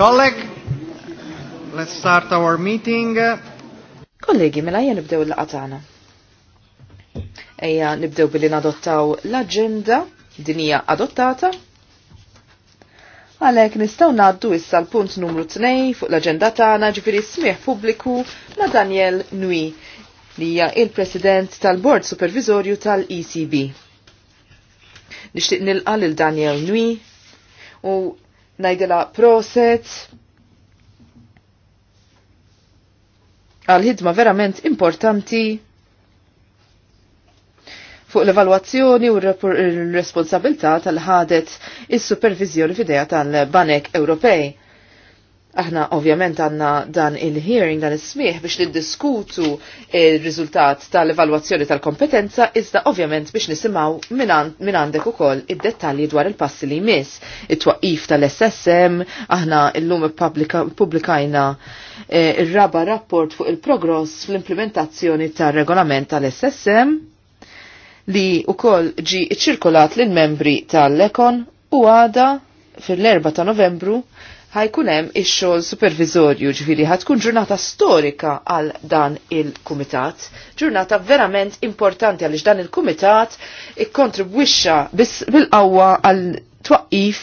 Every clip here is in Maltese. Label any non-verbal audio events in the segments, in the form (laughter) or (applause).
Colleague, let's start our meeting. Kollegi, mela jen nibdew l-qatana. Eja nibdew billi nadottaw l-agenda, dinija adottata. Għalek nistaw naddu issa l-punt numru 2 fuq l-agenda tagħna ġifiri smieħ pubbliku ma' Daniel Nui li hija il-President tal-Bord Supervisorju tal-ECB. Nixtieq nilqa' lil Daniel Nui u najdela proset għal ħidma verament importanti fuq l-evalwazzjoni u r-responsabilità tal-ħadet is-supervizjoni fidea tal-Banek Ewropej. Aħna ovvjament għanna dan il-hearing, dan il-smieħ biex niddiskutu il-rizultat tal evalwazzjoni tal-kompetenza, iżda ovvjament biex nisimaw minn għandek u koll id-dettalji dwar il-passi li jmiss, it-twaqif tal-SSM, aħna il-lum publikajna eh, il-raba rapport fuq il-progress fl-implementazzjoni tal-regolament tal-SSM li u koll ġi ċirkolat l-membri tal-Lekon u għada fil-4 ta' novembru ħajkun hemm ix-xogħol supervizorju ġifieri ħatkun ġurnata storika għal dan il-kumitat, ġurnata verament importanti għaliex dan il-kumitat ikkontribwixxa biss bil-qawwa għal twaqqif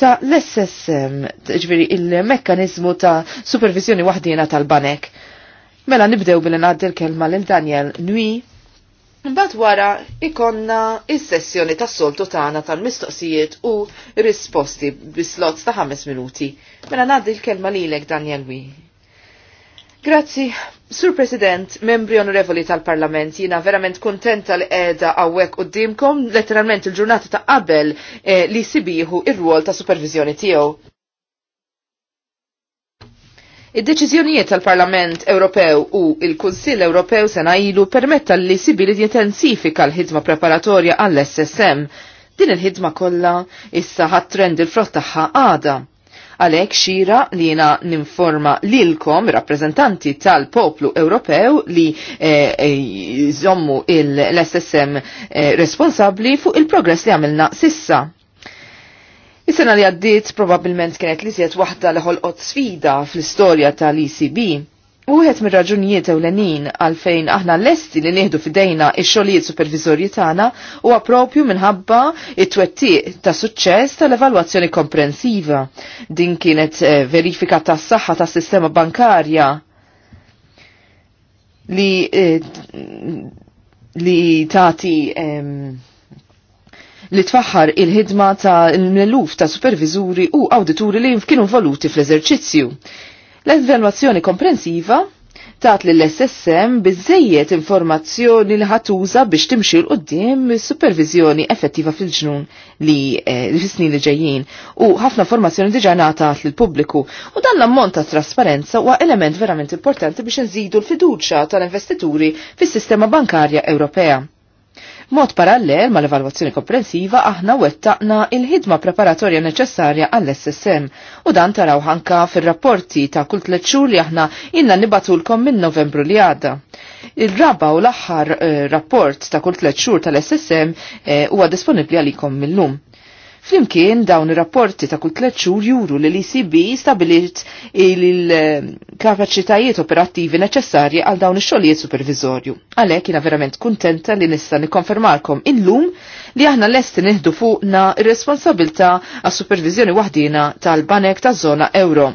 ta' l-SSM, ġviri il-mekkanizmu ta' supervizjoni wahdina tal-banek. Mela nibdew bil-naddi l-kelma l-Daniel Nui Mbagħad wara ikonna is-sessjoni tas-soltu tagħna tal-mistoqsijiet u risposti bislots ta' ħames minuti. Mela ngħaddi l-kelma lilek Daniel Wi. Grazzi, Sur President, membri onorevoli tal-Parlament, jina verament kontenta li edha għawek u dimkom letteralment il-ġurnata ta' qabel eh, li sibiħu ir ruol ta' supervizjoni tiegħu. Id-deċiżjonijiet tal-Parlament Ewropew u il-Kunsill Ewropew sena ilu permetta li Sibili jintensifika l-ħidma preparatorja għall-SSM. Din il-ħidma kollha issa ħat trend il-frott tagħha għada. Għalhekk xira li jiena ninforma lilkom rappreżentanti tal-poplu Ewropew li eh, eh, jżommu l-SSM eh, responsabbli fuq il-progress li għamilna sissa Is-sena li għaddiet probabbilment kienet li siet waħda li ħolqot sfida fl-istorja tal-ECB. U għet mir raġunijiet ewlenin għalfejn aħna l-esti li nieħdu fidejna ix-xogħlijiet supervizorji tagħna huwa proprju minħabba it-twettiq ta' suċċess tal-evalwazzjoni komprensiva. Din kienet eh, verifika tas-saħħa tas-sistema bankarja li eh, li tati li tfaħħar il-ħidma ta' l-meluf ta' supervizuri u awdituri li kienu voluti fl-eżerċizzju. L-evaluazzjoni komprensiva tat li l-SSM bizzejiet informazzjoni li ħatuża biex timxi l qoddim supervizjoni effettiva fil-ġnun li eh, fis-snin li ġejjin u ħafna informazzjoni diġà ngħatat lil pubbliku u dan l-ammont ta' trasparenza huwa element verament importanti biex nżidu l-fiduċja tal-investituri fis-sistema bankarja Ewropea. Mod parallel ma l-evalwazzjoni komprensiva aħna wettaqna il-ħidma preparatorja neċessarja għall-SSM u dan taraw ħanka fir-rapporti ta' kull tliet xhur li aħna inna nibatulkom minn Novembru li għadda. Il-raba u l-aħħar eh, rapport ta' kull tliet xhur tal-SSM eh, huwa eh, disponibbli għalikom mill-lum. Flimkien dawn ir-rapporti ta' kull tliet xhur juru li l-ECB stabilit il-kapaċitajiet operattivi neċessarji għal dawn ix-xogħlijiet supervizorju. Għalhekk jiena verament kuntenta li nista' nikkonfermalkom illum li aħna lesti nieħdu fuqna r-responsabilità għas-supervizjoni waħdina tal-banek taż-żona euro.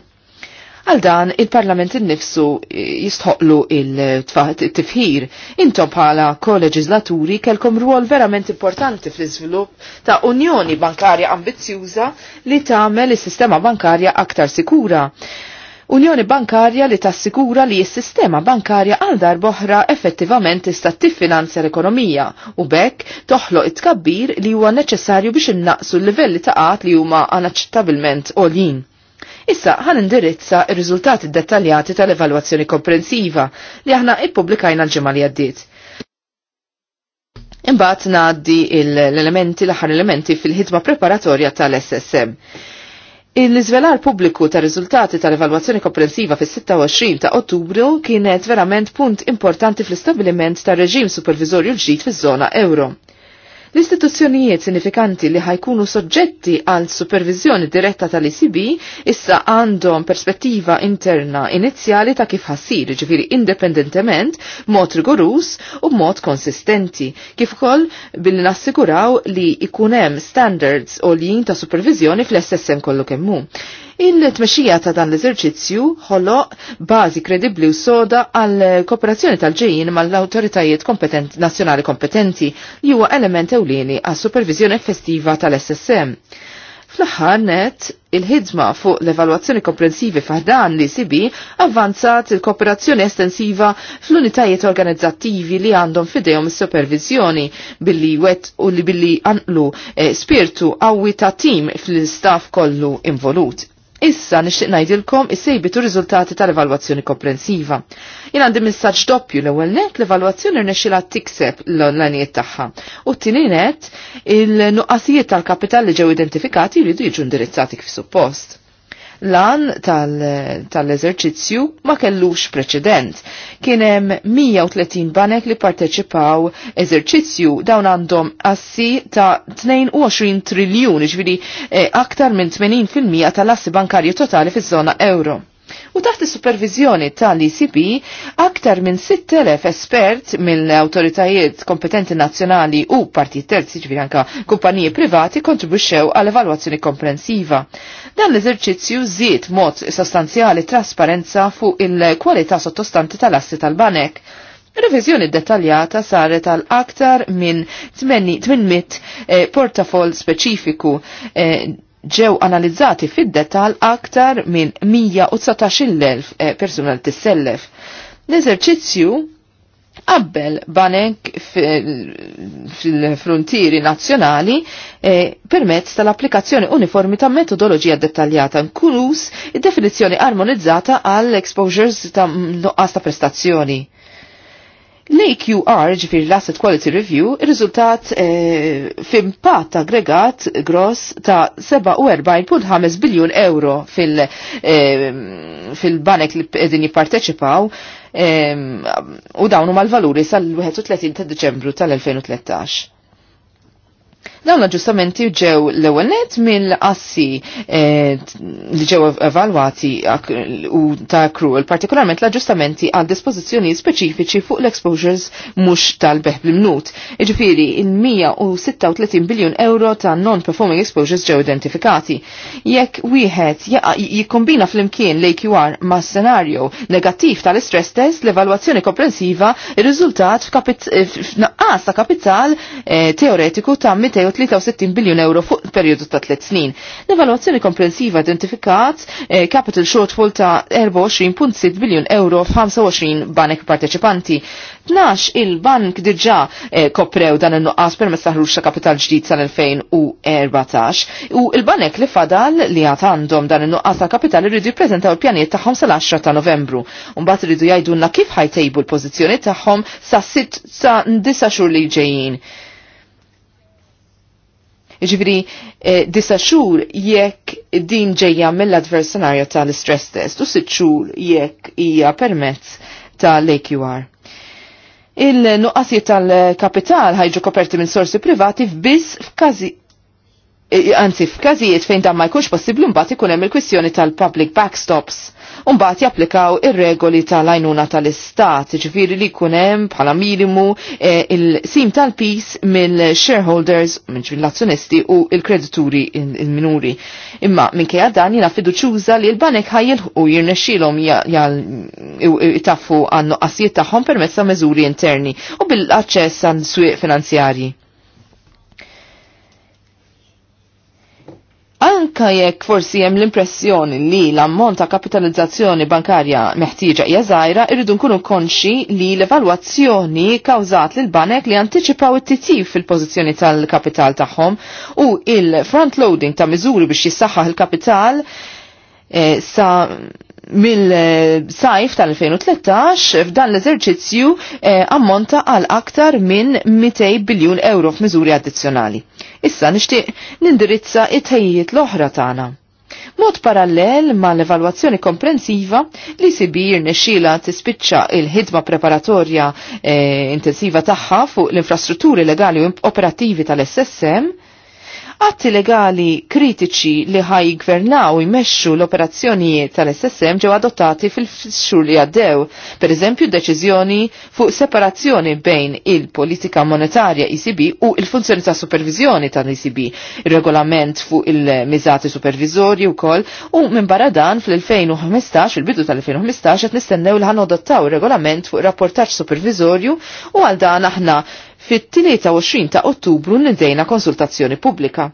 Għal dan il-Parlament innifsu jistħoqlu il-tifħir. Intom bħala koleġislaturi kelkom ruol verament importanti fl-iżvilupp ta' unjoni bankarja ambizzjuża li tagħmel is-sistema bankarja aktar sikura. Unjoni bankarja li tassikura li s-sistema bankarja għal dar boħra effettivament tista' tiffinanzja l-ekonomija u bekk toħloq it-kabbir li huwa neċessarju biex innaqsu l-livelli ta' qat li huma anaċċettabilment għolin. Issa ħan indirizza il riżultati dettaljati tal-evalwazzjoni komprensiva li aħna ippubblikajna l-ġimgħa li għaddiet. Imbagħad ngħaddi l-elementi l-aħħar elementi fil-ħidma preparatorja tal-SSM. Il-izvelar pubbliku ta' riżultati tal-evalwazzjoni komprensiva fis-26 ta' Ottubru kienet verament punt importanti fl-istabiliment ta' reġim supervizorju l-ġdid fiż-żona euro. L-istituzzjonijiet sinifikanti li ħajkunu soġġetti għal supervizjoni diretta tal icb issa għandhom perspettiva interna inizjali ta' kif ħassir, ġifiri indipendentement, mod rigorus u mod konsistenti, kif ukoll billi nassiguraw li ikunem standards u li ta' supervizjoni fl-SSM kollu kemmu. Il-tmexxija ta' dan l-eżerċizzju ħoloq bażi kredibbli u soda għal kooperazzjoni tal-ġejjin mal-awtoritajiet kompetent, nazzjonali kompetenti li huwa element ewlieni għas supervizjoni festiva tal-SSM. Fl-aħħar net, il-ħidma fuq l-evalwazzjoni komprensivi faħdan li sibi avvanzat il-kooperazzjoni estensiva fl-unitajiet organizzattivi li għandhom fidejhom is-supervizjoni billi wet u li billi għanqlu eh, spirtu qawwi ta' tim fl-istaff kollu involut. Issa nixtieq ngħidilkom is-sejbitu riżultati tal-evalwazzjoni komprensiva. Jien għandi messaġġ doppju l-ewwel net l-evalwazzjoni rnexxilha tikseb l-onlanijiet tagħha. U t-tieni net il-nuqqasijiet tal-kapital li ġew identifikati jridu jiġu indirizzati kif suppost. Lan tal-eżerċizzju tal ma kellux preċedent. Kienem 130 banek li parteċipaw eżerċizzju dawn għandhom assi ta' 22 triljun, ġviri eh, aktar minn 80% tal-assi bankarju totali fiż-żona euro. U taħt is-supervizjoni tal-ECB, aktar minn 6.000 espert mill-autoritajiet kompetenti nazzjonali u partijiet terzi ġviri anka kumpaniji privati kontribuxxew għal evalwazzjoni komprensiva. Dan l-eżerċizzju żied mod sostanzjali trasparenza fuq il-kwalità sottostanti tal-assi tal-banek. Revizjoni dettaljata saret għal aktar minn 800 eh, portafol speċifiku eh, ġew analizzati fid-detal aktar minn 119.000 eh, persuna li tissellef. L-eżerċizzju qabbel banek fil-frontieri nazzjonali eh, permezz tal-applikazzjoni uniformi ta' metodoloġija dettaljata inkluż id-definizzjoni armonizzata għall exposures ta' nuqqas ta' prestazzjoni. L-AQR, ġifir l-Asset Quality Review, il-rizultat e, eh, pat aggregat gross ta' 47.5 biljun euro eh, fil-banek e, fil li din jipparteċipaw e, u dawnu mal-valuri sal-31 ta' Deċembru tal-2013. Dawn l-aġġustamenti ġew l-ewwel net mill-assi eh, li ġew evalwati u ta' accrual, partikolarment l-aġġustamenti għal dispozizjoni speċifiċi fuq l-exposures mhux tal-beħ bil-mnut. Iġifiri, il-136 biljun euro ta' non-performing exposures ġew identifikati. Jekk wieħed jikkombina fl-imkien l-AQR ma' scenario negattiv tal-istress test l-evalwazzjoni komprensiva ir-riżultat eh, f'naqqas ta' kapital eh, teoretiku ta' 63 biljun euro fuq periodu ta' 3 snin. L-evaluazzjoni komprensiva identifikat eh, capital shortfall ta' 24.6 biljun euro f'25 banek parteċipanti. 12 il-bank diġa eh, koprew dan il-nuqqas permezz ta' ta' kapital ġdid sal-2014 u il-banek li fadal li għat għandhom dan il-nuqqas ta' kapital irridu jippreżentaw il-pjaniet tagħhom 15 10 ta' Novembru. Mbagħad irridu jgħidulna kif ħajtejbu l-pożizzjoni tagħhom sa' 6 sa' 9 xhur li ġejjin. Ġifiri, eh, disa xhur jekk din ġejja mill-adversarju tal-stress test u sitt xhur jekk hija permezz tal-AQR. Il-nuqqasijiet tal-kapital ħajġu koperti minn sorsi privati f'biss f'każi eh, anzi f'każijiet fejn dan ma jkunx possibbli mbagħad ikun hemm il-kwistjoni tal-public backstops. Umbat japplikaw ir-regoli tal-għajnuna tal-istat, ġifiri li kunem bħala minimu eh, il-sim tal-pis mill-shareholders, mill-azzjonisti u il-kredituri il-minuri. Imma minkejja dan jina fiduċuża li l-banek ħajjel u jirnexxilhom jitaffu għannu qasijiet tagħhom permezz ta' meżuri interni u bil-aċċess għan swieq finanzjarji. Anka jekk forsi hemm l-impressjoni li l-ammont ta' kapitalizzazzjoni bankarja meħtieġa hija żgħira, irridu nkunu konxi li l-evalwazzjoni kawżat lil banek li antiċipaw it-titjib fil-pożizzjoni tal-kapital tagħhom u il-front loading ta' miżuri biex jissaħħaħ il-kapital e, sa mill-sajf tal-2013 f'dan l-eżerċizzju e, ammonta għal aktar minn 200 biljun euro f'miżuri addizzjonali. Issa nixtieq nindirizza it-tejjiet l-oħra tagħna. Mod parallel ma l-evalwazzjoni komprensiva li sibir nexxila tispiċċa il-ħidma preparatorja e, intensiva tagħha fuq l-infrastrutturi legali u operattivi tal-SSM Atti legali kritiċi li ħaj gvernaw jmexxu l-operazzjonijiet tal-SSM ġew adottati fil fissur li għaddew, per eżempju deċiżjoni fuq separazzjoni bejn il-politika monetarja ECB u il-funzjoni ta' supervizjoni tal-ECB, il-regolament fuq il-miżati u wkoll u minn barra dan fl-2015, fil-bidu tal-2015 qed nistennew li il regolament fuq rapportaġġ supervizorju u għal dan aħna fit-23 ta' Ottubru nindejna konsultazzjoni pubblika.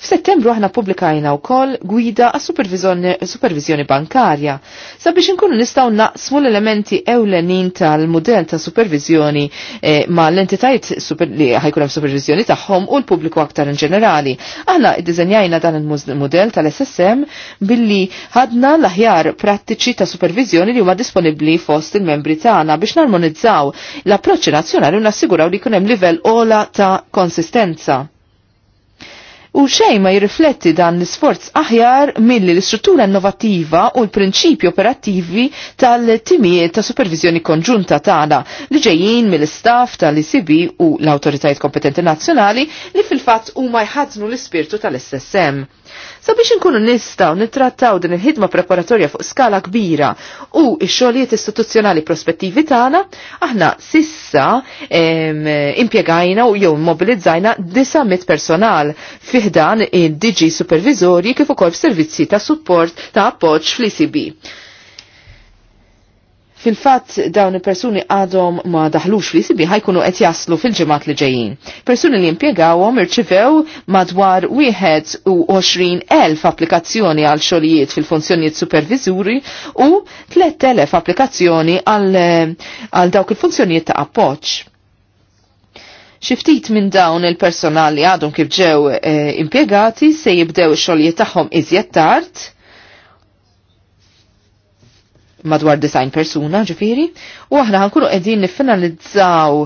F'Settembru aħna pubblikajna wkoll gwida għas supervizjoni bankarja sabiex inkunu nistgħu naqsmu l-elementi ewlenin tal-mudell ta' supervizjoni eh, ma' l-entitajiet li ħajkun hemm supervizjoni tagħhom u l-pubbliku aktar in ġenerali. Aħna iddiżenjajna dan il-mudell tal-SSM billi ħadna l-aħjar prattiċi ta' supervizjoni li huma disponibbli fost il-membri tagħna biex narmonizzaw l-approċċi nazzjonali u nassiguraw li jkun hemm livell ola ta' konsistenza. U xej ma jirrifletti dan l-isforz aħjar milli l-istruttura innovativa u l-prinċipi operattivi tal-timijiet ta' supervizjoni konġunta tagħna li ġejjin mill-istaff tal-ICB u l-autoritajiet kompetenti nazzjonali li fil-fatt huma jħadnu l-ispirtu tal-SSM. Sabiex inkunu nistaw nittrattaw din il-ħidma preparatorja fuq skala kbira u x-xogħlijiet istituzzjonali prospettivi tagħna, aħna sissa impjegajna u jew mobilizzajna 900 personal ħdan id-DG supervizorji kif ukoll f'servizzi ta' support ta' appoġġ fl-ICB. Fil-fatt dawn il-persuni għadhom ma daħlux li sibi ħajkunu qed jaslu fil-ġimgħat li ġejjin. Persuni li impjegawhom irċivew madwar wieħed u elf applikazzjoni għal xogħlijiet fil-funzjonijiet superviżuri u 3,000 applikazzjoni għal, dawk il-funzjonijiet ta' appoġġ. Xiftit minn dawn il-personali għadhom kif ġew eh, impjegati se jibdew ix-xogħlijiet tagħhom iżjed tard madwar design persuna ġifiri, u aħna ħankunu qegħdin niffinalizzaw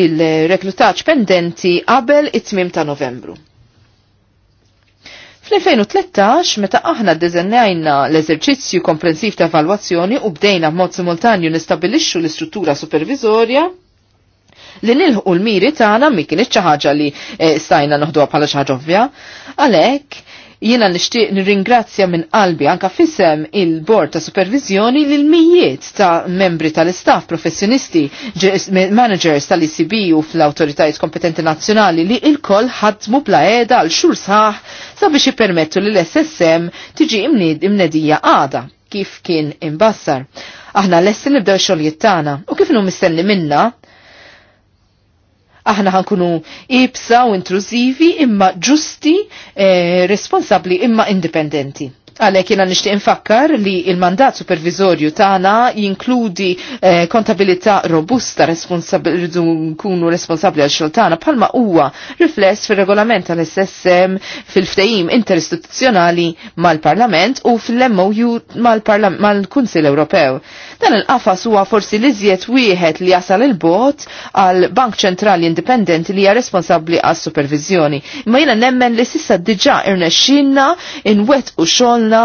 il-reklutaċ pendenti qabel it-tmim ta' novembru. Fl-2013, meta aħna ddiżenjajna l-eżerċizzju komprensiv ta' evalwazzjoni u bdejna b'mod simultanju nistabilixxu l-istruttura supervizorja, li nilħu l-miri tagħna mi kienieċ xi ħaġa li eh, stajna noħduha bħala xi ħaġa ovvja, għalhekk Jiena nixtieq nirringrazzja minn qalbi anka fisem il-Bord ta' Supervizjoni lil mijiet ta' membri tal-istaff professjonisti, managers tal-ICB u fl-awtoritajiet kompetenti nazzjonali li il-koll ħadmu bla qiegħda għal xhur sħaħ sabiex jippermettu li l-SSM tiġi imnedija għada kif kien imbassar. Aħna l-essin nibdew xogħlijiet tagħna u kif nu mistenni minna aħna ħankunu ibsa u intrużivi imma ġusti, eh, responsabli imma indipendenti. Għalek jena nishtiq infakkar li il-mandat supervizorju tagħna jinkludi eh, kontabilità robusta responsabilitu nkunu responsabli għal xogħol tagħna bħalma huwa rifless fir-regolament tal-SSM fil-ftehim interistituzzjonali mal-Parlament u fil-MOU mal-Kunsill Ewropew. Dan il-qafas huwa forsi li żjed wieħed li jasal il-bot għal Bank Ċentrali Indipendenti li hija responsabbli għas supervizjoni Imma jiena nemmen li sissa diġà irnexxinna inwet u xogħolna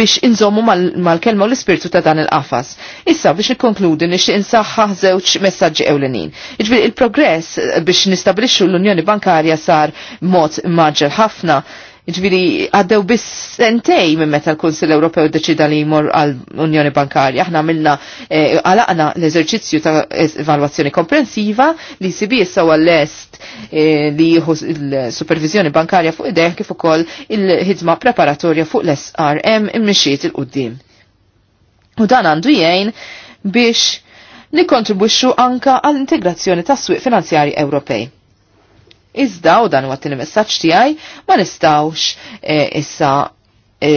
biex inżommu mal-kelma u l-ispirtu ta' dan il-qafas. Issa biex nikkonkludi nixtieq insaħħaħ żewġ messaġġi ewlenin. Iġbir il-progress biex nistabilixxu l-Unjoni Bankarja sar mod maġġel ħafna Ġviri, għaddew bis sentej minn meta l-Konsil Ewropew deċida li jmur għall-Unjoni Bankarja. Aħna minna eh, għalaqna e, l-eżerċizzju ta' evalwazzjoni komprensiva li sibi issa għall-est e, li jieħu l-supervizjoni bankarja fuq id id-deħ kif ukoll il-ħidma preparatorja fuq l-SRM immixiet il-qoddim. U dan għandu jgħin biex nikontribwixxu anka għall-integrazzjoni tas-swieq finanzjari Ewropej. Iżda, u dan għat il-messagġ messaġġ tiegħi, ma nistgħux e, issa e,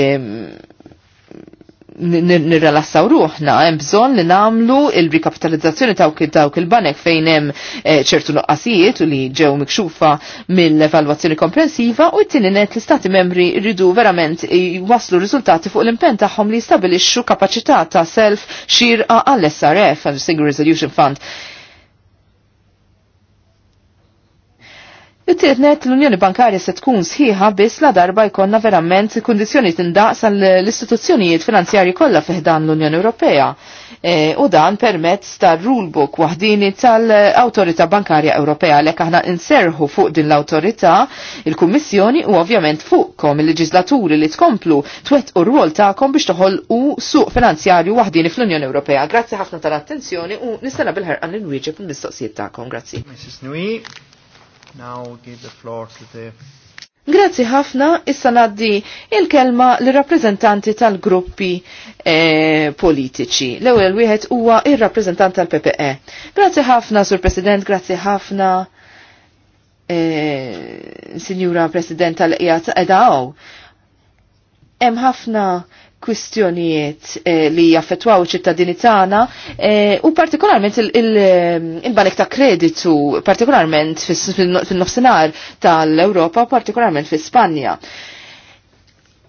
nirrelassaw ruħna, hemm bżonn li nagħmlu il-rikapitalizzazzjoni ta' dawk il-banek fejn hemm e, ċertu nuqqasijiet u li ġew mikxufa mill-evalwazzjoni komprensiva u t-tieni net l-istati membri rridu verament waslu riżultati fuq l impenn tagħhom li jistabilixxu kapaċità ta' self xirqa għall-SRF, Single Resolution Fund It-tietnet l-Unjoni Bankarja se tkun sħiħa biss la darba jkollna verament kondizjoni tindaqs l-istituzzjonijiet finanzjarji kollha fiħdan l-Unjoni Ewropea. E, u dan permezz tar rulebook waħdini tal-Awtorità Bankarja Ewropea l aħna inserħu fuq din l-awtorità, il-Kummissjoni u ovvjament fuqkom il-leġislaturi li tkomplu twet u rwol tagħkom biex toħolqu suq finanzjarju waħdini fl-Unjoni Ewropea. Grazzi ħafna tal-attenzjoni u nistenna bil-ħerqan l-inwieġeb mistoqsijiet tagħkom. Grazzi now give the floor to the Grazzi ħafna, issa naddi il-kelma l-rappresentanti tal-gruppi e, politiċi. L-ewel wieħed huwa il-rappresentant tal-PPE. Grazzi ħafna, Sur President, grazzi ħafna, e, eh, Sinjura President tal-qijat edaw. Hemm ħafna kwistjonijiet eh, li jaffetwaw ċittadini tagħna eh, u partikolarment eh, il-banek ta' kreditu, partikolarment fin-nofsinhar tal-Ewropa, partikolarment fi Spanja.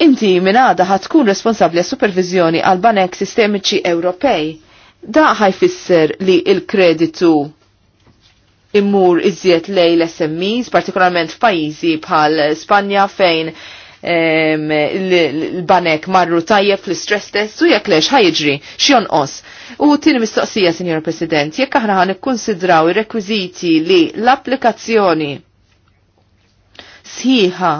Inti minn għada ħatkun responsabbli għas supervizjoni għal banek sistemiċi Ewropej. Da ħajfisser li il-kreditu immur iżjed lej l-SMEs, partikolarment f'pajjiżi bħal Spanja fejn l-banek marru tajjeb fl-stress test u jekk lex ħajġri x'jonqos. U tieni mistoqsija, Sinjor President, jekk aħna ħan ikkonsidraw ir-rekwiżiti li l-applikazzjoni sħiħa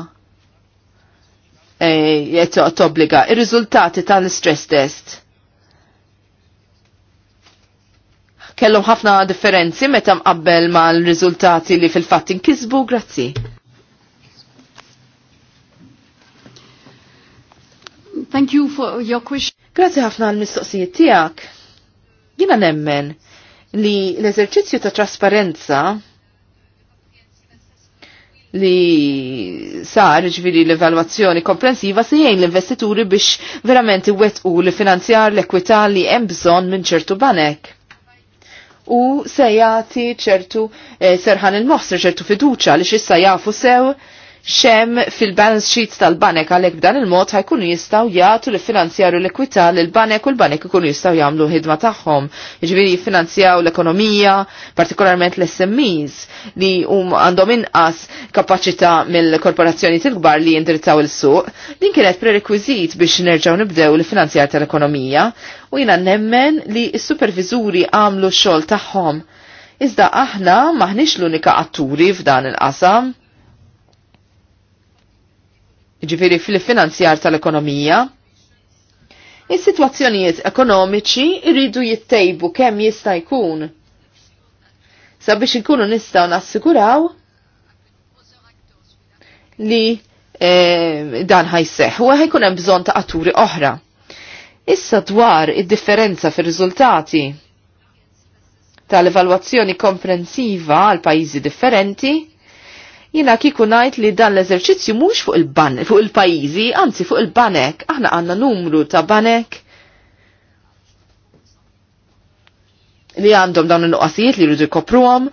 e, e, obbliga ir-riżultati tal-stress test. Kellhom ħafna differenzi meta mqabbel mal-riżultati li fil-fatt inkisbu, grazzi. Thank you for your question. Grazie ħafna għal mistoqsijiet tiegħek. Jiena nemmen li l-eżerċizzju ta' trasparenza li sar ġviri l-evaluazzjoni komprensiva se jgħin l-investituri biex verament iwettqu li finanzjar l-ekwità li hemm bżonn minn ċertu banek. U se jagħti ċertu eh, serħan il-mostri ċertu fiduċa li xissa jafu sew xem fil-balance sheets tal-banek għalek b'dan il-mod ħajkunu jistaw jgħatu li finanzjaru l-ekwita l-banek u l-banek ikunu jistaw jgħamlu ħidma tagħhom. Ġviri jiġifieri finanzjaw l-ekonomija, partikolarment l-SMEs li um għandhom inqas kapaċità mill-korporazzjoni til gbar li jindirizzaw il-suq. Din kienet prerekwiżit biex nerġgħu nibdew l-finanzjar tal-ekonomija u jiena nemmen li s-supervizuri għamlu x-xogħol tagħhom. Iżda aħna maħniex l-unika atturi f'dan il-qasam ġifiri fil-finanzjar tal-ekonomija. Is-sitwazzjonijiet ekonomiċi irridu jittejbu kemm jista' jkun. Sabiex inkunu nistgħu nassiguraw li e, dan ħajseħ u ħajkun hemm bżonn ta' atturi oħra. Issa dwar id-differenza fir-riżultati tal-evalwazzjoni komprensiva għal pajjiżi differenti, Jina kiku najt li dan l-eżerċizzju mux fuq il-banek, fuq il-pajizi, anzi fuq il-banek, aħna għanna numru ta' banek li għandhom dawn il-nuqqasijiet li rridu jkopruhom.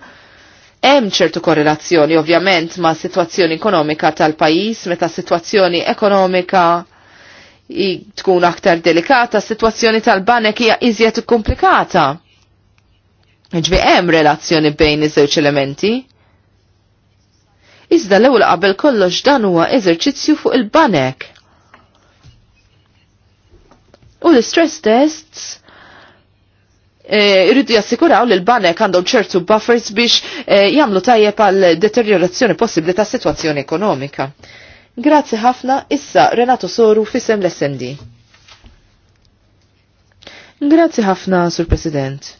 Hemm ċertu korrelazzjoni ovvjament ma' situazzjoni ekonomika tal-pajjiż meta situazzjoni ekonomika tkun aktar delikata, situazzjoni tal-banek hija iżjed komplikata. Ġvi hemm relazzjoni bejn iż-żewġ elementi. Iżda l-ewwel qabel kollox dan huwa eżerċizzju fuq il-banek. U l-stress tests eh, irridu jassikuraw li l-banek għandhom ċertu buffers biex eh, jagħmlu tajjeb għal deteriorazzjoni possibbli ta' situazzjoni ekonomika. Grazzi ħafna, issa Renato Soru fisem l-SMD. Grazzi ħafna, Sur President.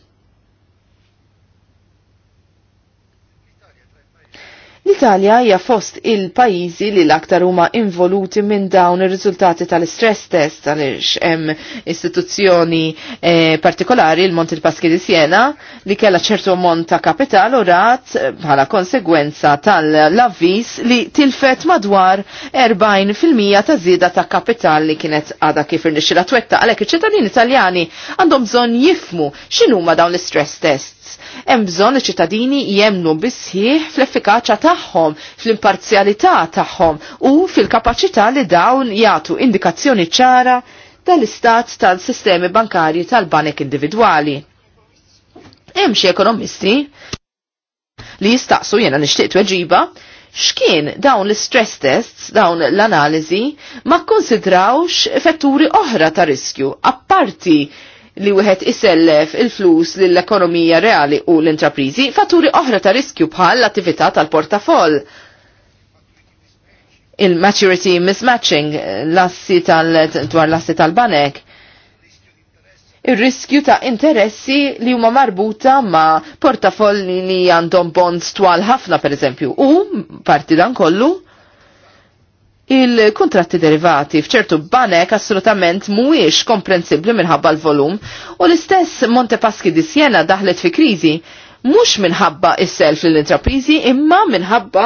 L-Italja hija fost il-pajjiżi li l-aktar huma involuti minn dawn ir-riżultati tal-stress test għaliex hemm istituzzjoni eh, partikolari il monti paski di Siena li kellha ċertu ammont ta' kapital u rat eh, bħala konsegwenza tal-avvis li tilfet madwar 40% ta' żieda ta' kapital li kienet għada kif irnixxila twetta għalhekk iċ-ċittadini Italjani għandhom bżonn jifmu x'inhuma dawn l-stress tests hemm bżonn iċ-ċittadini jemnu bisħieħ fl-effikaċja tagħhom, fl-imparzjalità tagħhom u fil-kapaċità li dawn jagħtu indikazzjoni ċara tal-istat tal-sistemi bankarji tal-banek individwali. Hemm xi ekonomisti li jistaqsu jena nixtieq tweġiba x'kien dawn l-stress tests, dawn l-analiżi ma konsidrawx fetturi oħra ta' riskju apparti li wieħed isellef il-flus lill-ekonomija reali u l-intraprizi fatturi oħra ta' riskju bħal l-attività tal-portafoll. Il-maturity mismatching, l-assi tal-dwar l-assi tal-banek, ir-riskju ta' interessi li huma marbuta ma' portafolli li għandhom bonds twal ħafna per eżempju. U parti dan kollu il-kontratti derivati fċertu banek assolutament mhuwiex komprensibli minħabba l-volum u l-istess Monte Paschi di Siena daħlet fi kriżi mhux minħabba is-self l-intraprizi imma minħabba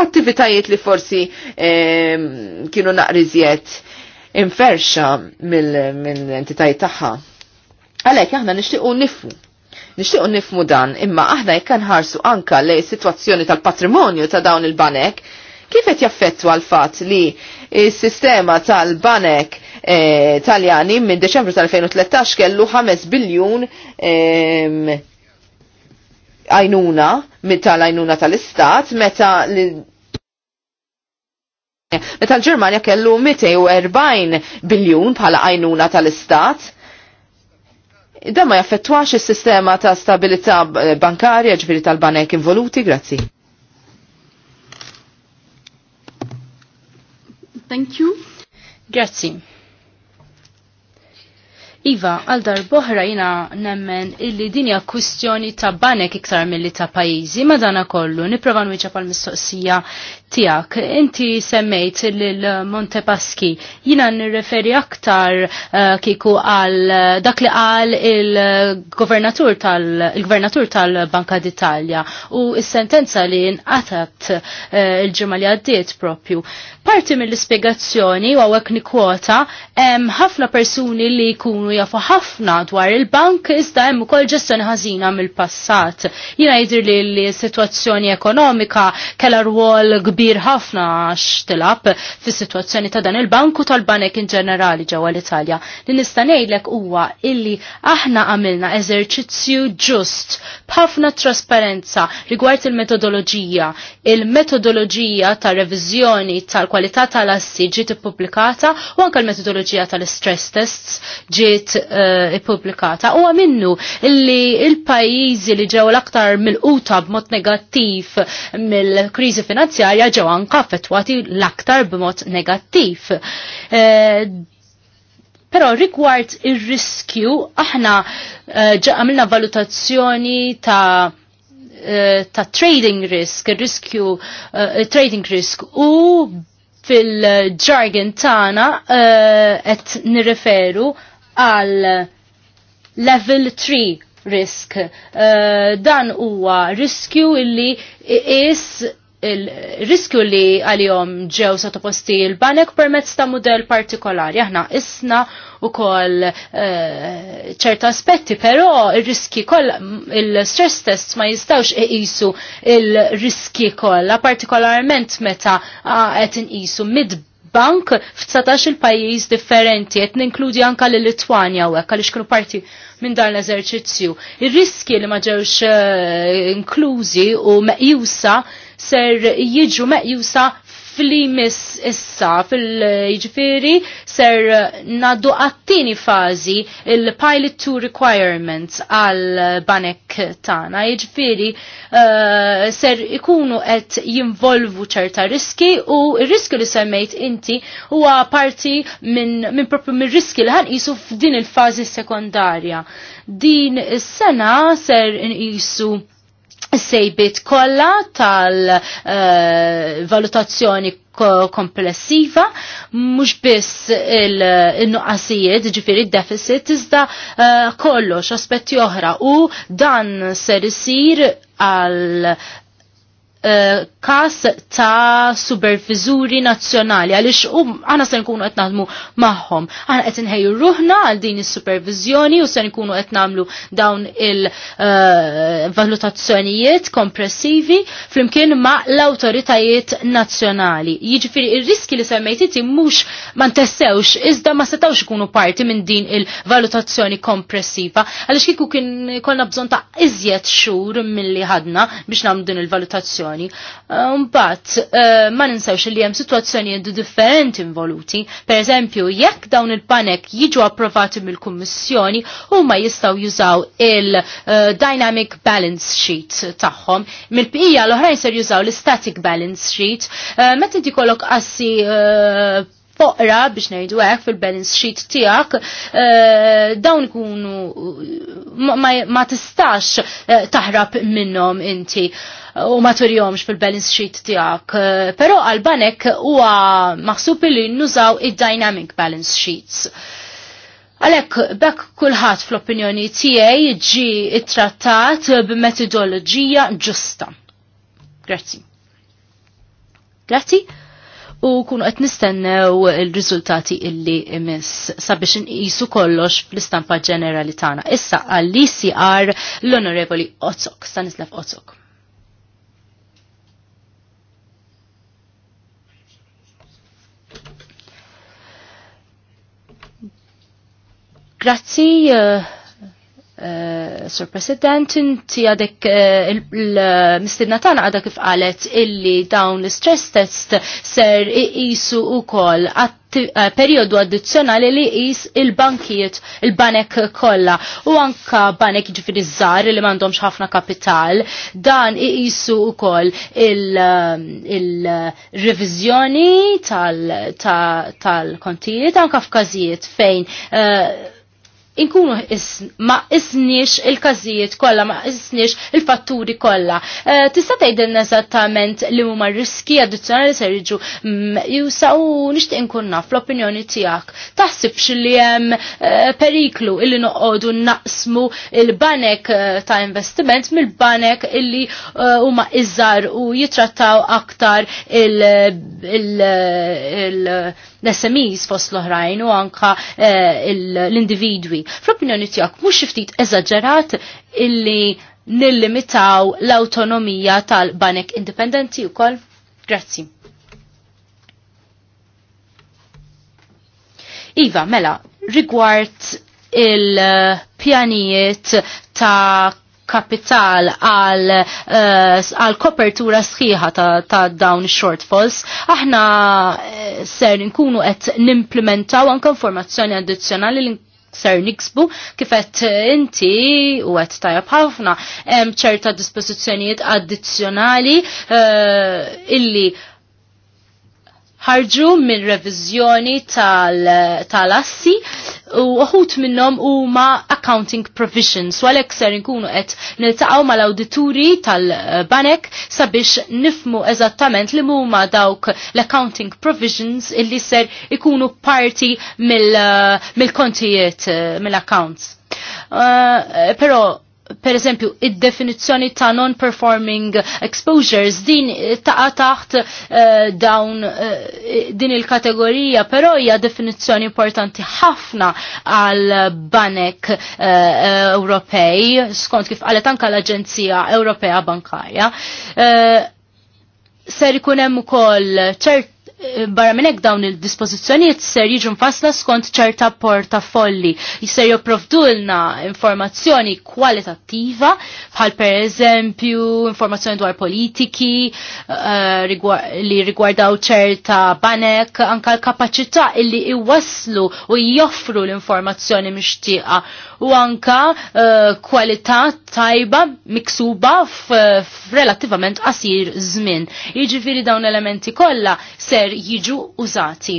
attivitajiet li forsi ehm, kienu naqriżiet imferxa mill-entitajiet tagħha. Għalhekk aħna nixtiequ nifmu Nixtiequ nifmu dan, imma aħna jekk nħarsu anka lej situazzjoni tal-patrimonju ta' dawn il-banek, Kif qed jaffettwa l-fatt li s-sistema tal-banek e, taljani minn Deċembru tal-2013 kellu 5 biljun għajnuna tal-għajnuna tal-istat meta li Meta l-Ġermanja kellu 240 biljun bħala għajnuna tal-istat da ma jaffettwax is-sistema ta' stabilità eh, bankarja ġifiri tal-banek involuti, grazzi. Thank you. Grazzi. Iva, għal darboħra jina nemmen illi dinja kustjoni ta' banek iktar mill-li ta' pajizi, ma dana kollu, niprofa nwiċa pal-mistoqsija tijak. Inti semmejt l-Montepaschi. Jina nirreferi aktar uh, kiku għal eh, dak li għal il-governatur tal banka d'Italja u s-sentenza li nqatat uh, eh, il-ġimma li għaddiet propju. Parti mill-spiegazzjoni u għawek nikwota ħafna persuni li jkunu jafu ħafna dwar il-bank iżda hemm ukoll ġestjoni ħażina mill-passat. Jina jidir li l-situazzjoni ekonomika kella rwol kbir kbir ħafna għax tilab fis situazzjoni ta' dan il-banku tal-banek in ġenerali ġewwa l-Italja. Li nista' ngħidlek huwa illi aħna għamilna eżerċizzju ġust b'ħafna trasparenza rigward il-metodoloġija. Il-metodoloġija ta' reviżjoni tal-kwalità tal-assi ġiet ippubblikata u anke l-metodoloġija tal-stress tests ġiet uh, eh, ippubblikata. Huwa minnu illi il-pajjiżi li ġew l-aktar mill-quta b'mod negattiv mill-kriżi finanzjarja ġew anka affettwati l-aktar b'mod negattiv. Eh, però Pero rigward ir-riskju, aħna eh, għamilna valutazzjoni ta' eh, ta' trading risk, riskju trading risk u fil jargon tana qed nirreferu għal level 3 risk. Uh, dan huwa riskju illi is il-riskju li għalihom ġew sottoposti l-banek permezz ta' mudell partikolari. Aħna isna u koll eh, ċerta aspetti, però il-riski koll, il-stress test ma jistawx iqisu il-riski kollha, partikolarment meta qed inqisu mid bank f il-pajjiż differenti qed ninkludi anka l litwanja u hekk għaliex kienu parti minn dan l-eżerċizzju. Ir-riski li ma ġewx eh, inklużi u meqjusa ser jiġu meqjusa fl-imis issa fil-ġifiri ser naddu għattini fazi il-pilot to requirements għal banek tana. Ġifiri eh, ser ikunu għet jinvolvu ċerta riski u il-riski li semmejt inti huwa parti minn min propju minn riski li ħanqisu f'din il-fazi sekundarja. Din is-sena ser nqisu sejbit kolla tal-valutazzjoni komplessiva, mux biss il-nuqqasijiet, ġifiri deficit, iżda eh, kollox aspetti oħra u dan ser isir għal Eh, kas ta' supervizuri nazzjonali għaliex u għana se nkunu qed naħdmu magħhom. Aħna qed inħejju ruħna għal din is-supervizjoni u se nkunu qed nagħmlu dawn il-valutazzjonijiet eh, kompressivi flimkien ma' l-awtoritajiet nazzjonali. Jiġifieri il riski li semmejtiti inti mhux ma ntessewx iżda ma setawx ikunu parti minn din il-valutazzjoni kompressiva għaliex kieku kien kolna bżonn ta' iżjed xhur milli ħadna biex nagħmlu din il-valutazzjoni situazzjoni. Mbagħad eh, ma ninsawx li hemm sitwazzjonijiet differenti involuti. Pereżempju, jekk dawn il-panek jiġu approvati mill-Kummissjoni, huma jistgħu jużaw il-Dynamic eh, Balance Sheet tagħhom. Mill-bqija l-oħrajn ser jużaw l-Static Balance Sheet. Eh, meta inti kollok assi Poqra biex ngħidu hekk fil-balance sheet tiegħek eh, dawn kunu ma, tistax eh, taħrab minnhom inti u ma turjomx fil-balance sheet tiegħek. Pero eh, Però banek huwa maħsub li nużaw id-dynamic balance sheets. Għalek, bekk kullħat fl-opinjoni tiegħi ġi it-trattat b'metodoloġija ġusta. Grazzi. Grazzi u kunu qed nistennew il-riżultati illi imiss sabiex inqisu kollox fl-istampa ġenerali tagħna. Issa għall-ICR l-Onorevoli Ozzok, Stanislav Ozzok. Grazzi uh, Sir eh, Sur President, inti għadek uh, eh, il-mistinna tana għadek kif qalet illi dawn l-stress test ser iqisu u kol eh, periodu addizjonali li jis il-bankiet, il-banek kolla u anka banek ġifiri zzar li mandom ħafna kapital dan jisu u kol il-revizjoni il tal-kontijiet tal, tal anka f'kazijiet fejn uh, inkunu is, ma isniex il-każijiet kollha, ma isniex il-fatturi kollha. E, Tista' tgħidilna eżattament li huma riski addizzjonali se jiġu mm, jusaw nixtieq inkun naf l-opinjoni tiegħek. Taħsibx li hemm e, periklu illi noqogħdu naqsmu il-banek e, ta' investiment mill-banek illi e, huma uh, iżar u jitrattaw aktar il-, il, il, il l-SMEs fost l-oħrajn u anka eh, l-individwi. Fl-opinjoni tiegħek mhux ftit eżaġerat illi nillimitaw l-autonomija tal-banek indipendenti wkoll? Grazzi. Iva, mela, rigward il-pjanijiet ta' kapital għal eh, għal kopertura sħiħa ta' down shortfalls. Aħna eh, ser nkunu qed nimplementaw anke informazzjoni addizzjonali li ser niksbu kifet inti u għet tajab ħafna ċerta dispozizjonijiet addizjonali uh, eh, illi ħarġu minn revizjoni tal-assi u uħut minnom u ma accounting provisions. U għalek ser nkunu għet niltaqaw ma l-auditori tal-banek sabiex nifmu eżattament li ma dawk l-accounting provisions illi ser ikunu parti mill-kontijiet, mill mill-accounts. Uh, pero per eżempju, id-definizzjoni ta' non-performing exposures din ta' taħt uh, dawn uh, din il-kategorija, però hija definizzjoni importanti ħafna għal banek uh, Ewropej, skont kif qalet anka l-Aġenzija Ewropea Bankarja. Uh, ser ikunem hemm ukoll ċert barra minn hekk dawn il-dispożizzjonijiet ser jiġu mfassla skont ċerta portafolli. Jisser l-na informazzjoni kwalitattiva bħal per eżempju informazzjoni dwar politiki uh, li rigwardaw ċerta banek anka l-kapaċità illi iwaslu u joffru l-informazzjoni mixtieqa u anka uh, kwalità tajba miksuba relativament qasir żmien. Jiġifieri dawn elementi kollha ser ser jiġu użati.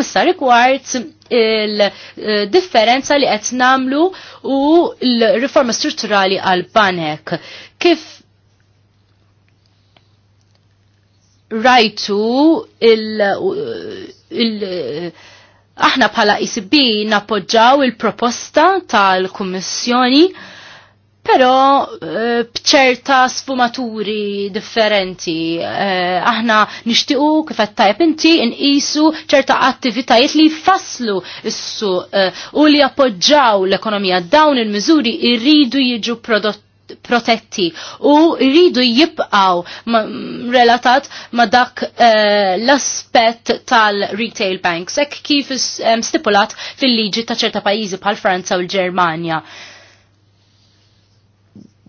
Issa rigward il-differenza li qed namlu u l-riforma strutturali għal banek. Kif rajtu il-, il aħna bħala ECB nappoġġaw il-proposta tal-Kummissjoni Pero eh, bċerta sfumaturi differenti, eh, aħna nishtiqu kif tajb inti nqisu ċerta attivitajiet li jfasslu issu eh, u li appoġġaw l-ekonomija dawn il-miżuri irridu jiġu protetti u rridu jibqaw ma relatat ma dak l-aspett tal-retail banks, ek kif stipulat fil-liġi ta' ċerta pajizi bħal Franza u l-Germania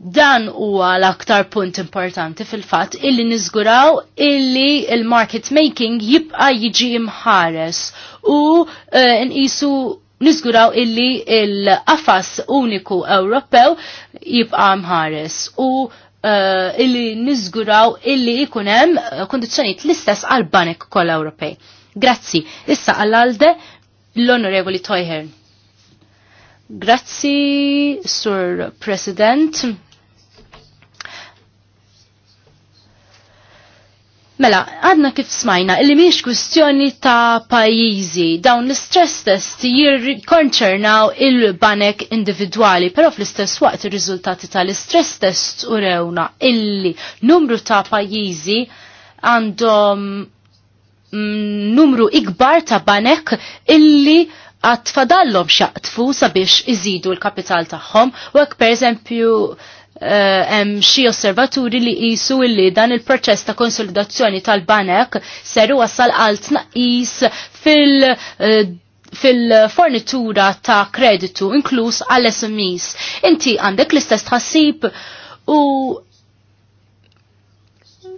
dan huwa l-aktar punt importanti fil-fatt illi niżguraw illi il-market making jibqa jiġi imħares u uh, nqisu niżguraw illi l-qafas uniku Ewropew jibqa mħares u uh, illi niżguraw illi jkun hemm l-istess għal banek kollha Ewropej. Grazzi. Issa għall-alde l-Onorevoli Toyher. Grazzi, Sur President. Mela, għadna kif smajna, illi miex kwistjoni ta' pajizi, dawn l-stress test jirkonċernaw il-banek individuali, pero fl-istess waqt il-rizultati tal-stress test urewna illi numru ta' pajizi għandhom mm, numru ikbar ta' banek illi għatfadallom xaqtfu sabiex iżidu l-kapital tagħhom u għak per eżempju Eh, hemm xi osservaturi li qisu illi dan il-proċess ta' konsolidazzjoni tal-banek ser wasal għal tnaqqis fil- eh, fil-fornitura ta' kreditu inkluż għall smes Inti għandek l-istess tħassib u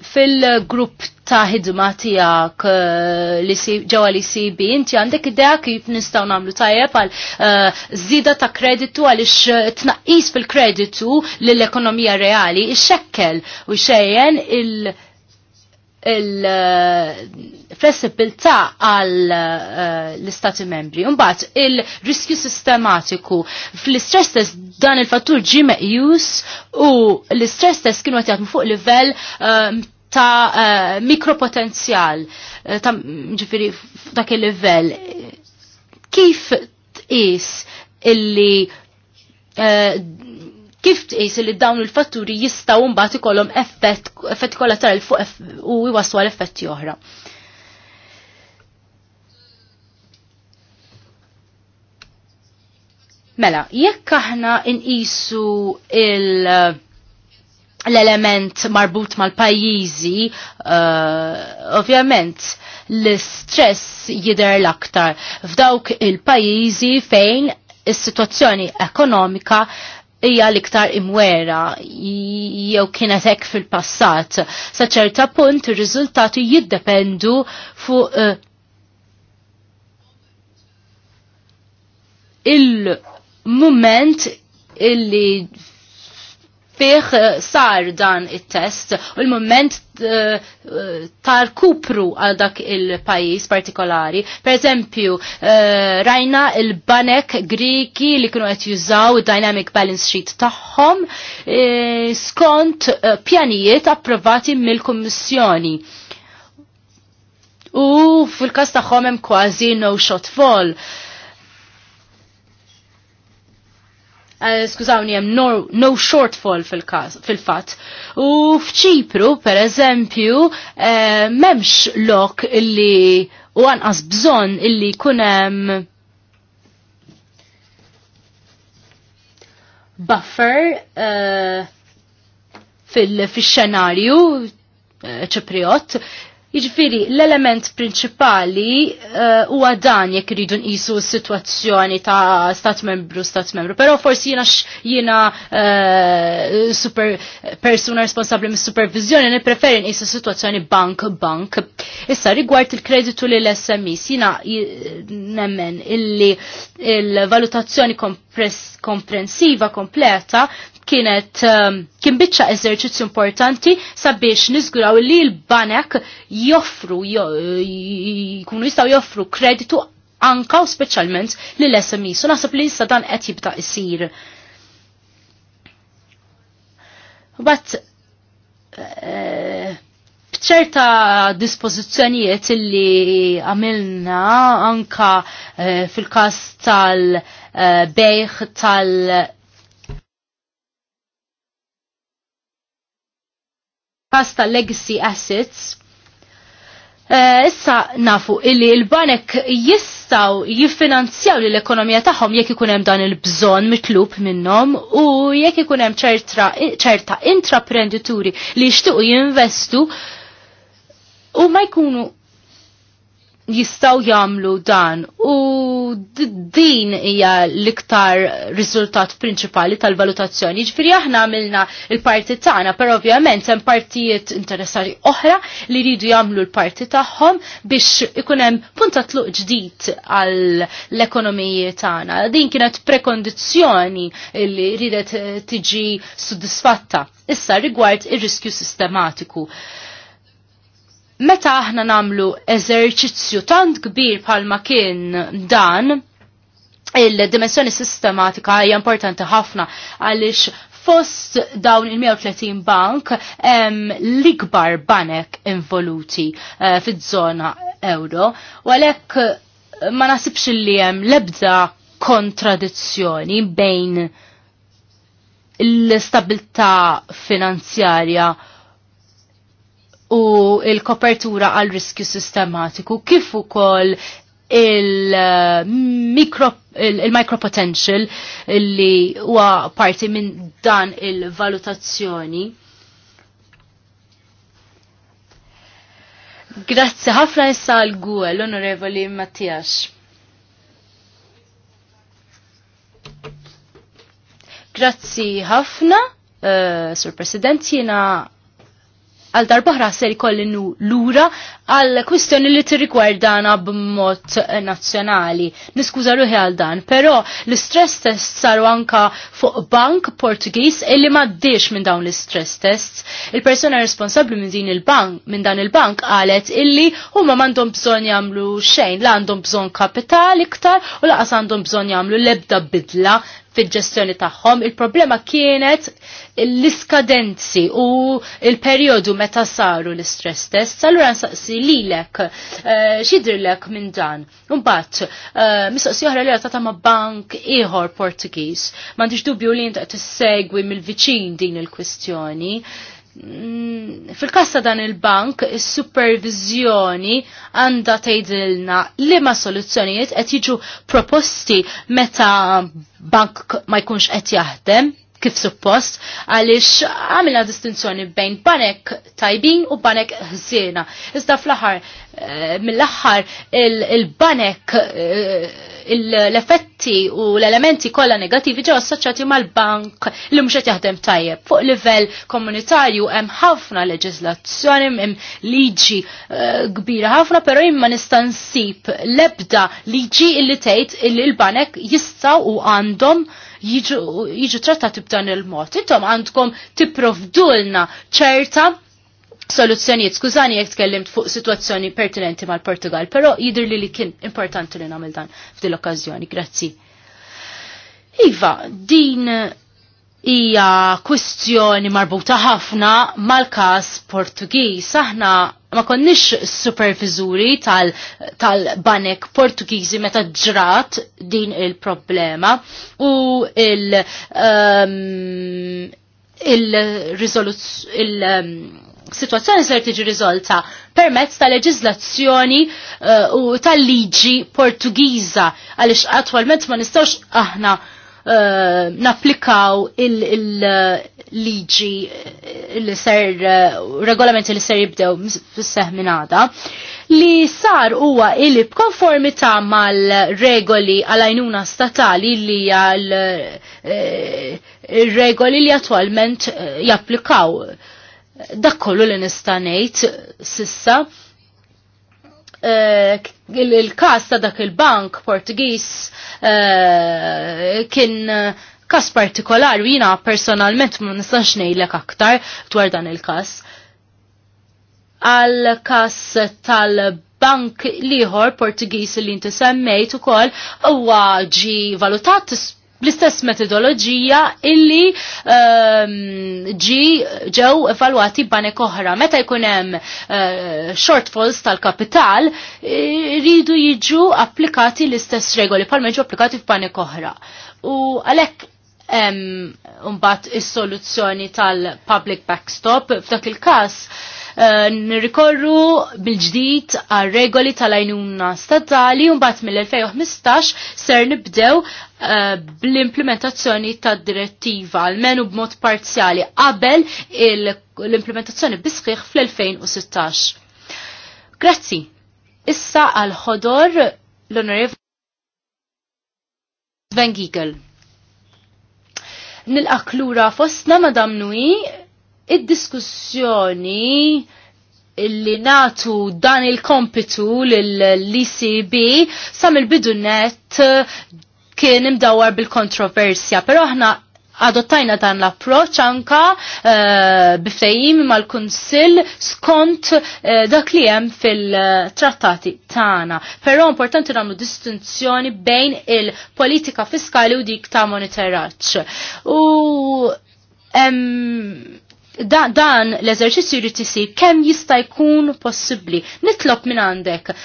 fil-grupp ta' ħidma tijak ġewa eh, li sibi, inti għandek idea kif nistaw namlu tajjeb għal eh, zida ta' kreditu għaliex eh, tnaqqis fil-kreditu l-ekonomija reali, ix-xekkel u xejjen il- il-flessibilità għal eh, l-istati membri. Unbat, il-riskju sistematiku. Fl-stress test dan il-fattur ġi meqjus u l-stress test kienu għatjatmu fuq livell eh, ta' eh, mikropotenzjal ta' ġifiri ta' kell livell. Kif tqis illi Kif tqis li dawn il-fatturi jistgħu mbagħad ikollhom effett effett kollaterali fuq u jwaslu għal effetti oħra. Mela, jekk aħna inqisu l-element marbut mal-pajjiżi, uh, ovvjament l istress jider l-aktar f'dawk il-pajjiżi fejn is-sitwazzjoni ekonomika hija l-iktar imwera jew kienet hekk fil-passat. Sa ċerta punt ir-riżultati jiddependu fuq uh, eh, il mument illi fih eh, sar dan it-test u l-moment eh, eh, tar kupru għal dak il-pajis partikolari. Per eżempju, rajna il-banek Griki li kienu qed jużaw dynamic balance sheet tagħhom skont pjanijiet approvati mill-Kummissjoni. U fil-kas tagħhom hemm kważi no shot fall. Eh, skużawni hemm no, no shortfall fil-każ fil-fatt. U f'Ċipru pereżempju eh, m'hemmx lok illi u anqas bżonn illi jkun hemm buffer eh, fil-xenarju eh, ċipriot Jiġifieri l-element prinċipali eh, huwa għadan dan jekk iridu nqisu s-sitwazzjoni ta' stat membru stat membru, però forsi jiena jiena eh, super persuna responsabbli mis-supervizjoni nippreferi nqisu jisu sitwazzjoni bank bank. Issa rigward il-kreditu l sms jiena nemmen illi il-valutazzjoni komprensiva kompleta kienet um, kien biċċa eżerċizzju importanti sabiex niżguraw li l-banek joffru jkunu jistgħu joffru kreditu anka u speċjalment lill smi e. So naħseb li issa dan qed jibda' isir. But eh, ċerta dispozizjonijiet illi għamilna anka eh, fil-kas tal-bejħ tal eh, pasta legacy assets. Eh, issa nafu illi il-banek jistaw jiffinanzjaw li l-ekonomija tagħhom jekk ikun hemm dan il-bżonn mitlub minnhom u jekk ikun hemm ċerta intraprendituri li jixtiequ jinvestu u ma jkunu jistaw jamlu dan u din hija l-iktar riżultat prinċipali tal-valutazzjoni. Ġifiri aħna għamilna l-parti tagħna, però ovvjament hemm partijiet interessati oħra li jridu jagħmlu l-parti tagħhom biex ikun hemm punta tluq ġdid għall ekonomiji tagħna. Din kienet prekondizzjoni li ridet tiġi sudisfatta. Issa rigward ir-riskju sistematiku. Uh, meta aħna namlu eżerċizzju tant kbir palma kien dan, il-dimensjoni sistematika hija importanti ħafna għaliex fost dawn il-130 bank l-ikbar banek involuti eh, fid-żona euro u għalhekk eh, ma nasibx li hemm lebda kontradizzjoni bejn l stabilta finanzjarja u il-kopertura għal riskju sistematiku kif ukoll il-micropotential il uh, li huwa parti minn dan il-valutazzjoni. Grazzi ħafna issa għal gwe l-Onorevoli Mattias. Grazzi ħafna, uh, Sur President, jina għal darbohra ser l lura għal kwistjoni li tirrigwardana b'mod nazzjonali. Niskuża ruħi għal dan, però l-istress test saru anka fuq bank portugis illi m'għaddiex minn dawn l-istress tests. Il-persuna responsabbli minn din il-bank minn dan il-bank qalet illi huma m'għandhom bżonn jagħmlu xejn, la għandhom bżonn kapital iktar u laqas għandhom bżonn jagħmlu l-ebda bidla fil-ġestjoni tagħhom. Il-problema kienet l-iskadenzi u il-perjodu meta saru l-istress test. Allura nsaqsi lilek eh, lek minn dan. Mbagħad eh, mistoqsi oħra li tagħta ma' bank ieħor Portugiż. M'għandix dubju li inta qed tissegwi mill-viċin din il-kwistjoni. Mm, fil-kassa dan il-bank, il-supervizjoni għanda tejdilna li ma soluzzjonijiet qed jiġu proposti meta bank ma jkunx qed jaħdem kif suppost għaliex għamilna distinzjoni bejn banek tajbin u banek ħżiena. Iżda fl-aħħar eh, mill-aħħar il-banek eh, l-effetti u l-elementi kollha negativi ġew assoċjati mal-bank li mhux qed jaħdem tajjeb. Fuq livell komunitarju hemm ħafna leġiżlazzjoni, hemm liġi eh, kbira ħafna, però imma nista' nsib l-ebda liġi illi tgħid li l-banek jistgħu u għandhom jiġu trattati b'dan il-mod. Intom għandkom tipprovdulna ċerta soluzzjonijiet. Skużani jek tkellimt fuq situazzjoni pertinenti mal-Portugal, però jidr li li kien importanti li namil dan f'dil okkażjoni. Grazzi. Iva, din hija kwistjoni marbuta ħafna mal-każ Portugiż. Aħna ma konniex supervizuri tal-banek tal Portugiżi meta ġrat din il-problema u il- um, il situazzjoni il, um, s-sertiġi tiġi riżolta permezz ta' leġiżlazzjoni uh, u tal-liġi Portugiża għaliex attualment ma nistgħux aħna naplikaw eh, napplikaw il-liġi il eh, eh, li ser regolamenti li ser jibdew fis seħminada minn għada li sar huwa illi b'konformità mal-regoli għal-għajnuna statali li għal regoli li attualment japplikaw. Dak kollu li nista' ngħid sissa Eh, il-kas ta' dak il-bank Portugis eh, kien eh, kas partikolari jina personalment ma nistax ngħidlek aktar dwar dan il-kas. Għal kas tal bank liħor Portugis li inti semmejt ukoll huwa ġi valutat bl-istess metodoloġija illi ehm, ġi ġew evalwati banek oħra. Meta jkun hemm eh, shortfalls tal-kapital, eh, rridu jiġu applikati l-istess regoli palma ġu applikati f'banek oħra. U għalhekk hemm mbagħad is-soluzzjoni tal-public backstop f'dak il-każ Uh, nirrikorru bil-ġdid għal regoli tal-għajnuna statali un bat mill-2015 ser nibdew Eh, bl-implementazzjoni ta' direttiva, almenu b'mod parzjali, qabel l-implementazzjoni bisħiħ fl-2016. Grazzi. Issa għal-ħodor l-onorev Sven Giegel. Nil-aklura fostna madam Nui id-diskussjoni illi natu dan il-kompitu l-ECB sam il bidunet kien imdawar bil-kontroversja, pero aħna adottajna dan l-approċ anka uh, eh, biftejim mal-Kunsill skont uh, dak li hemm fil-trattati tagħna. Però importanti nagħmlu distinzjoni bejn il-politika fiskali u dik ta' monitoraġġ. U um, da, dan l-eżerċizzju jrid isir kemm jista' jkun possibbli. Nitlob minn għandek eh,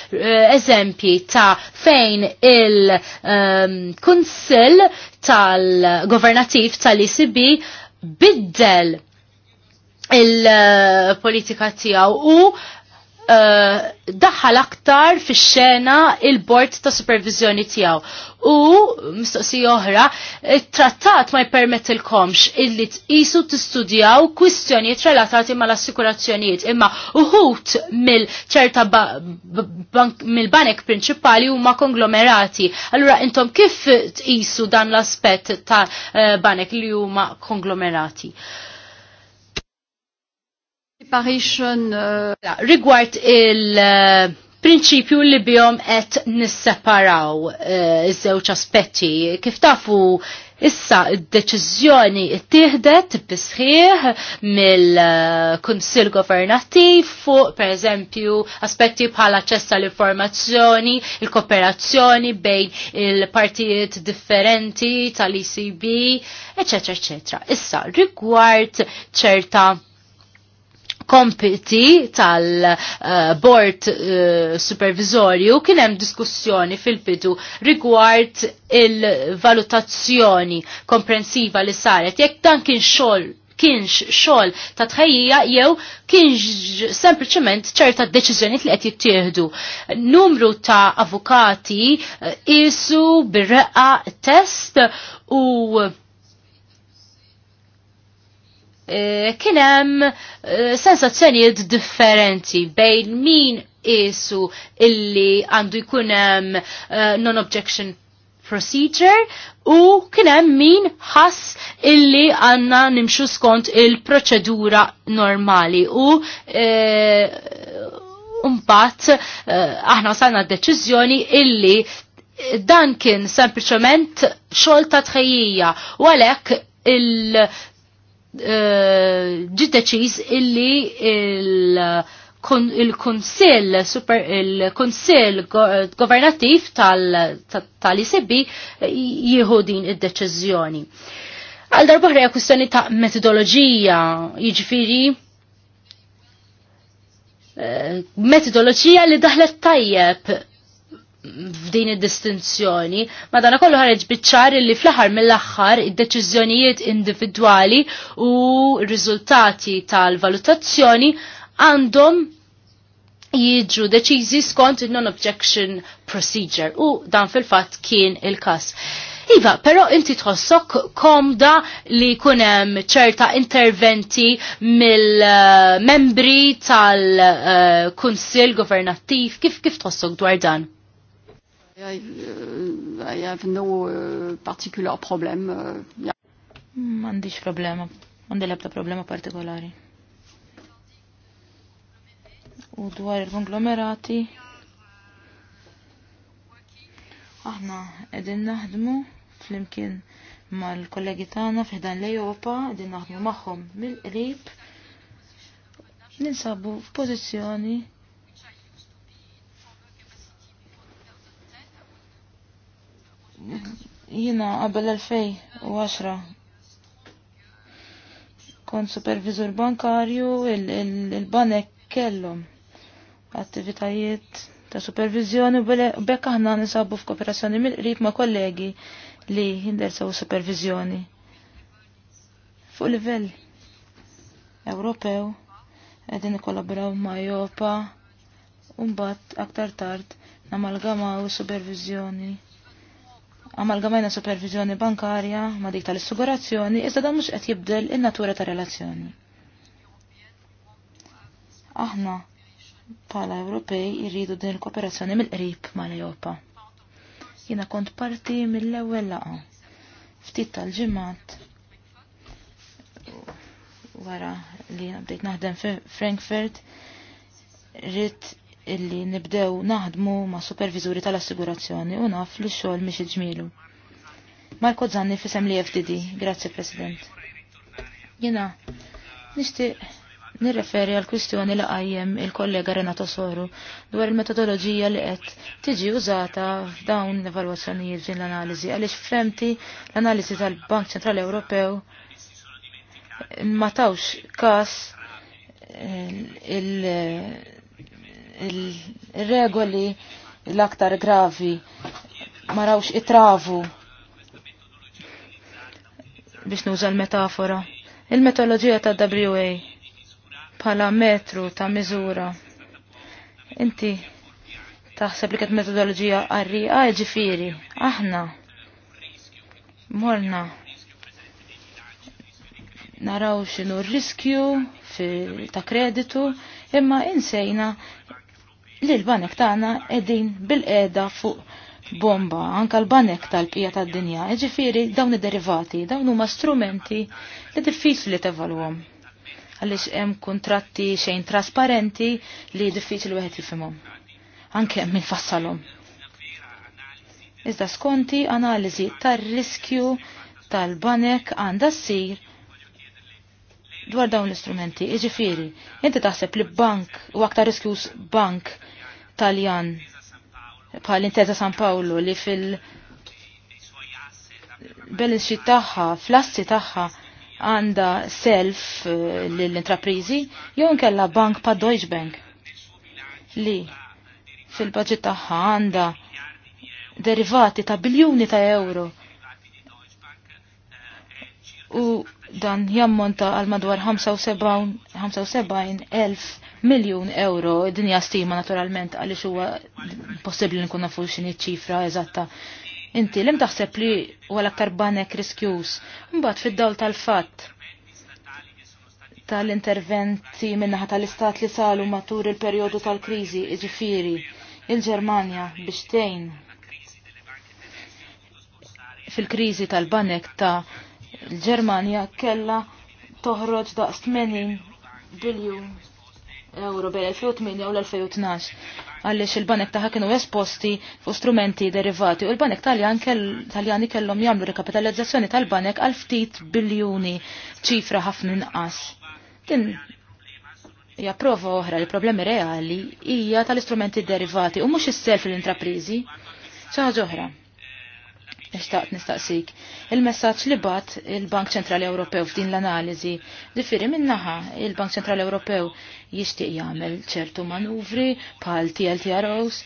eżempji ta' fejn il-kunsill ehm, um, tal-governattiv tal icb biddel il-politika eh, tiegħu u Eh, daħħal aktar fix-xena il-bord ta' supervizjoni tiegħu. U mistoqsi oħra, it-trattat ma jpermettilkomx illi tqisu tistudjaw kwistjonijiet relatati mal-assikurazzjonijiet, imma uħut mill-ċerta mill-banek prinċipali huma konglomerati. Allura intom kif tqisu dan l-aspett ta' eh, banek li huma konglomerati? Separation uh... rigward il- uh, prinċipju li bjom et nisseparaw uh, iż-żewġ aspetti. Kif tafu issa d deċiżjoni tieħdet bisħieħ mill-Kunsil Governattiv fuq pereżempju aspetti bħala ċessa l-informazzjoni, il-kooperazzjoni bejn il-partijiet differenti tal-ECB, eċetera, eċetera. Issa rigward ċerta kompiti tal-Bord uh, eh, Supervisorju kien hemm diskussjoni fil-bidu rigward il-valutazzjoni komprensiva li saret jekk dan kien xogħol kienx xogħol ta' tħejjija jew kienx sempliċement ċerta deċiżjonijiet li qed jittieħdu. Numru ta' avukati eh, isu bir reqa test u Eh, kienem eh, sensazzjonijiet differenti bejn min isu illi għandu jkunem eh, non-objection procedure u kienem min ħass illi għanna nimxu skont il-proċedura normali u Umbat, aħna sanna d-deċizjoni illi dan kien sempliciment xolta ta' tħejjija u għalek il- Eh, ġid deċiż illi il- il-Konsil il-Konsil Governattiv tal isb jieħu din id-deċiżjoni. Għal darbohra hija kwistjoni ta' metodoloġija, jiġifieri eh, metodoloġija li daħlet tajjeb f'din id-distinzjoni, ma dan kollu ħareġ biċċar li fl-aħħar mill-aħħar id-deċiżjonijiet individwali u r-riżultati tal-valutazzjoni għandhom jiġu deċiżi skont il-non-objection procedure u dan fil-fatt kien il-kas. Iva, pero inti tħossok komda li kunem ċerta interventi mill-membri tal-Kunsil eh, Governattiv, kif kif tħossok dwar dan? Euh, euh, euh, M'għandix problema, m'għandi lebda problema partikolari. U dwar il-konglomerati, aħna qegħdin naħdmu flimkien mal-kollegi tagħna fiħdan l-Ejopa qegħdin naħdmu magħhom mill-qrib ninsabu f'pożizzjoni jina qabel 2010 kon supervizur bankarju, il-banek kellum kellhom attivitajiet ta' supervizjoni u bekk aħna nisabu f'kooperazzjoni mill-qrib ma' kollegi li jindersaw supervizjoni. Fuq livell Ewropew qegħdin nikkollaboraw ma' Jopa u mbagħad aktar tard namalgamaw supervizjoni amalgamajna supervizjoni bankarja ma dik tal-assigurazzjoni, iżda dan mhux qed jibdel in-natura ta' relazzjoni. Aħna bħala Ewropej irridu din il-kooperazzjoni mill-qrib mal-Ejopa. Jiena kont parti mill-ewwel laqa. Ftit tal-ġimgħat wara li bdejt naħdem fi Frankfurt rrit illi nibdew naħdmu ma' supervizuri tal-assigurazzjoni u naf li xogħol miex iġmielu. Marko Zanni fisem li FDD, grazzi President. Jena, nixtieq nirreferi għal kwistjoni la għajjem il-kollega Renato Soru dwar il-metodoloġija li qed tiġi użata f'dawn l-evalwazzjonijiet ġin l-analiżi għaliex fremti l-analiżi tal-Bank Centrali Ewropew ma tawx kas eh, il il-regoli l-aktar gravi ma rawx itravu biex nuża l-metafora. Il-metodoloġija ta' WA bħala metru ta' miżura. Inti taħseb li kienet metodoloġija għarriqa ġifiri. Aħna morna naraw xinu riskju ta' kreditu imma insejna li l-banek tagħna qegħdin bil eda fuq bomba, anka l-banek tal-pija tad-dinja, ġifiri dawn id-derivati, dawn huma strumenti li diffiċli tevalwhom. Għaliex hemm kontratti xejn trasparenti li diffiċli wieħed jifhimhom. Anke hemm fassalom. Iżda skonti analiżi tar-riskju tal-banek għandha ssir dwar dawn l-istrumenti. Iġifiri, inti taħseb li bank u aktar riskjus bank taljan l Intesa San Paolo li fil balance xi tagħha, fl-assi tagħha għanda self eh, l-intraprizi, jew nkella bank pa' Deutsche Bank li fil-budget tagħha għanda derivati ta' biljuni ta' euro. U dan jammonta għal madwar 75 elf miljon euro dinja stima naturalment għaliex huwa possibli nkun nafu x'inhi ċifra eżatta. Inti lim taħseb li huwa l-aktar banek riskjus mbagħad fid-dawl tal-fatt tal-interventi minnaħa tal-istat li salu matur il-perjodu tal-kriżi, iġifiri, il-Ġermanja biex tejn fil-kriżi tal-banek ta' l germania kella toħroġ daqs 80 biljun euro bejn 2008 u l-2012 għaliex il-banek taħħa kienu esposti fuq strumenti derivati u l-banek taljani kellhom jagħmlu rekapitalizzazzjoni tal-banek għal ftit biljuni ċifra ħafna inqas. Din hija prova oħra li problemi reali hija tal-istrumenti derivati u mhux is-self l-intrapriżi. Xi oħra nishtaq nistaqsik. Il-messaġġ li bat il-Bank Ċentrali Ewropew f'din l-analiżi diffiri minnaħa il-Bank Ċentrali Ewropew jixtieq jagħmel ċertu manuvri bħal TLTROs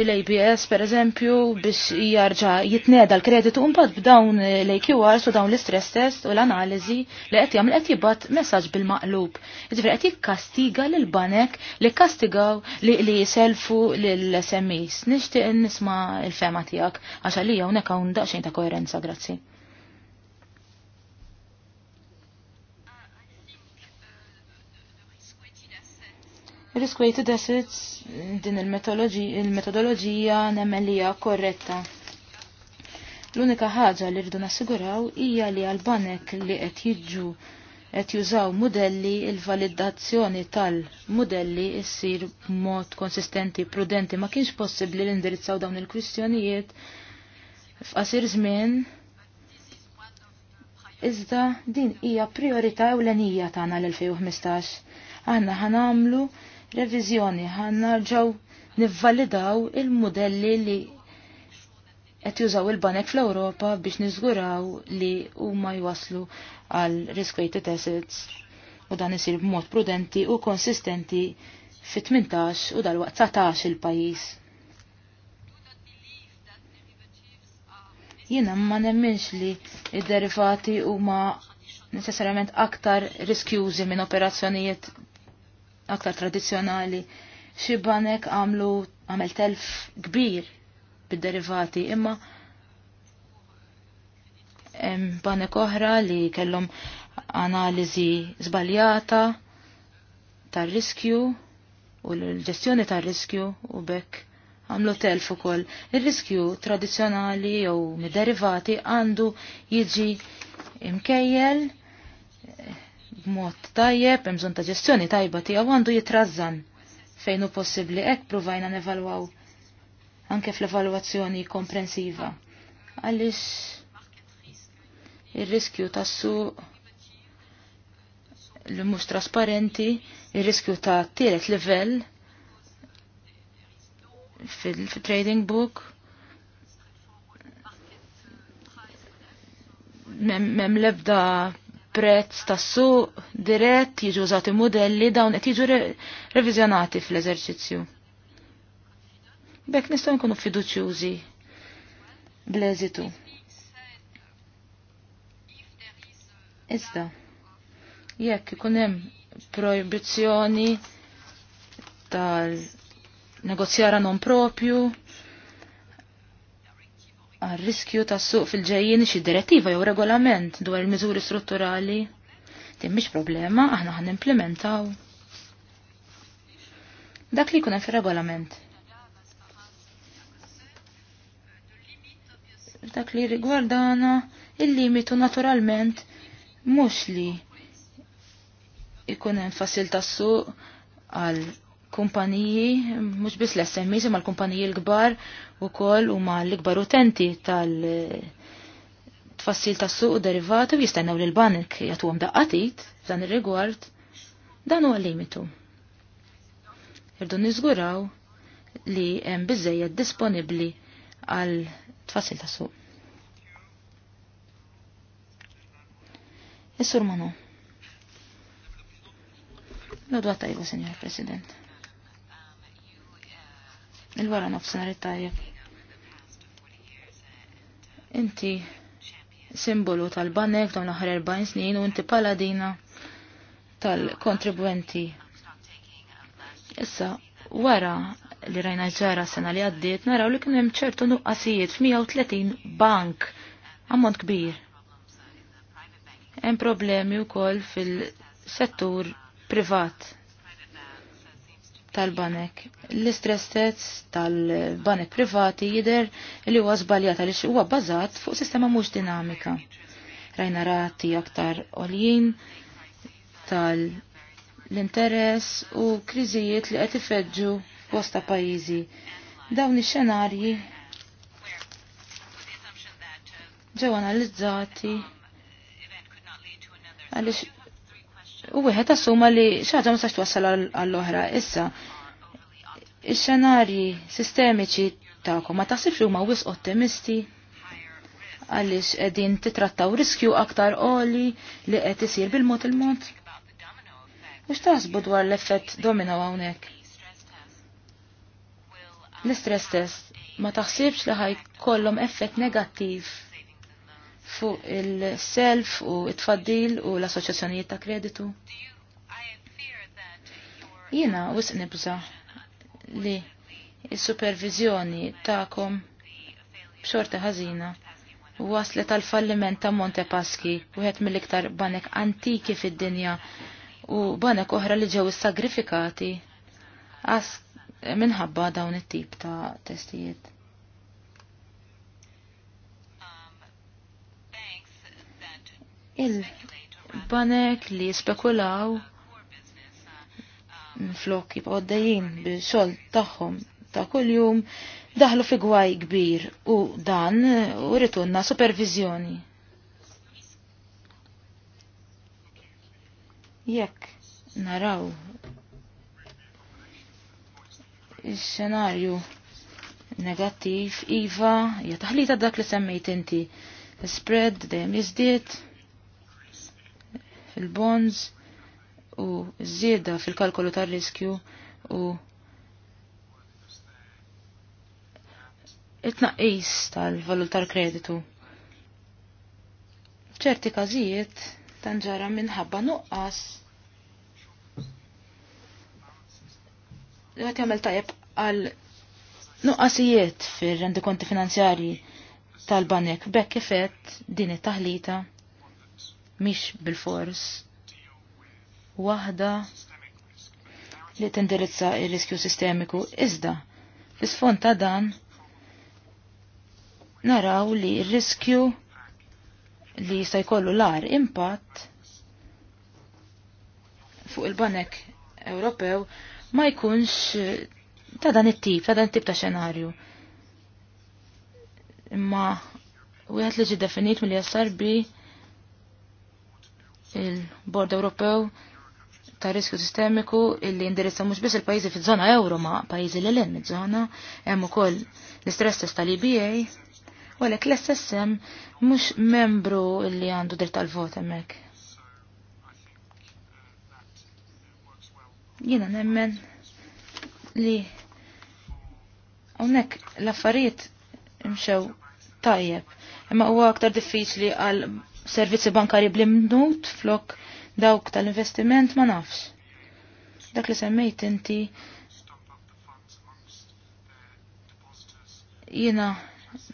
l-ABS per eżempju biex jarġa jitneda l-kreditu unbad b'dawn l-AQRs u dawn l-istress test u l-analizi li qed jagħmel qed jibgħat messaġġ bil-maqlub. Jiġifieri qed jikkastiga lil banek li kastigaw li jiselfu lill SMEs. Nixtieq nisma' il-fema tiegħek għax għalija hawnhekk hawn daqsxejn ta' koerenza, grazzi. Risk-weighted assets din il-metodoloġija nemmelija korretta. L-unika ħaġa li rridu nassiguraw hija li għal-banek li qed jiġu qed jużaw modelli il-validazzjoni tal-modelli issir b'mod konsistenti prudenti ma kienx possibbli li indirizzaw dawn il-kwistjonijiet f'qasir żmien iżda din hija priorità ewlenija tagħna l-2015. Aħna ħanamlu revizjoni ħannarġaw nivvalidaw il-modelli li qed jużaw il-banek fl-Ewropa biex niżguraw li huma jwaslu għal risk-weighted assets u dan isir b'mod prudenti u konsistenti fi 18 u dal-waqt 19 il-pajjiż. Jiena ma nemminx li id-derivati huma neċessarjament aktar riskjużi minn operazzjonijiet aktar tradizjonali. Xi banek għamlu għamel telf kbir bid-derivati imma banek oħra li kellhom analiżi żbaljata tar-riskju u l-ġestjoni tar-riskju u bekk għamlu telf ukoll. Ir-riskju tradizzjonali jew mid derivati għandu jiġi imkejjel b'mod tajjeb, hemm bżonn ta' ġestjoni tajba tiegħu għandu jitrażżan fejn hu possibbli hekk pruvajna nevalwaw anke fl-evalwazzjoni komprensiva. Għaliex ir-riskju tas-suq li mhux trasparenti, ir-riskju ta' tielet livell fil-trading book. Mem lebda prezz tas dirett jiġu użati modelli dawn qed jiġu revizjonati fl-eżerċizzju. Bekk nistgħu nkunu fiduċjużi bl-eżitu. Iżda, jekk ikun hemm proibizzjoni tal-negozjara non propju, għal riskju ta' suq fil-ġejjin xi direttiva jew regolament dwar il-miżuri strutturali. Din mhix problema, aħna ħan implementaw. Dak li jkun hemm fir-regolament. Dak li rigwardana il-limitu naturalment mhux li ikun hemm fasil tas-suq għal kumpaniji, mux bis l smi ma l-kumpaniji l-gbar u kol u ma l-gbar utenti tal-tfassil tas suq u derivati u jistennaw li l-banek jatu għam daqqatit f'dan il-rigward dan huwa limitu. Irdu nizguraw li hemm biżejjed disponibbli għal tfassil tas suq. Is-sur Manu. L-odwa tajba, Senjor President il-wara nofsinhar it-tajjeb. Inti simbolu tal-banek dawn l-aħħar 40 snin u inti paladina tal-kontribwenti. Issa, wara li rajna ġara sena li għaddiet, naraw li kien hemm ċertu nuqqasijiet f-130 bank ammont kbir. Hemm problemi wkoll fil-settur privat tal-banek. L-istress test tal-banek privati jider li huwa żbaljat għaliex huwa bbażat fuq sistema mhux dinamika. Rajna rati aktar għoljin tal-interess u kriżijiet li qed ifeġġu bosta pajjiżi. Dawn ix-xenarji ġew analizzati għaliex u wieħed assuma li xi ma sax twassal għall-oħra. Issa, ix-xenarji sistemiċi tagħkom ma taħsibx li huma wisq ottimisti għaliex qegħdin titrattaw riskju aktar qoli li qed isir bil-mod il-mod. Mhux taħsbu dwar l-effett domino hawnhekk. L-istress test ma taħsibx li ħaj kollhom effett negattiv fuq il-self u it-tfaddil u l-assoċjazzjonijiet ta' kreditu? Jiena wisq nibża li il-supervizjoni ta'kom b'xorta ħażina waslet tal falliment ta' Monte Paschi, wieħed mill-iktar banek antiki fid-dinja u banek oħra li ġew sagrifikati minħabba dawn it-tip ta' testijiet. il-banek li spekulaw flok jibqgħu bil-xogħol tagħhom ta' kuljum daħlu fi gwaj kbir u dan u ritunna supervizjoni. Jekk naraw il-xenarju negattiv, Iva, jgħataħlita dak li semmejt inti. Spread dejjem jizdiet il-bonds u ż-zieda fil-kalkolu tar-riskju u it-naqis tal-valur tal-kreditu. ċerti każijiet tanġara minħabba nuqqas għat jagħmel tajab għal nuqqasijiet fir rendikonti konti finanzjarji tal-banek bekk kifet din it-taħlita mhix bil-fors waħda li tindirizza il-riskju sistemiku iżda fis-sfond ta' dan naraw li il-riskju li jista' jkollu l impatt fuq il-banek Ewropew ma jkunx ta' dan it-tip, ta' dan it-tip ta' xenarju. Imma wieħed li ġi definit mill bi il-Bord Ewropew ta' riskju sistemiku illi indirizza mhux biss il-pajjiżi fiż-żona euro ma' pajjiżi l len iż-żona hemm ukoll l-istress test tal iba u għalhekk l-SSM mhux membru illi għandu dritt tal-vot hemmhekk. Jiena nemmen li hawnhekk l-affarijiet imxew tajjeb imma huwa aktar diffiċli għal servizzi bankari bl flok dawk tal-investiment ma nafx. Dak li semmejt inti jina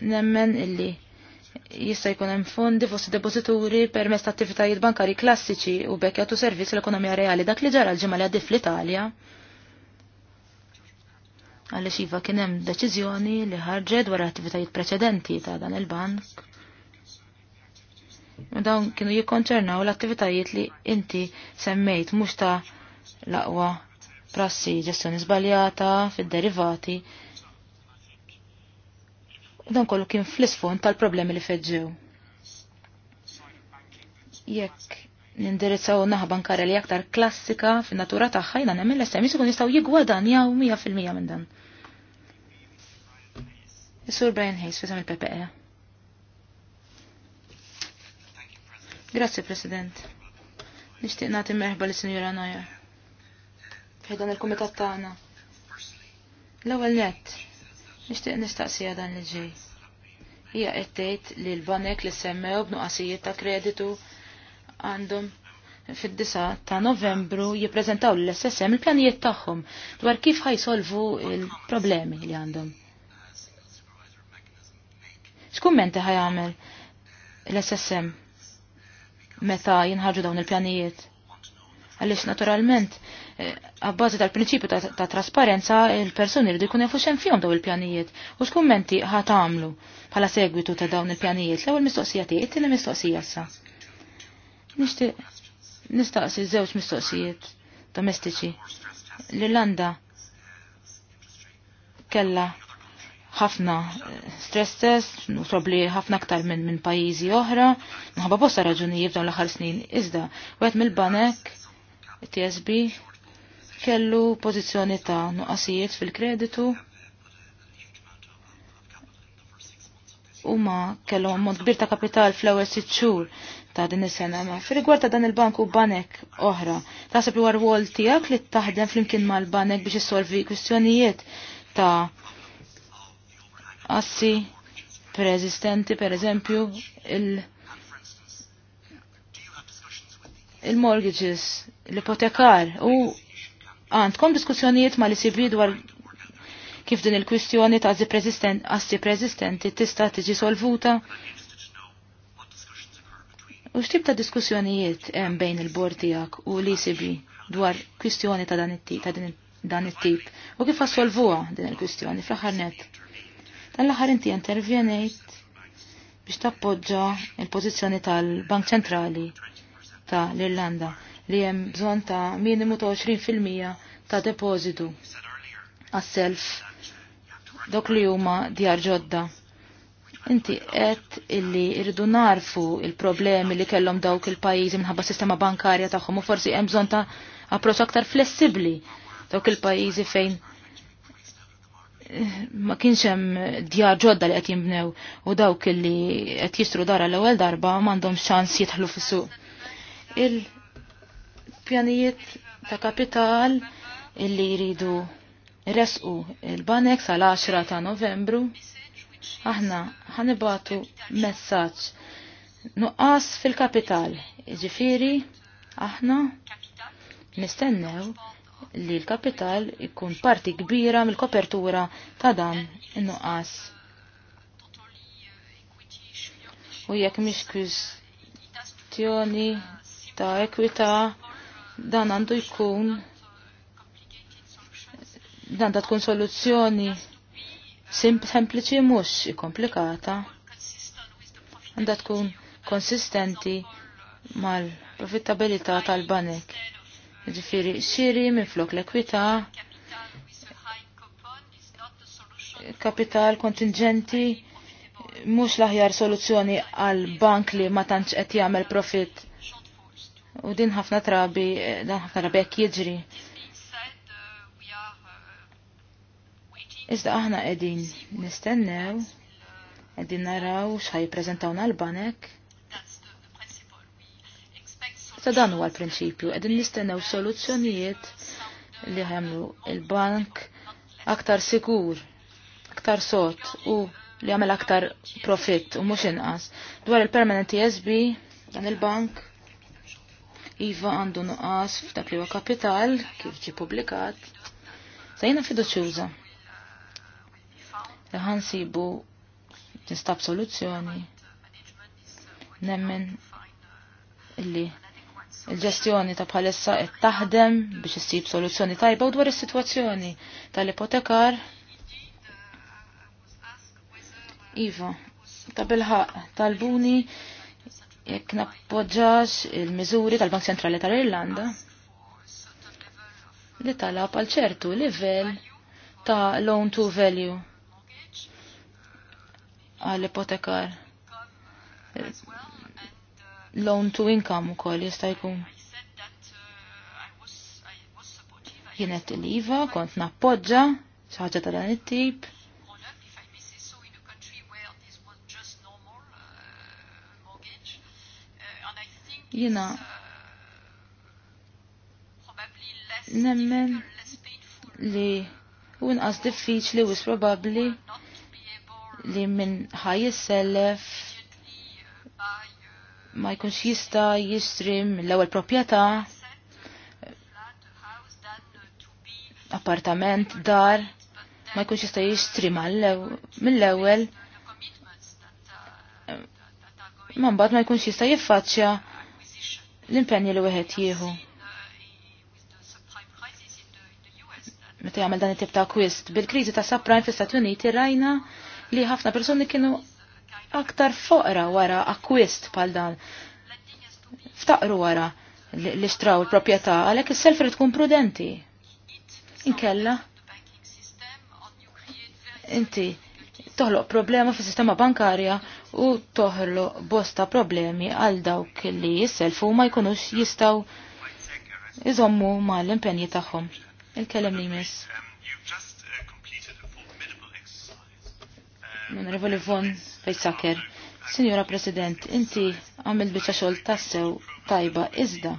nemmen illi jista' jkun hemm fondi fost depożituri permezz ta' attivitajiet bankari klassiċi u bekk jagħtu servizz l-ekonomija reali dak li ġara l-ġimgħa li għaddi fl-Italja. Għaliex iva kien hemm deċiżjoni li ħarġet wara attivitajiet preċedenti ta' dan il-bank Dawn kienu jikkonċernaw l-attivitajiet li inti semmejt mhux ta' laqwa prassi ġestjoni żbaljata fid-derivati. Dan kollu kien fl-isfond tal-problemi li feġġew. Jekk nindirizzaw naħban kara li aktar klassika fin-natura tagħha jiena nemmen l-SMI ikun jistgħu jigwadanjaw 100% minn dan. Is-Sur Brian Hayes fisem il-PPE. Grazzi, President. Nishtiq nagħti merħba li Sinjura Najar. Fejdan il-kumitat tagħna. L-ewwel net, nixtieq nistaqsija dan li ġej. Hija qed tgħid li l-banek li semmew b'nuqasijiet ta' kreditu għandhom fid-disa ta' novembru jippreżentaw l-SSM il-pjanijiet tagħhom dwar kif ħajsolvu il-problemi li għandhom. ħaj għamel l-SSM meta jinħarġu dawn il-pjanijiet. Għalix naturalment, eh, għabbażi tal-prinċipju ta', trasparenza, il-personi rridu jkun jafu fihom fjom daw il-pjanijiet. U x'kummenti ħat għamlu bħala segwitu ta' dawn il-pjanijiet. L-ewwel mistoqsija tiegħi, it-tieni mistoqsija sa. Nixtieq nistaqsi żewġ mistoqsijiet domestiċi. L-Irlanda kella ħafna eh, stress test, probli ħafna aktar minn min pajjiżi oħra, nħabba bosta raġunijiet jibdaw l-aħħar snin. Iżda, għet mill-banek, TSB, kellu pożizzjoni ta' nuqqasijiet fil-kreditu, huma kellu ammont kbir ta' kapital fl-ewwel sitt xhur ta' din is-sena ma' fir-rigward ta' dan il-bank u banek oħra. Taħseb li war wol tiegħek li taħdem flimkien mal-banek biex jissolvi kwistjonijiet ta' assi preesistenti, per eżempju, il- il-mortgages, l-ipotekar, u għandkom diskussjonijiet ma li sibri dwar kif din il-kwistjoni ta' assi preesistenti tista' tiġi solvuta. U x'tib ta' diskussjonijiet hemm bejn il-bord tiegħek u li sibri dwar kwistjoni ta' dan it-tip, ta' dan it-tip. U kif assolvuha din il-kwistjoni fl-aħħar net? L-aħħar inti intervjenejt biex tappoġġa il-pożizzjoni tal-Bank Ċentrali ta' l-Irlanda li hemm bżonn ta' minimu ta' 20% ta' depozitu għas-self dok li huma djar ġodda. Inti qed illi irridu narfu il-problemi li kellhom dawk il-pajjiżi minħabba sistema bankarja tagħhom u forsi hemm bżonn ta' approċċ aktar flessibbli dawk il-pajjiżi fejn ma kienx hemm djar ġodda li qed jinbnew u dawk li qed jistru dara l-ewwel darba m'għandhom ċans jitħlu fis Il-pjanijiet ta' kapital illi jridu resqu il-banek sal-10 ta' Novembru aħna ħanibatu messaġġ nuqqas fil-kapital. Ġifiri, aħna mistennew li l-kapital ikun parti kbira mill-kopertura ta' dan in-nuqqas. U jekk mhix kwistjoni ta' ekwità dan għandu jkun dan ta' tkun soluzzjoni sempliċi mhux komplikata. Għandha tkun konsistenti mal-profittabilità tal-banek. Ġifiri xiri minn flok l-ekwita, kapital kontingenti, mhux l-aħjar soluzzjoni għal bank li ma tantx qed jagħmel profit. U din ħafna trabi, dan ħafna trabi jekk jiġri. Iżda aħna qegħdin nistennew, qegħdin naraw x'ħaj jippreżentawna l-banek. Ta' dan huwa l-prinċipju, qegħdin nistennew soluzzjonijiet li ħamlu il-bank aktar sigur, aktar sot u li jagħmel aktar profit u mhux inqas. Dwar il-permanent ESB dan il-bank Iva għandu nuqqas f'dak li huwa kapital kif ġi publikat. Sejna fiduċjuża. Li ħansibu nistab soluzzjoni. Nemmen illi il-ġestjoni ta' bħalissa qed taħdem biex issib soluzzjoni tajba u dwar is-sitwazzjoni tal-ipotekar. Iva, ta' tal-Buni jekk nappoġġax il-miżuri tal-Bank Centrali tal-Irlanda li talab għal ċertu livell ta' loan to value għall ipotekar loan to income ukoll jista' jkun. Jienet il-IVA, kont nappoġġa, xaħġa ta' dan it-tip. Jina nemmen li u nqas diffiċli u probabbli li minn ħaj sellef ma jkunx jista jistri mill-ewwel proprjetà appartament, dar, ma jkunx jista jistri mill-ewwel ma mbagħad ma jkunx jista jiffaċċja l-impenni li wieħed jieħu. Meta jagħmel dan it-tip ta' kwist, bil-kriżi ta' subprime fl-Istati Uniti rajna li ħafna persuni kienu aktar foqra wara akwist pal dan. Ftaqru wara li xtraw il-propieta, għalek il-selfer tkun prudenti. Inkella. Inti, toħloq problema fis sistema bankarja u toħloq bosta problemi għal dawk li jisselfu ma jkunux jistaw iżommu ma l-impenji tagħhom. Il-kellem li jmiss. Onorevoli Von, Fejsaker. Signora President, inti għamil bieċa xol tassew tajba iżda.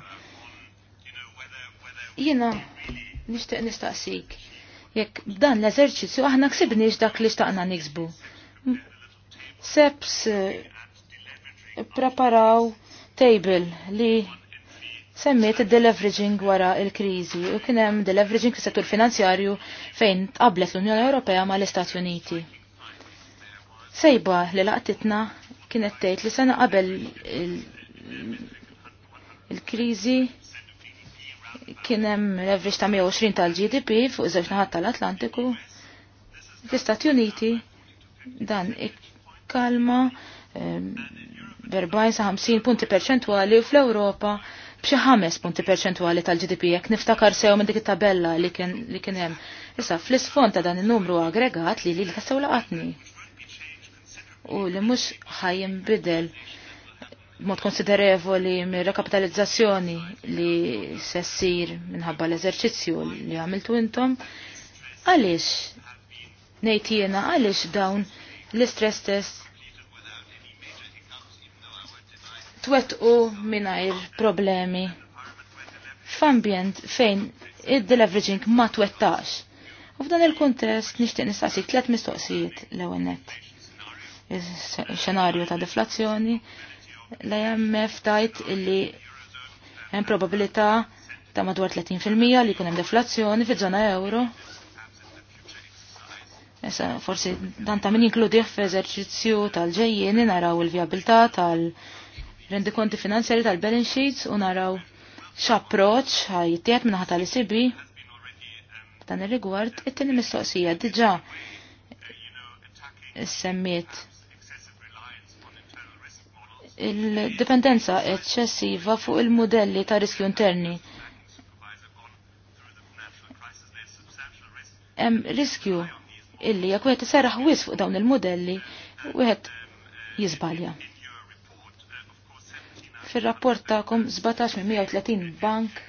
Jena nishtiq nistaqsik. Jekk dan l-eżerċizzju aħna ksibniex dak li xtaqna niksbu. Seps eh, preparaw table li semmiet il-deleveraging wara il-krizi u kien hemm deleveraging fis-settur finanzjarju fejn tqablet l-Unjoni Ewropea mal istati Uniti. Sejba li laqtitna kienet tgħid li sena qabel il-kriżi kien hemm leverage ta' 120 tal-GDP fuq żewġ naħat tal-Atlantiku. Fl-Istati Uniti dan ikkalma ehm, b'40 sa 50 punti perċentwali u fl-Ewropa b'xi ħames punti perċentwali tal-GDP jekk niftakar sew minn dik it-tabella li kien hemm. Issa fl-isfond ta' dan in-numru aggregat li li tassew laqatni u li mhux ħajim bidel mod konsiderevoli mir rekapitalizzazzjoni li se ssir minħabba l-eżerċizzju li għamiltu intom, għaliex ngħid jiena għaliex dawn l-istress test twettqu mingħajr problemi f'ambjent fejn id-deleveraging ma twettax. U f'dan il-kontest nixtieq nistaqsi tliet mistoqsijiet l-ewwel nett xenarju ta' deflazzjoni, l-IMF tajt illi hemm probabilità ta' madwar 30% li jkun hemm deflazzjoni fi żona euro. Esa, forsi dan ta' min fi f'eżerċizzju tal-ġejjieni naraw il-vjabilità tal-rendikonti finanzjari tal-balance sheets u naraw x'approċċ ħajtiet minn ħata l-ECB dan ir-rigward it-tieni mistoqsija diġà semmiet il-dipendenza eċċessiva fuq il-modelli ta' riskju interni. Hemm riskju illi jekk wieħed iserraħ wis fuq dawn il-modelli, wieħed jiżbalja. Fir-rapport tagħkom 17 minn bank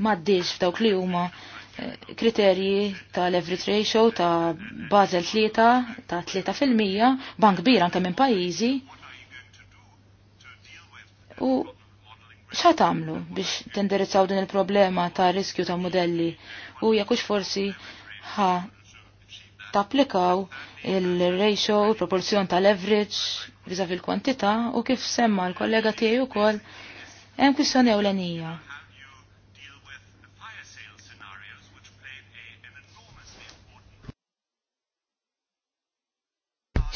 m'għaddiex f'dawk li huma eh, kriterji ta' leverage ratio ta' Basel 3 ta' 3 bank kbira anke minn pajjiżi U xa tamlu biex tindirizzaw din il-problema ta' riskju ta' modelli u jakux forsi ħa tapplikaw il-ratio, il-proporzjon tal-leverage viza fil kwantita u kif semma l-kollega tiegħi wkoll hemm kwistjoni ewlenija.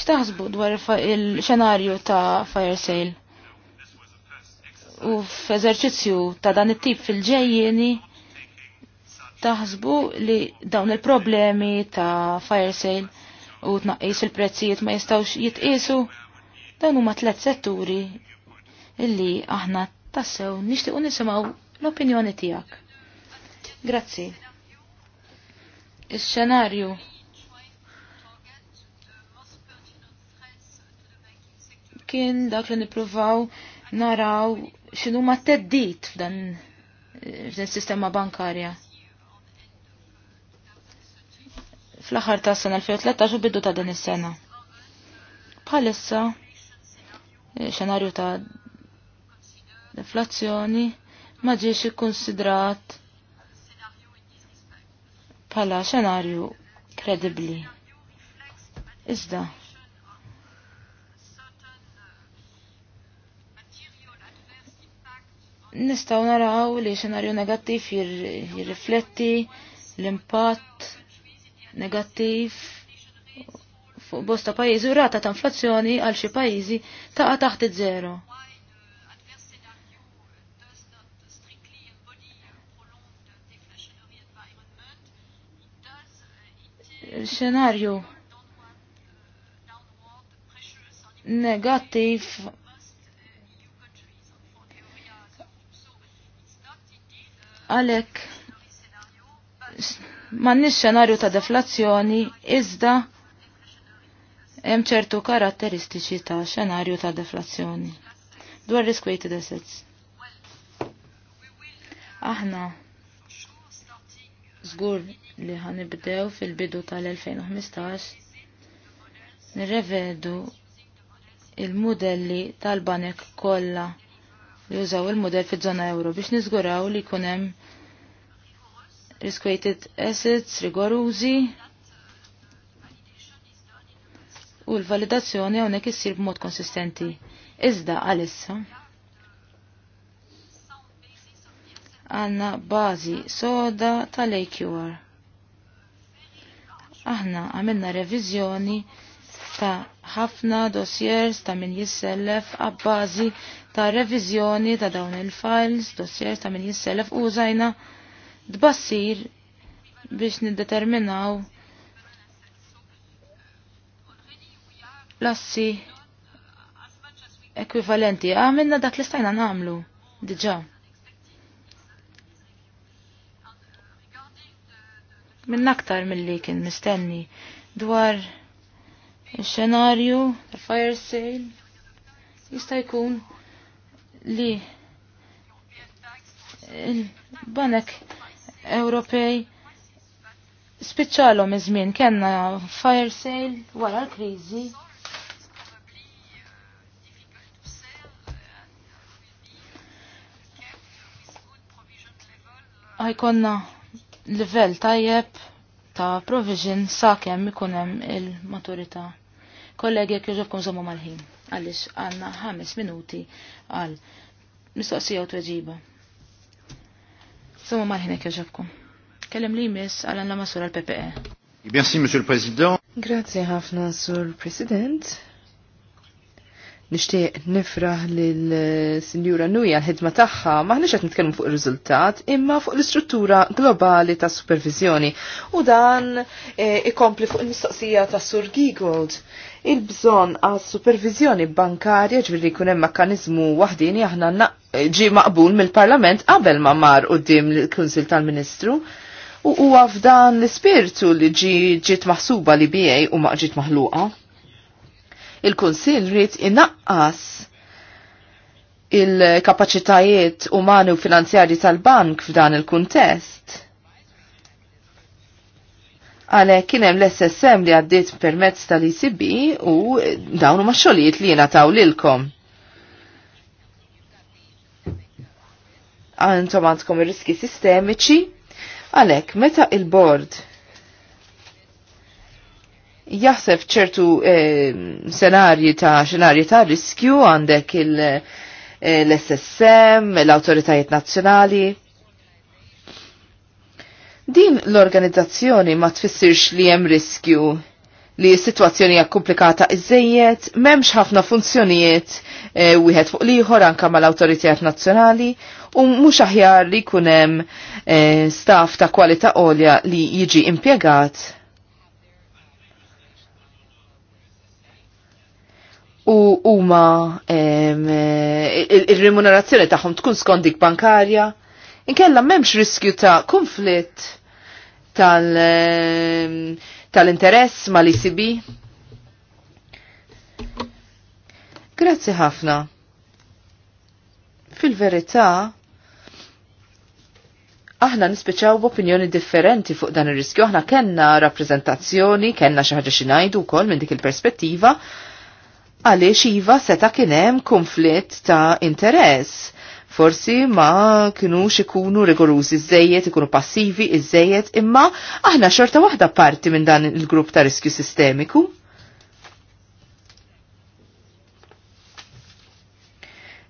X'taħsbu dwar il-xenarju ta' fire sale? u f'eżerċizzju ta' dan it-tip fil ġejjeni taħsbu li dawn il-problemi ta' fire sale u tnaqqis il-prezzijiet ma jistawx jitqisu dawn huma tliet setturi illi aħna tassew nixtiequ nisimgħu l-opinjoni tiegħek. Grazzi. Is-xenarju kien dak li nippruvaw naraw xinu ma teddit f'dan f'dan sistema bankarja. Fl-aħħar ta' sena 2013 u biddu ta' din is-sena. Bħalissa eh, xenarju ta' deflazzjoni ma ġiex ikkonsidrat bħala xenarju kredibbli. Iżda, nistaw naraw li xenarju negattiv jirrifletti l-impatt negattiv fuq bosta pajizi u rata ta' inflazzjoni għal xi pajizi taqa' taħt iż-żero. Xenarju negattiv Għalek, mannix xenarju ta' deflazzjoni, iżda hemm ċertu karatteristiċi ta' xenarju ta' deflazzjoni. Dwar risk-weighted assets. Aħna żgur li ħanibdew fil-bidu tal-2015 nirrevedu il-modelli tal-banek kollha jużaw il model fiż-żona euro biex niżguraw li jkun hemm risk-weighted assets rigorużi u l-validazzjoni hawnhekk issir b'mod konsistenti. Iżda għalissa għanna bażi soda tal-AQR. Aħna għamilna reviżjoni ta' ħafna dossiers ta' min għab bazi ta' revizjoni ta' dawn il-files, dossiers ta' min jisselef u użajna d-bassir biex niddeterminaw l-assi ekvivalenti. Għamilna dak li stajna namlu, diġa. Minn aktar mill-li kien mistenni dwar il-xenarju, il-fire sale, jista' jkun li il-banek Ewropej spiċċalhom iż-żmien kellna fire sale wara l-kriżi. Ħajkonna livell tajjeb ta' provision sakemm ikun hemm il-maturità. Kollegi jekk jogħġobkom żommu mal-ħin għalix għanna ħames minuti għal mistoqsija u tweġiba. Somma marħinek jaġabkom. Kellem li jmiss għal għanna masur għal PPE. Merci, Monsieur le Président. Grazie ħafna, Sur President nixtieq nifraħ lill-Sinjura eh, Nuja l-ħidma tagħha maħniex qed nitkellmu fuq ir-riżultat imma fuq l-istruttura globali ta' supervizjoni u dan eh, ikompli fuq il-mistoqsija ta' Sur Giegold il-bżon għas supervizjoni bankarja ġviri kun hemm mekkanizmu waħdini aħna ġi maqbul mill-Parlament qabel ma mar qudiem l-Kunsil tal-Ministru. U huwa f'dan l-ispirtu li ġi ġiet maħsuba li bijaj u ma ġiet maħluqa il-Kunsill rrit inaqqas il-kapacitajiet umani u finanzjari tal-bank f'dan il-kuntest. Għale kienem l-SSM li għaddit permezz tal-ICB u dawnu maċxolijiet li jena taw lilkom. Għantom għandkom il-riski sistemiċi, għalek meta il-bord jaħseb ċertu eh, senarji ta' xenarji ta' riskju għandek eh, l-SSM, l-autoritajiet nazzjonali. Din l-organizzazzjoni ma tfissirx li hemm riskju li s-situazzjoni hija komplikata iżejjed, m'hemmx ħafna funzjonijiet eh, wieħed fuq liħor anka mal-awtoritajiet nazzjonali u mhux aħjar li jkun hemm staff ta' kwalità għolja li jiġi impjegat u huma eh, il-remunerazzjoni tagħhom tkun skont dik bankarja, inkella m'hemmx riskju ta' konflitt tal-interess tal mal-ICB. Grazzi ħafna. Fil-verità, aħna nispiċaw b'opinjoni differenti fuq dan ir-riskju, aħna kenna rappreżentazzjoni, kenna xi ħaġa xi ngħidu wkoll minn dik il-perspettiva, għaliex iva seta kienem konflitt ta' interess. Forsi ma kienux ikunu rigorużi iżejjed, ikunu passivi iżejjed, imma aħna xorta waħda parti minn dan il-grupp ta' riskju sistemiku.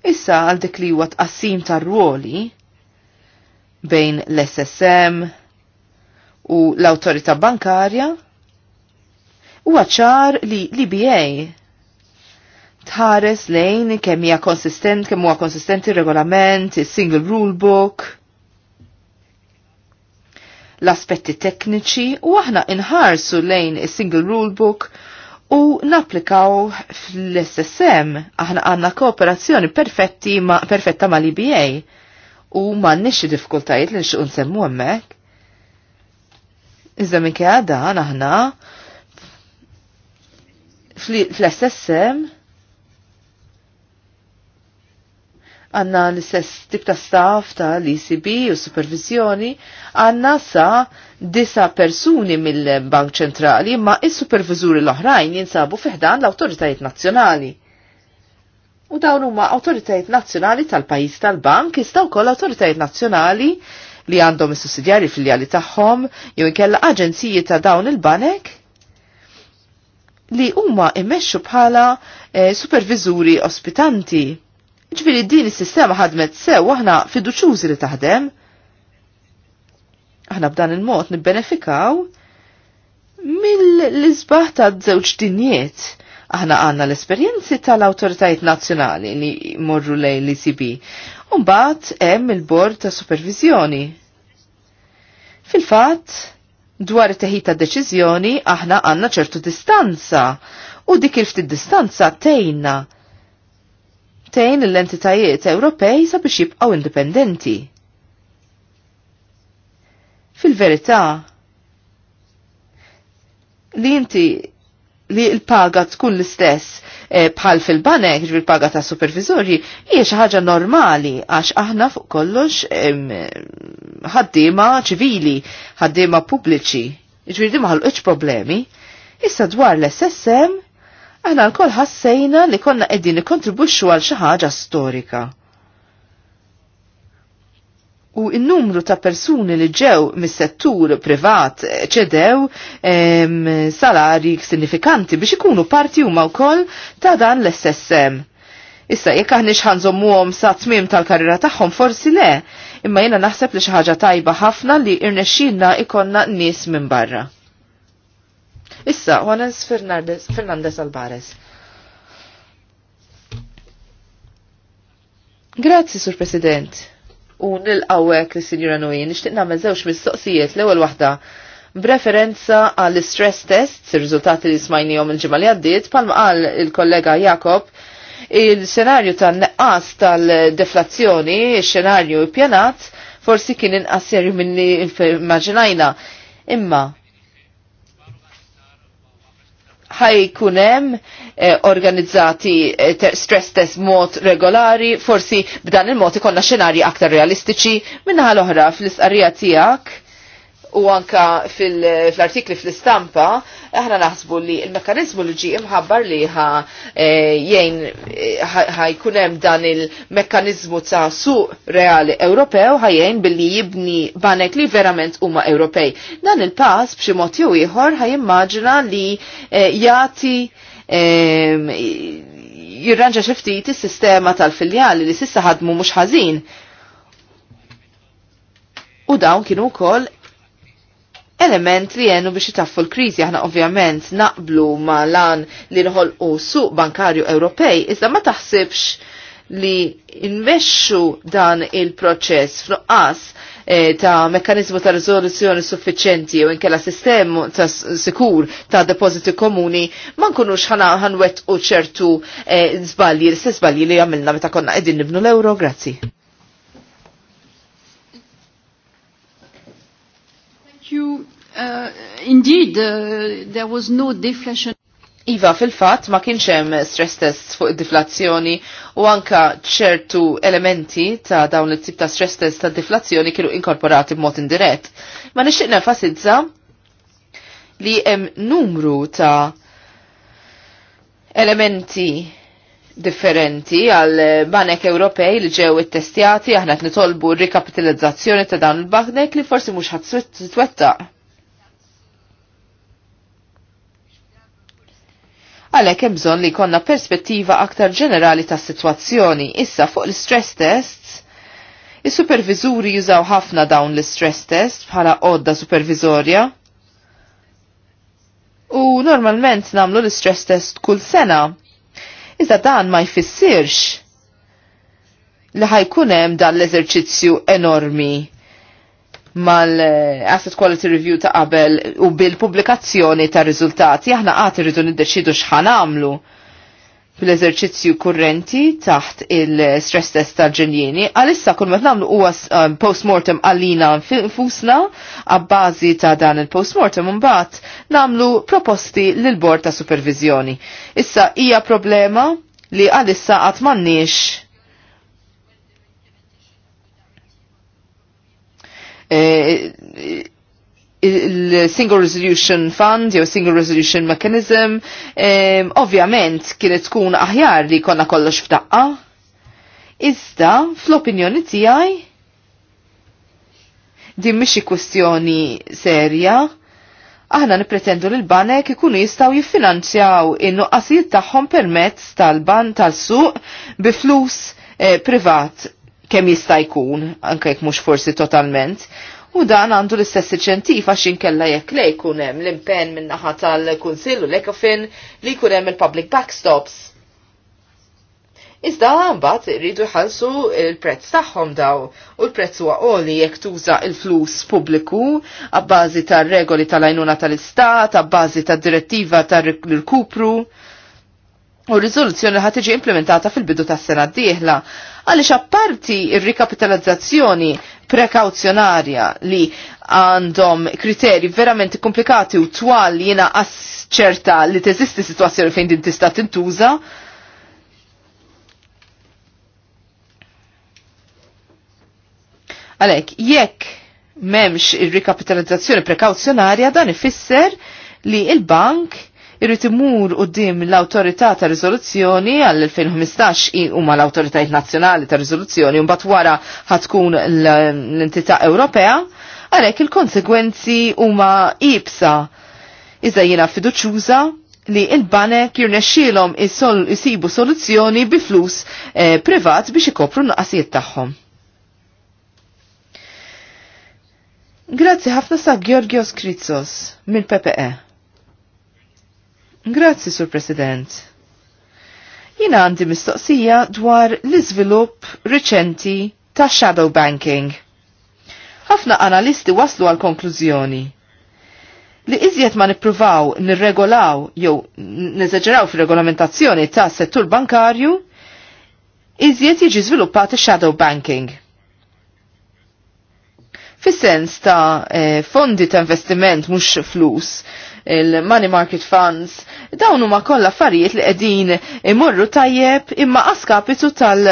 Issa għal dik li huwa tqassim tar-ruoli bejn l-SSM u l-Awtorità Bankarja huwa ċar li l-IBA tħares lejn kemm hija konsistent, kemm huwa konsistenti regolament, single rule book, l-aspetti tekniċi u aħna inħarsu lejn is-single rule book u naplikaw fl-SSM aħna għanna kooperazzjoni perfetti ma, perfetta ma l-IBA u ma nixi diffikultajiet li nxuqun semmu għemmek. Iżda minn dan aħna fl-SSM għanna l-istess tip ta' staff ta' l-ECB u supervizjoni, għanna sa' disa persuni mill-Bank Ċentrali ma' il-supervizuri l-oħrajn jinsabu fiħdan l-autoritajiet nazzjonali. U dawn huma autoritajiet nazzjonali tal-pajis tal-bank jistaw kol autoritajiet nazzjonali li għandhom is-sussidjari filjali tagħhom jew inkella aġenziji ta' dawn il-banek li huma immexxu bħala eh, supervizuri ospitanti Ġviri din is-sistema ħadmet sew aħna fiduċużi li taħdem. Aħna b'dan il-mod nibbenefikaw mill-izbaħ ta' żewġ dinjiet. Aħna għanna l-esperjenzi tal-autoritajiet nazzjonali li morru lejn l-ICB. Umbat hemm il-bord ta' supervizjoni. Fil-fatt, dwar it-teħid ta' deċiżjoni aħna għanna ċertu distanza u dik il-ftit distanza tejna ftejn l-entitajiet Ewropej sabiex jibqgħu indipendenti. Fil-verità, li inti li l-paga tkun l-istess eh, bħal fil-banek, ġbir paga ta' supervizorji, hija xi ħaġa normali għax aħna fuq kollox ħaddiema ċivili, ħaddiema pubbliċi. Ġbir di maħluqx problemi. Issa dwar l-SSM Aħna l-koll ħassejna li konna qegħdin nikkontribwixxu għal xi ħaġa storika. U il-numru ta' persuni li ġew mis-settur privat ċedew salari signifikanti biex ikunu parti huma wkoll ta' dan l-SSM. Issa jekk aħna għom sa tmiem tal-karriera tagħhom forsi le, imma jiena naħseb li xi ħaġa tajba ħafna li irnexxinna ikonna nies minn barra. Issa, Juanes Fernandez Albares. Grazzi, Sur President. U nil-għawek li Sinjura Nujin, nishtiqna mezzewx zewx mistoqsijiet l ewwel waħda. B'referenza għall stress tests, il-rizultati li jom il-ġimma li għaddit, palma għal il-kollega Jakob, il-senarju tan-neqqas tal-deflazzjoni, il-senarju pjanat, forsi kien inqas serju minni immaġinajna. Imma, ħajkunem eh, organizzati eh, stress test mod regolari, forsi b'dan il-mod ikonna xenarji aktar realistiċi minna l-oħra fl isqarrija tijak u anka fil-artikli fil-istampa, aħna naħsbu li il-mekanizmu li ġi imħabbar li ħa eh, jgħin eh, ħajkunem dan il-mekanizmu ta' suq reali Ewropew ħajjgħin billi jibni banek li verament huma Ewropej. Dan il-pass b'xi mod jew ieħor ħajimmaġina li eh, jagħti ehm, jirranġa xiftit is-sistema tal-filjali li sissa ħadmu mhux ħażin. U dawn kienu kol element li jenu biex jitaffu l-krizi. Aħna ovvjament naqblu ma lan li u suq bankarju Ewropej, iżda ma taħsibx li nmexxu dan il-proċess f'nuqqas E, ta' mekkanizmu ta' rizoluzzjoni suffiċenti u inkella sistem ta' sikur ta' depositi komuni ma' nkunux ħanwet u ċertu e, zbalji, l-istess zbalji li għamilna meta konna edin nibnu l-euro, grazzi. Thank you Uh, indeed, uh, there was no deflation. Iva, fil-fat, ma kienx hemm stress test fuq id-deflazzjoni u anka ċertu elementi ta' dawn it-tip ta' stress test ta' deflazzjoni kienu inkorporati b'mod indirett. Ma nixtieq nefasizza li hemm numru ta' elementi differenti għal banek Ewropej li ġew it-testjati aħna qed nitolbu r-rikapitalizzazzjoni ta' dawn il-banek li forsi mhux ħadd twettaq. għalhekk hemm bżonn li jkollna perspettiva aktar ġenerali tas-sitwazzjoni. Issa fuq l-stress tests, is supervizuri jużaw ħafna dawn l-stress test bħala għodda supervizorja. U normalment namlu l-stress test kull sena. Iżda dan ma jfissirx li ħajkunem hemm dan l-eżerċizzju enormi mal-Asset Quality Review ta' qabel u bil-publikazzjoni ta' riżultati aħna għad irridu niddeċidu x'ħan għamlu fl-eżerċizzju kurrenti taħt il-stress test tal ġenjini. għalissa kull ma namlu huwa um, post-mortem għallina fusna għabbażi ta' dan il-post-mortem mbagħad namlu proposti l bord ta' supervizjoni. Issa hija problema li għalissa qatt m'għandniex Eh, eh, il-Single Resolution Fund jew Single Resolution Mechanism, ovvjament kienet tkun aħjar li konna kollox f'daqqa. Iżda, fl-opinjoni tiegħi, din mhix kwestjoni serja, aħna nippretendu li l-banek ikunu jistgħu jiffinanzjaw in-nuqqasijiet tagħhom permezz tal-ban tal-suq bi flus eh, privat kemm jista' jkun, anke jekk mhux forsi totalment. U dan għandu l-istess iċentif għax inkella jekk lej hemm l-impen min-naħa tal-Kunsill u l-Ekofin li jkun hemm il-public backstops. Iżda mbagħad iridu jħallsu l-prezz tagħhom daw u l-prezz huwa għoli jekk tuża l-flus pubbliku għabbażi tar-regoli tal-għajnuna tal-Istat, għabbażi tad-direttiva tar-rikupru. tal tar U r-riżoluzzjoni ħat iġi implementata fil-bidu tas sena d-dieħla. Għaliex apparti il rikapitalizzazzjoni prekawzjonarja li għandhom kriteri verament komplikati u twal jiena ċerta li teżisti situazzjoni fejn din tista' tintuża, Għalek, jekk memx il-rikapitalizzazzjoni prekauzjonarja dan ifisser li il-bank irrit imur u dim l-autorità ta' rizoluzzjoni għall-2015 huma l-autoritajt nazzjonali ta' rizoluzzjoni un wara ħatkun l-entità Ewropea, għalhekk il-konsekwenzi huma ibsa. Iżda jiena fiduċjuża li il-banek jirnexxielhom isibu soluzzjoni bi flus eh, privat biex ikopru n-nuqqasijiet tagħhom. Grazzi ħafna sa' Georgios Kritsos mill-PPE. Grazzi, Sur President. Jina għandi mistoqsija dwar l-izvilupp reċenti ta' shadow banking. Ħafna analisti waslu għal konklużjoni li iżjed ma nippruvaw nirregolaw jew neżagġeraw fir-regolamentazzjoni ta' settur bankarju, iżjed jiġi żviluppat shadow banking. Fis-sens ta' eh, fondi ta' investiment mhux flus, il-money market funds, dawn huma kollha affarijiet li qegħdin imorru tajjeb imma askapitu tal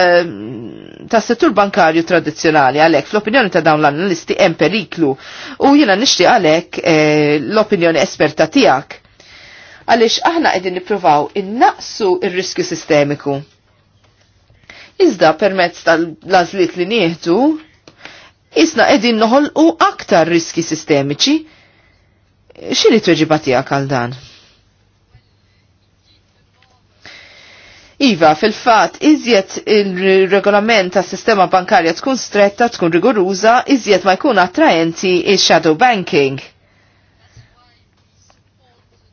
tas-settur bankarju tradizzjonali għalhekk fl-opinjoni ta' dawn l-analisti hemm periklu u jiena nixtieq għalhekk eh, l-opinjoni esperta tiegħek għalix aħna qegħdin nippruvaw innaqsu r riskju sistemiku. Iżda permezz tal-lażliet li nieħdu, isna qegħdin noħolqu aktar riski sistemiċi xini t tiegħek għal dan? Iva, fil-fat, iżjed il-regolament ta' sistema bankarja tkun stretta, tkun rigoruza, iżjed ma jkun attraenti il-shadow banking.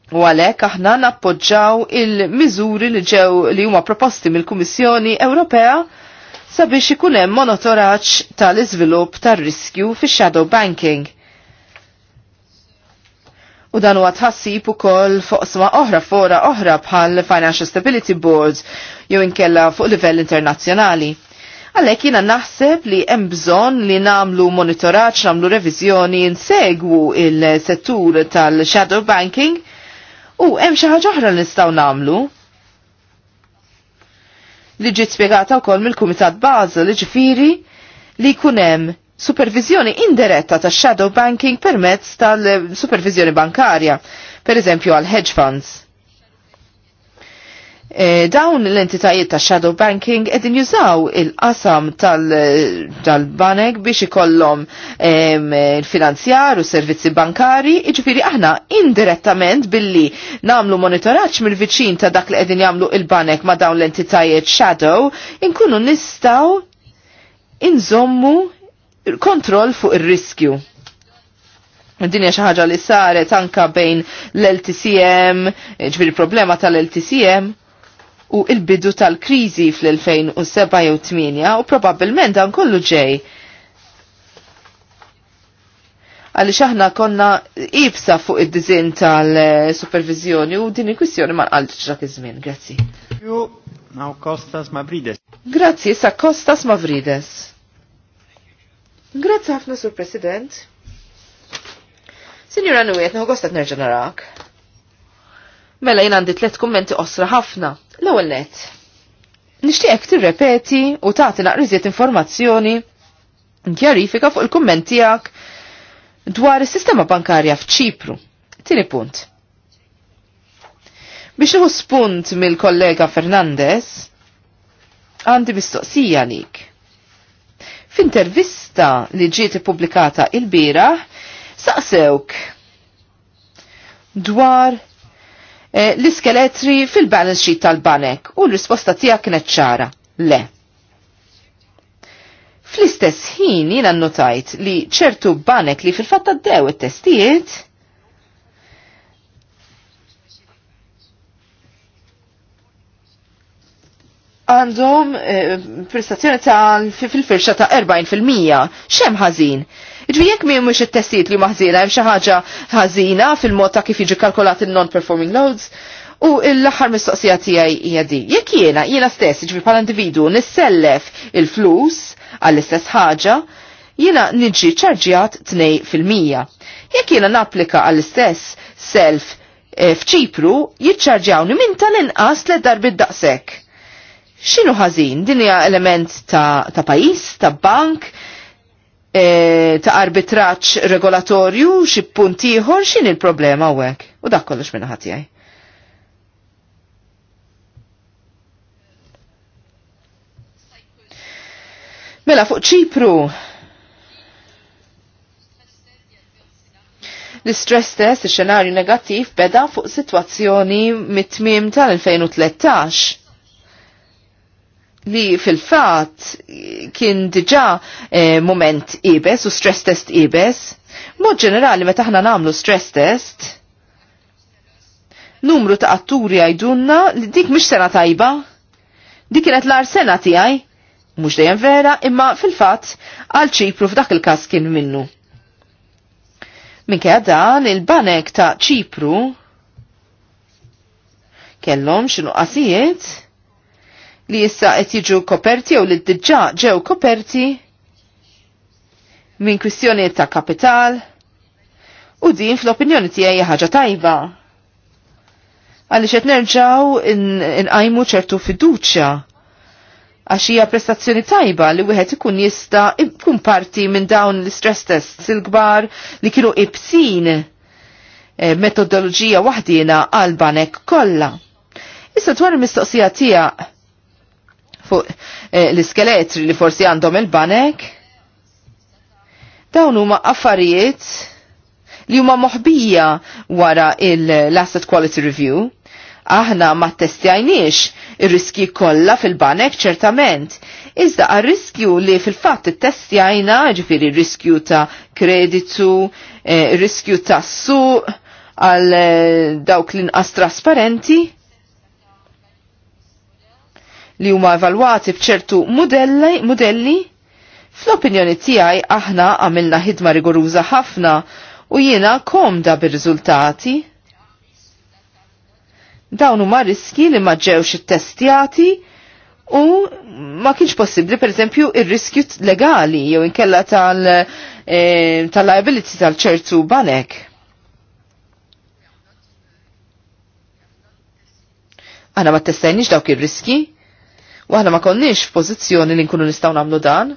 U għalek aħna nappoġġaw il-miżuri li ġew li huma proposti mill-Kummissjoni Ewropea sabiex ikun hemm monitoraġġ tal-iżvilupp tar-riskju fix-shadow banking U dan huwa tħassib ukoll fuq sma oħra fora oħra bħal Financial Stability Board jew inkella fuq livell internazzjonali. Għalhekk jiena naħseb li hemm bżonn li nagħmlu monitoraġġ, nagħmlu reviżjoni, nsegwu il-settur tal-shadow banking u hemm xi ħaġa oħra li nistgħu nagħmlu li ġiet spjegata wkoll mill-Kumitat Basel, ġifieri li kunem supervizjoni indiretta ta' shadow banking permezz tal-supervizjoni bankarja, per eżempju għal hedge funds. E, dawn l-entitajiet ta' shadow banking edin jużaw il-qasam tal-banek tal biex ikollhom il-finanzjar u servizzi bankari, iġifiri aħna indirettament billi namlu monitoraċ mill-viċin ta' dak li edin jamlu il-banek ma' dawn l-entitajiet shadow, inkunu nistaw inżommu kontroll fuq ir-riskju. Dinja hija xi ħaġa li saret anka bejn l-LTCM, ġbir problema tal-LTCM u il-bidu tal-kriżi fl-2007 jew 8 u probabbilment dan kollu ġej għalli xaħna konna ibsa fuq id-dizin tal-supervizjoni u din il-kwistjoni ma nqalġ dak iż-żmien. Grazzi. Grazzi, sa Kostas Mavrides. Grazzi ħafna, Sur President. Sinjura Nujiet, nħu gostat nerġa narak. Mela jien għandi tlet kummenti osra ħafna. L-ewwel net. Nixtieqek tirrepeti u tagħti naqriżiet informazzjoni nkjarifika fuq il-kumment tiegħek dwar is-sistema bankarja f'Ċipru. Tieni punt. Biex nieħu spunt mill-kollega Fernandez, għandi mistoqsija lik. F'intervista li ġiet ippubblikata il-bira, saqsewk dwar eh, l-iskeletri fil-balance sheet tal-banek u l-risposta tiegħek kienet ċara. Le. Fl-istess ħin jiena notajt li ċertu banek li fil-fatt għaddew it-testijiet għandhom eh, prestazzjoni ta' fil-firxa ta' 40%. Xem ħażin? Ġvi jek mi mux il-testijiet li maħżina, hemm xi ħaġa ħażina fil-mod ta' kif jiġi kalkolat il-non-performing loads. U l-aħħar mistoqsija tiegħi hija di. Jekk jiena, jiena stess, ġvi bħala individu nissellef il-flus għall-istess ħaġa, jiena niġi ċarġijat 2%. Jekk jiena napplika għall-istess self eh, f'ċipru, jiċċarġjawni minn tal-inqas l darbid daqshekk xinu ħażin? Din hija element ta', ta pajis, ta' bank, e, ta' arbitraċ regolatorju, xi punt ieħor, x'in il-problema hawnhekk? U dak kollox minn ħadd jgħid. Mela fuq ċipru. L-istress test, il-xenarju negattiv, beda fuq situazzjoni mit-tmim tal-2013 li fil-fat kien diġa eh, moment ibes u stress test ibes. Mod ġenerali meta aħna namlu stress test, numru ta' atturi għajdunna li dik mux sena tajba. Dik kienet l-ar sena tijaj, mux dejjem vera, imma fil-fat għal ċipru f'dak il-kas kien minnu. Minkja dan il-banek ta' ċipru kellhom xinu qasijiet li issa qed jiġu koperti jew li diġà ġew koperti minn kwistjonijiet ta' kapital u din fl-opinjoni tiegħi ħaġa tajba. Għaliex qed nerġgħu inqajmu in ċertu fiduċja għax hija prestazzjoni tajba li wieħed ikun jista' ikun parti minn dawn l-istress tests il-kbar li kienu ibsin e, metodoloġija waħdina għal banek kollha. Issa dwar il-mistoqsija tiegħek fuq eh, l-iskeletri li forsi għandhom il-banek. Dawn huma affarijiet li huma moħbija wara l-Asset Quality Review. Aħna ma testjajniex ir-riski kollha fil-banek ċertament, iżda għar-riskju li fil-fatt testjajna ġifiri riskju ta' kreditu, eh, riskju ta' su għal eh, dawk l-inqas trasparenti, li huma evalwati bċertu modelli, modelli fl-opinjoni tiegħi aħna għamilna ħidma rigoruża ħafna u jiena komda bir-riżultati. Dawn huma riski li ma ġewx ittestjati u ma kienx possibbli pereżempju ir-riskju legali jew inkella e, tal-liability e, tal tal-ċertu banek. Għana ma testajniex dawk ir-riski, U aħna ma konniex f'pożizzjoni li nkunu nistgħu nagħmlu dan.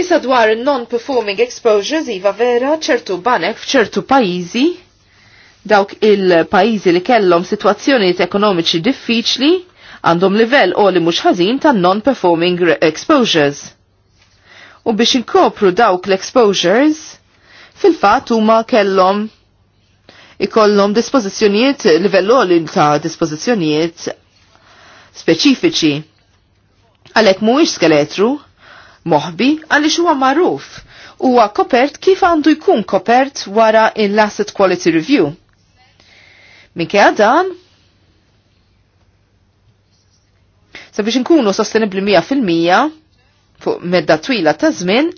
Issa dwar non-performing exposures iva vera ċertu banek f'ċertu pajjiżi dawk il-pajjiżi li kellhom sitwazzjonijiet ekonomiċi diffiċli għandhom livell o li mhux ħażin ta' non-performing exposures. U biex inkopru dawk l-exposures, fil-fatt huma kellhom ikollhom dispożizzjonijiet livell li ta' dispożizzjonijiet speċifiċi. Għalek mhuwiex skeletru, moħbi għaliex huwa magħruf. Huwa kopert kif għandu jkun kopert wara l-Asset Quality Review. Minkejja dan, sabiex nkunu sostenibli 100% fuq medda twila ta' żmien,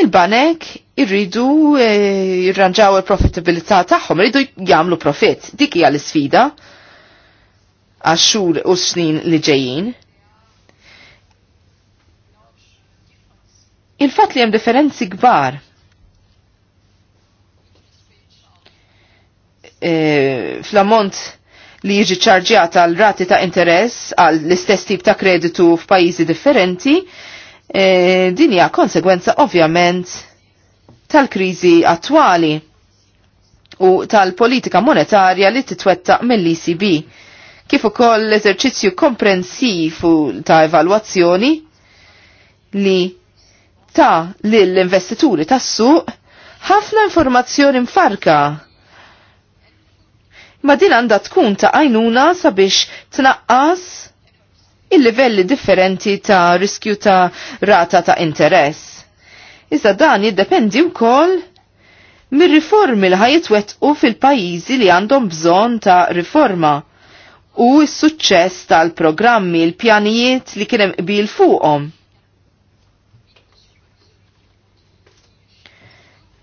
il-banek irridu jirranġaw eh, il-profitabilità tagħhom, irridu jagħmlu profit. Dik hija l-isfida għaxxur u snin li ġejjin. Il-fat li hemm differenzi kbar e, fl-ammont li jiġi ċarġjata għal rati ta' interess għal l-istess tip ta' kreditu f'pajjiżi differenti, e, din hija konsegwenza ovvjament tal-kriżi attwali u tal-politika monetarja li titwettaq mill-ECB kif ukoll l-eżerċizzju komprensiv ta' evalwazzjoni li ta' lill-investituri tas-suq ħafna informazzjoni mfarka ma din għanda tkun ta' għajnuna sabiex tnaqqas il-livelli differenti ta' riskju ta' rata ta' interess. Iżda dan jiddependi wkoll mir-riformi li ħajitwettqu fil-pajjiżi li għandhom bżonn ta' riforma u s-suċċess tal-programmi l-pjanijiet li kienem bil fuqhom.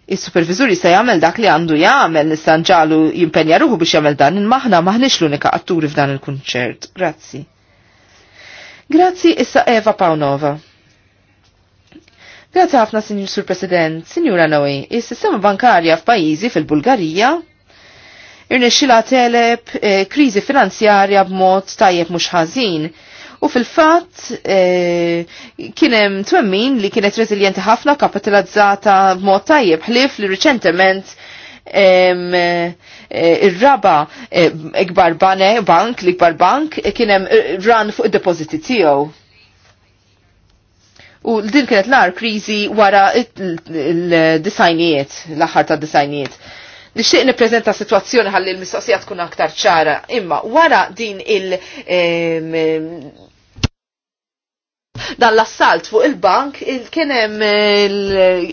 Is-supervizuri se jagħmel dak li għandu jagħmel nistanġalu jimpenja ruħu biex jagħmel dan il-maħna maħniex l-unika atturi f'dan il-kunċert. Grazzi. Grazzi issa Eva Paunova. Grazzi ħafna, Sinjur Sur President, Sinjura Noe, is-sistema bankarja f'pajjiżi fil-Bulgarija irnexxila teleb kriżi finanzjarja b'mod tajjeb mhux ħażin. U fil-fatt kienem twemmin li kienet reżiljenti ħafna kapitalizzata b'mod tajjeb ħlif li riċentement ir-raba ikbar bank, l-ikbar bank, kienem ran fuq id-depożiti tiegħu. U din kienet l-ar krizi wara il-disajnijiet, l-axar ta' disajnijiet. Nixtieq nippreżenta sitwazzjoni ħalli l-mistoqsija tkun aktar ċara, imma wara din il- ehm, dan l-assalt fuq il-bank, il-kienem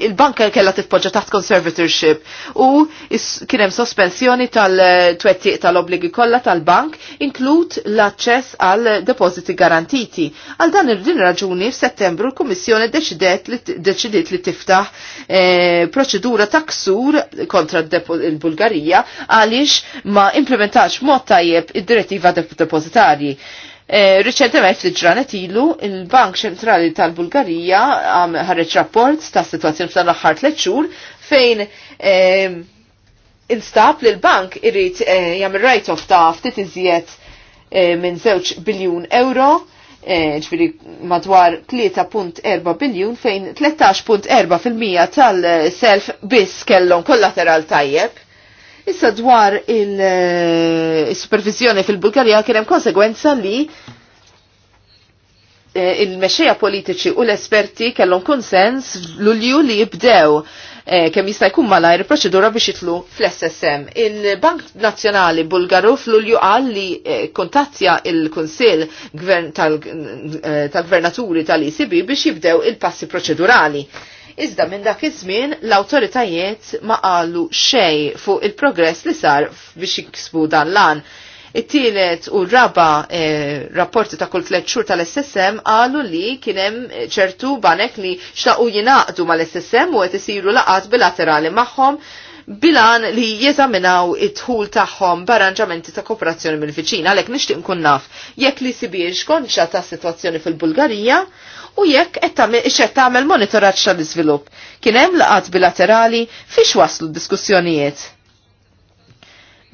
il bank kella titpoġġa taħt conservatorship u kienem sospensjoni tal-twettiq tal-obligi kollha tal-bank, inklud l-aċċess għal depositi garantiti. Għal dan il din raġuni f'Settembru l-Kummissjoni deċidiet li tiftaħ eh, proċedura ta' ksur kontra il-Bulgarija għaliex ma implementax mod tajjeb id-direttiva depozitarji. Eh, riċentement fl ġranet ilu, il-Bank Ċentrali tal-Bulgarija ħareġ rapport ta' situazzjoni f'dan l-aħħar tliet xhur fejn eh, instab li l-bank irrit eh, jagħmel rajt off ta' ftit iżjed minn żewġ biljun euro ġviri madwar 3.4 biljun fejn 13.4% tal-self biss kellhom kollateral tajjeb Issa dwar il-supervizjoni eh, fil-Bulgarija kien hemm konsegwenza li eh, il-mexxejja politiċi u l-esperti kellhom konsens lulju li jibdew eh, kemm jista' jkun malajr proċedura biex jitlu fl-SSM. Il-Bank Nazzjonali Bulgaru fl-Ulju qal li eh, kontattja il-Kunsill tal-Gvernaturi tal-ECB biex jibdew il-passi proċedurali. Iżda minn dak iż-żmien l-awtoritajiet ma qalu xej fuq il-progress li sar biex jiksbu dan lan. It-tielet u raba eh, rapporti ta' kull tliet xhur tal-SSM qalu li kien hemm ċertu banek li xtaqu jingħaqdu mal-SSM u qed isiru laqat bilaterali magħhom bilan li jeżaminaw it-tħul tagħhom barranġamenti ta' kooperazzjoni mill viċina għalhekk nixtieq nkun naf jekk li sibiex konċa ta' sitwazzjoni fil-Bulgarija u jekk qed tagħmel monitoraġġ tal-iżvilupp. Kien hemm laqat bilaterali fiex waslu d-diskussjonijiet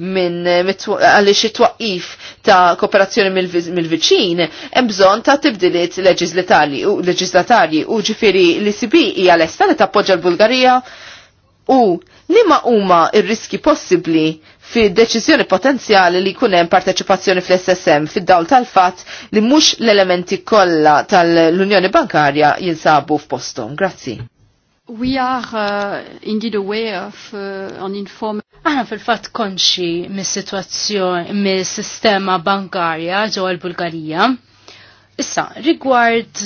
minn għaliex it-twaqqif ta' kooperazzjoni mill-viċin hemm bżonn ta' tibdiliet leġislatarji u ġifieri l-ICB hija lesta li tappoġġa l-Bulgarija u nima huma ir-riski possibbli fi deċiżjoni potenzjali li jkun hemm parteċipazzjoni fl-SSM fid-dawl tal-fatt li mhux l-elementi kollha tal-Unjoni Bankarja jinsabu f'postom. Grazzi. We are uh, indeed aware of uh, an informal Aħna fil-fatt konxi mis-sitwazzjoni mis-sistema bankarja ġewwa l-Bulgarija. Issa, rigward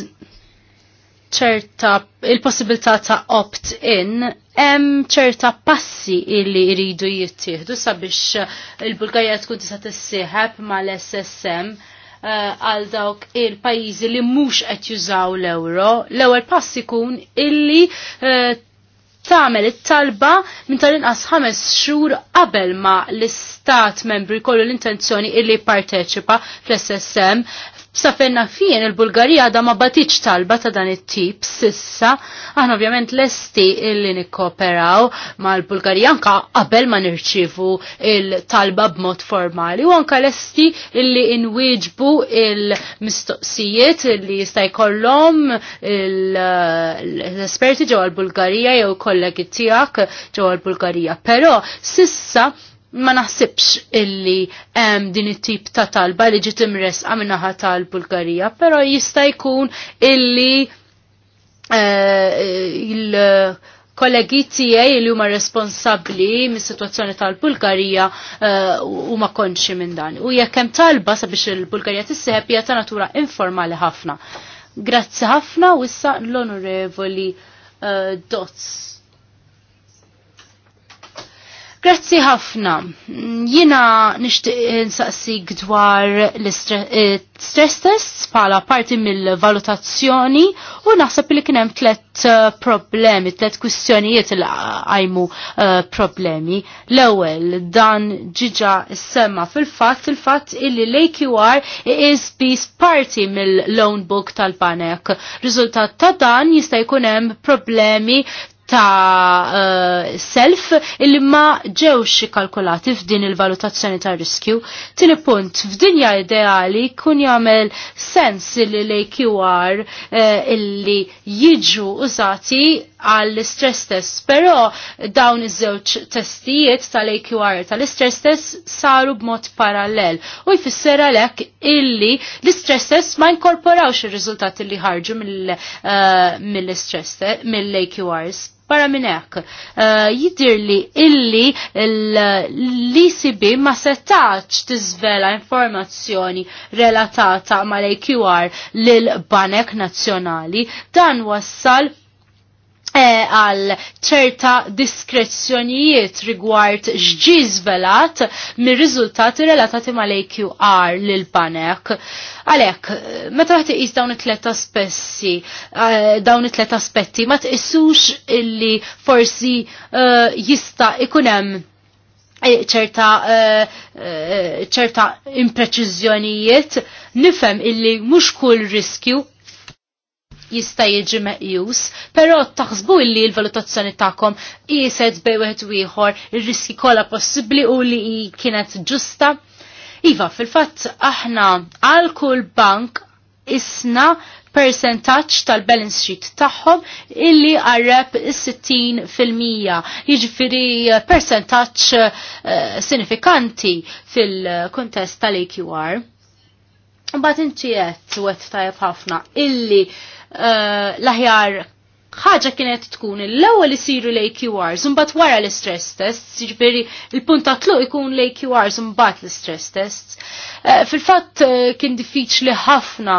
ċerta il-possibilità ta' opt-in hemm ċerta passi illi jridu jittieħdu sabiex uh, il-Bulgarija tkun tista' tissieħeb mal-SSM uh, għal dawk il-pajjiżi li mhux qed jużaw l ewro L-ewwel pass ikun illi uh, tagħmel it-talba minn tal-inqas ħames xhur qabel ma l-istat membri kollu l-intenzjoni illi parteċipa fl-SSM Safenna fien il-Bulgarija da ma batiċ talba ta' dan it-tip sissa, aħna ovvjament lesti illi nikkooperaw ma l-Bulgarija anka qabel ma nirċivu il-talba b'mod formali u anka lesti illi inwieġbu il-mistoqsijiet illi jista' jkollhom l-esperti ġewwa l-Bulgarija jew kollegi tiegħek ġo l-Bulgarija. Però sissa ma naħsibx illi hemm din it-tip ta' talba li ġiet imresqa naħa tal-Bulgarija, però jista' jkun illi eh, il-kollegi tiegħi li huma responsabbli mis-sitwazzjoni tal-Bulgarija eh, huma konxi minn dan. U jekk hemm talba sabiex il-Bulgarija tisseħeb hija ta' natura informali ħafna. Grazzi ħafna u issa l-onorevoli eh, Dots. Grazzi ħafna. Jina nishtiq nsaqsik dwar l-stress eh, tests pala parti mill-valutazzjoni u naħseb li kienem tlet eh, problemi, tlet kwistjonijiet li għajmu eh, problemi. l ewwel dan ġiġa semma fil-fat, il-fat illi l-AQR is piece parti mill-loan book tal-banek. Rizultat ta' dan jista' hemm problemi ta' uh, self illi ma ġewx kalkulati f'din il-valutazzjoni ta' riskju. Tini punt, f'dinja ideali kun jagħmel sens illi l-AQR uh, eh, illi jiġu użati għall stress test, però dawn iż-żewġ testijiet tal-AQR tal-stress test saru b'mod parallel u jfisser għalhekk illi l-stress test ma inkorporawx ir-riżultati li ħarġu eh, mill-stress uh, mill-AQRs. Barra minn hekk, eh, li illi l icb ma setax tiżvela informazzjoni relatata mal-AQR l banek nazzjonali dan wassal Eh, għal ċerta diskrezzjonijiet rigward ġizvelat mir riżultati relatati mal aqr lil-banek. Għalek, meta ħati is dawn it-tlet spessi, eh, dawn it-tlet aspetti, ma tqissux illi forsi eh, jista' ikunem ċerta ċerta impreċizjonijiet nifem illi mhux kull riskju jista' jiġi meqjus, però taħsbu li l-valutazzjoni tagħkom qiset bej wieħed ieħor ir-riski kollha possibbli u li kienet ġusta. Iva, fil-fatt aħna għal kull bank isna percentage tal-balance sheet tagħhom illi għarreb 60% fil-mija, jiġifieri eh, percentage uh, sinifikanti fil kuntest tal-AQR. Mbagħad inti qed wet tajjeb ħafna illi eh, l-aħjar ħaġa kienet tkun l-ewwel isiru l-AQRs imbagħad wara l-istress tests, jiġifieri il-punt ta' tluq ikun l-AQRs imbagħad l-istress tests. Eh, fil-fatt eh, kien diffiċli ħafna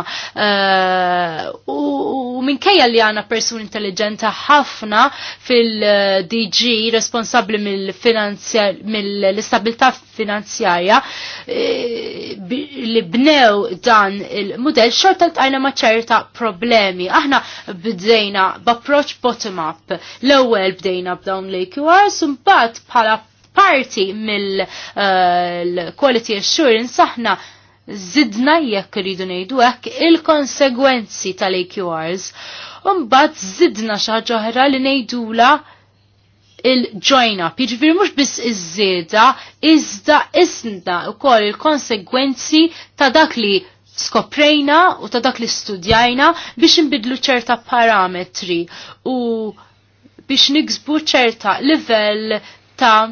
eh, u minkejja li għandna persuni intelligenta ħafna fil-DG responsabbli mill-istabilità finanzjarja li bnew dan il-mudell xorta l-tajna ma' ċerta problemi. Aħna bdejna approach bottom-up. L-ewwel bdejna b'dawn l-AQRs, mbagħad bħala parti mill-quality eh, uh, assurance aħna zidna jekk rridu ngħidu hekk il-konsegwenzi tal-AQRs. Mbagħad zidna xi ħaġa oħra li ngħidula il-join up, jiġifieri mhux biss iż-żieda, iżda isna wkoll il-konsegwenzi ta' dak li skoprejna u ta' dak li studjajna biex nbidlu ċerta parametri u biex niksbu ċerta livell ta'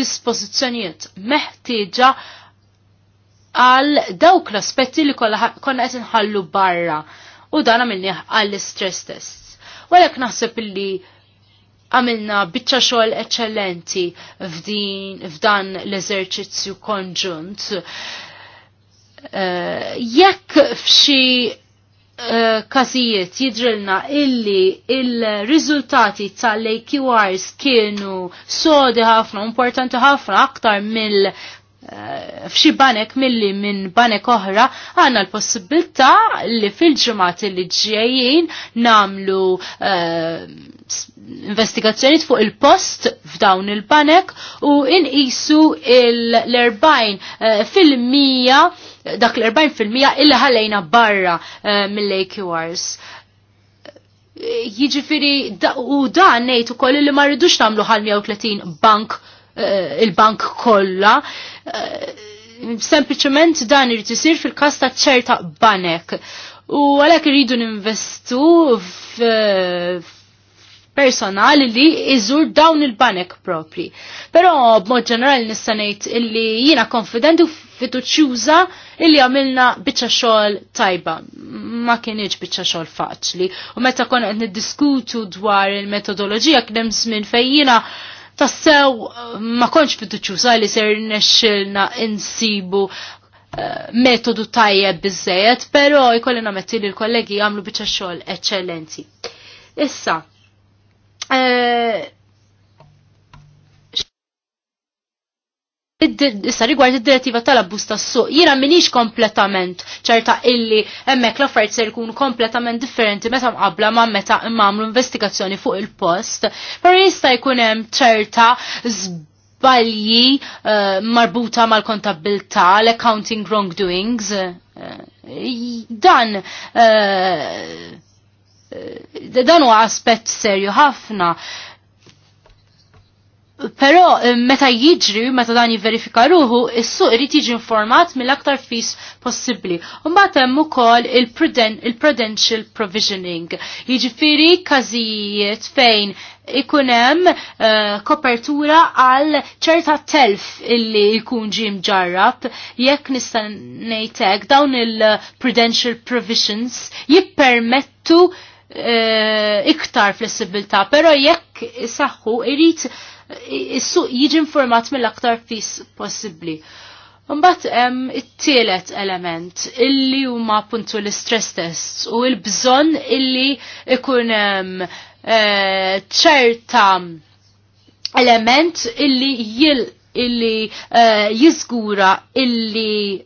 dispożizzjonijiet meħtieġa għal dawk l-aspetti li konna qed inħallu barra u dan għamilni għall-stress tests. Walek naħseb li għamilna bitċa xogħol eċċellenti f'dan l-eżerċizzju konġunt. Eh, jekk f'xi eh, kasijiet jidrilna illi il-rizultati tal-AQRs kienu sodi ħafna, importanti ħafna aktar mill eh, f'xi banek milli minn banek oħra għanna l-possibilità li fil-ġemat li ġejjin namlu investigazzjoni fuq il-post f'dawn il-banek u inqisu l-40 eh, fil-mija dak l-40 fil-mija illi ħalejna barra eh, mill-AQRs. Eh, jiġifieri u dan ngħid ukoll li ma rridux nagħmlu ħal 130 bank il-bank kollha sempliciment dan irid isir fil-każ ta' ċerta banek. U għalhekk iridu ninvestu personali li iżur dawn il-banek propri. Pero b'mod ġenerali nista' ngħid illi jiena konfidenti u fiduċjuża illi għamilna biċċa xogħol tajba. Ma kienx biċċa xogħol faċli. U meta kon qed niddiskutu dwar il-metodoloġija kien hemm żmien fejn jiena tassew eh, ma konċ fiduċjuża li ser nexxilna insibu eh, metodu tajjeb bizzejet, pero jkolli nametti li l-kollegi għamlu bicċa xogħol eccellenti. Issa, Eh, issa rigward id-direttiva tal-abbuż tas-suq, jiena minix kompletament ċerta illi hemmhekk l-affarijiet se jkunu kompletament differenti meta mqabla ma' meta imamlu investigazzjoni fuq il-post, però jista' jkun hemm ċerta żbalji eh, marbuta mal-kontabilità, l-accounting wrongdoings. Eh, dan Eh, dan huwa aspett serju ħafna. Però eh, meta jiġri, meta dan jiverifika ruħu, is-suq irid jiġi informat mill-aktar fis possibbli. Mbagħad hemm ukoll il-prudential provisioning. Jiġifieri każijiet fejn ikun hemm eh, kopertura għal ċerta telf illi jkun ġi mġarrab jekk nista' ngħidlek dawn il-prudential provisions jippermettu Eh, iktar flessibilta però jekk saħħu irrit is-suq jiġi informat mill-aktar fis possibbli. Mbagħad hemm it-tielet element illi huma puntu l-istress tests u l-bżonn illi ikun hemm eh, ċerta element illi jil illi eh, jiżgura illi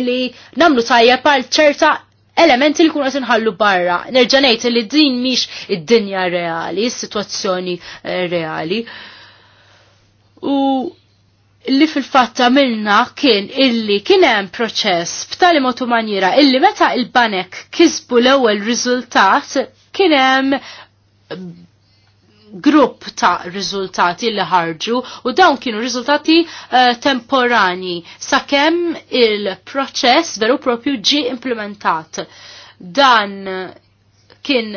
illi namlu tajjeb għal ċerta elementi li kuna sinħallu barra. Nerġanajt li din miex id-dinja reali, s-situazzjoni eh, reali. U li fil-fatt għamilna kien illi kien hemm proċess b'tali motu manjira illi meta il-banek kisbu l-ewwel riżultat kien hemm grupp ta' riżultati li ħarġu u dawn kienu riżultati uh, temporani sakemm il-proċess veru propju ġi implementat. Dan kien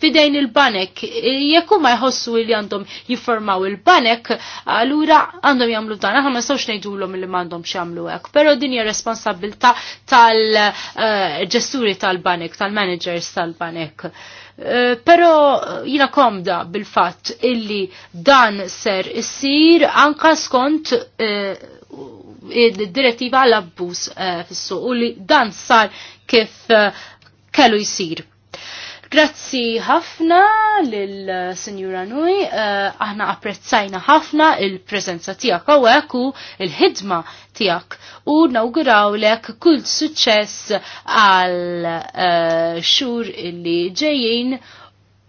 fidejn il-banek, jekku ma jħossu li għandhom jiformaw il-banek, allura għandhom jamlu dan, aħna ma nistawx ngħidulhom li għandhom xamlu hekk. Però din hija responsabilta tal-ġesturi eh, tal-banek, tal-managers tal-banek. tal managers tal banek Eh, Pero jina komda bil-fatt illi dan ser issir anka skont eh, id-direttiva għall-abbus eh, fis-suq u li dan sar kif kellu jisir. Grazzi ħafna lil eh, Sinjura Nui, uh, aħna apprezzajna ħafna il-prezenza tijak għawek u il-ħidma tijak u nawguraw lek kull suċċess għal uh, eh, xur illi ġejjin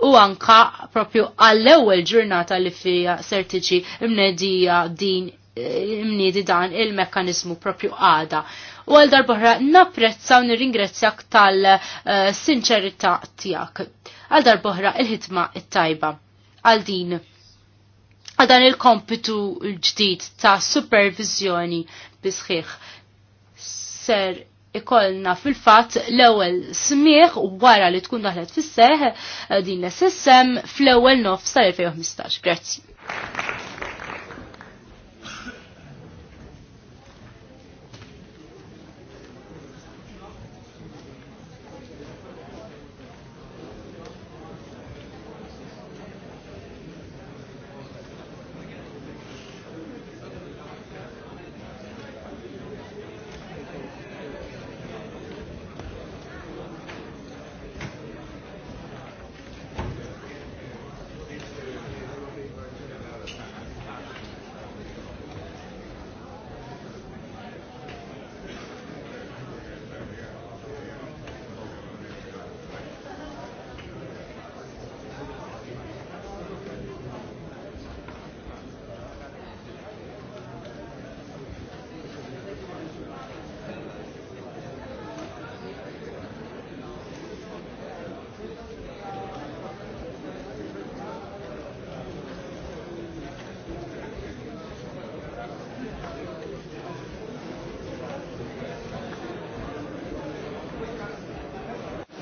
u anka propju għall-ewel ġurnata li fija sertiċi imnedija din imnedi dan il-mekkanizmu propju għada u għal darbohra napprezzaw nir nirringrazzjak tal-sinċerità tijak. Għal darbohra il-ħidma il tajba Għal din għal dan il-kompitu l-ġdid ta' supervizjoni bisħiħ ser ikollna fil-fat l-ewel smieħ u wara li tkun daħlet fis-seħ din l-SSM fl-ewel nof sal-2015. Grazzi.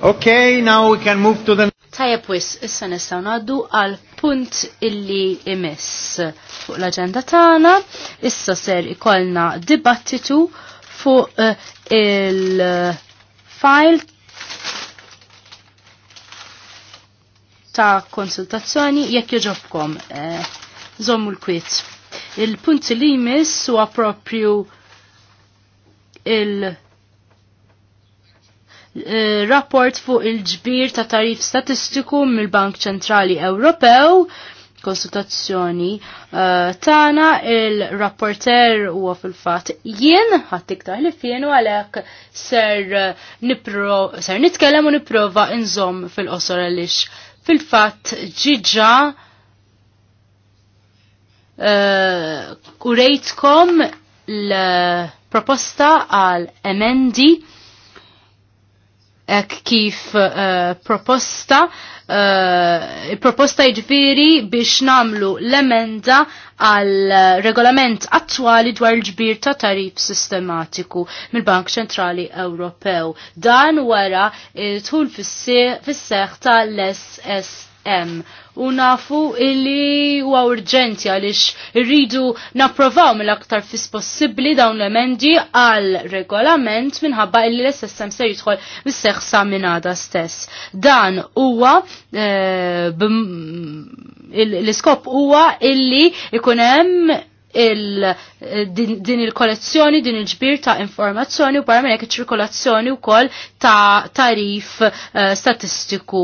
Okay, now we can move to the... Tajja wis issa nistaw naddu għal punt illi imess. fuq l-agenda tagħna. Issa ser ikolna dibattitu fuq uh, eh, il-file ta' konsultazzjoni jekk joġobkom. Uh, eh, zommu l-kwiet. Il-punt li jmiss huwa propju il- Eh, rapport fuq il-ġbir ta' tarif statistiku mill-Bank Ċentrali Ewropew konsultazzjoni uh, eh, tana il-rapporter u fil-fat jien ħat iktar li fien u għalek ser, eh, ser nitkellem u niprofa nżom fil-qosor għalix fil-fat ġiġa uh, urejtkom l-proposta għal emendi ek kif uh, proposta uh, proposta ġviri jiġifieri biex namlu l-emenda għal regolament attwali dwar l-ġbir ta' tarif sistematiku mill-Bank Ċentrali Ewropew. Dan wara tul fis-seħ tal-SSM hemm u nafu illi huwa urġenti għaliex irridu napprovaw mill-aktar fis possibbli dawn l-emendi għal regolament minħabba illi l-SSM se jidħol mis-seħħ saminada stess. Dan huwa eh, l-iskop huwa illi ikun hemm il din il-kollezzjoni, din il-ġbir ta' informazzjoni u barra minn hekk ċirkolazzjoni wkoll ta' tarif uh, statistiku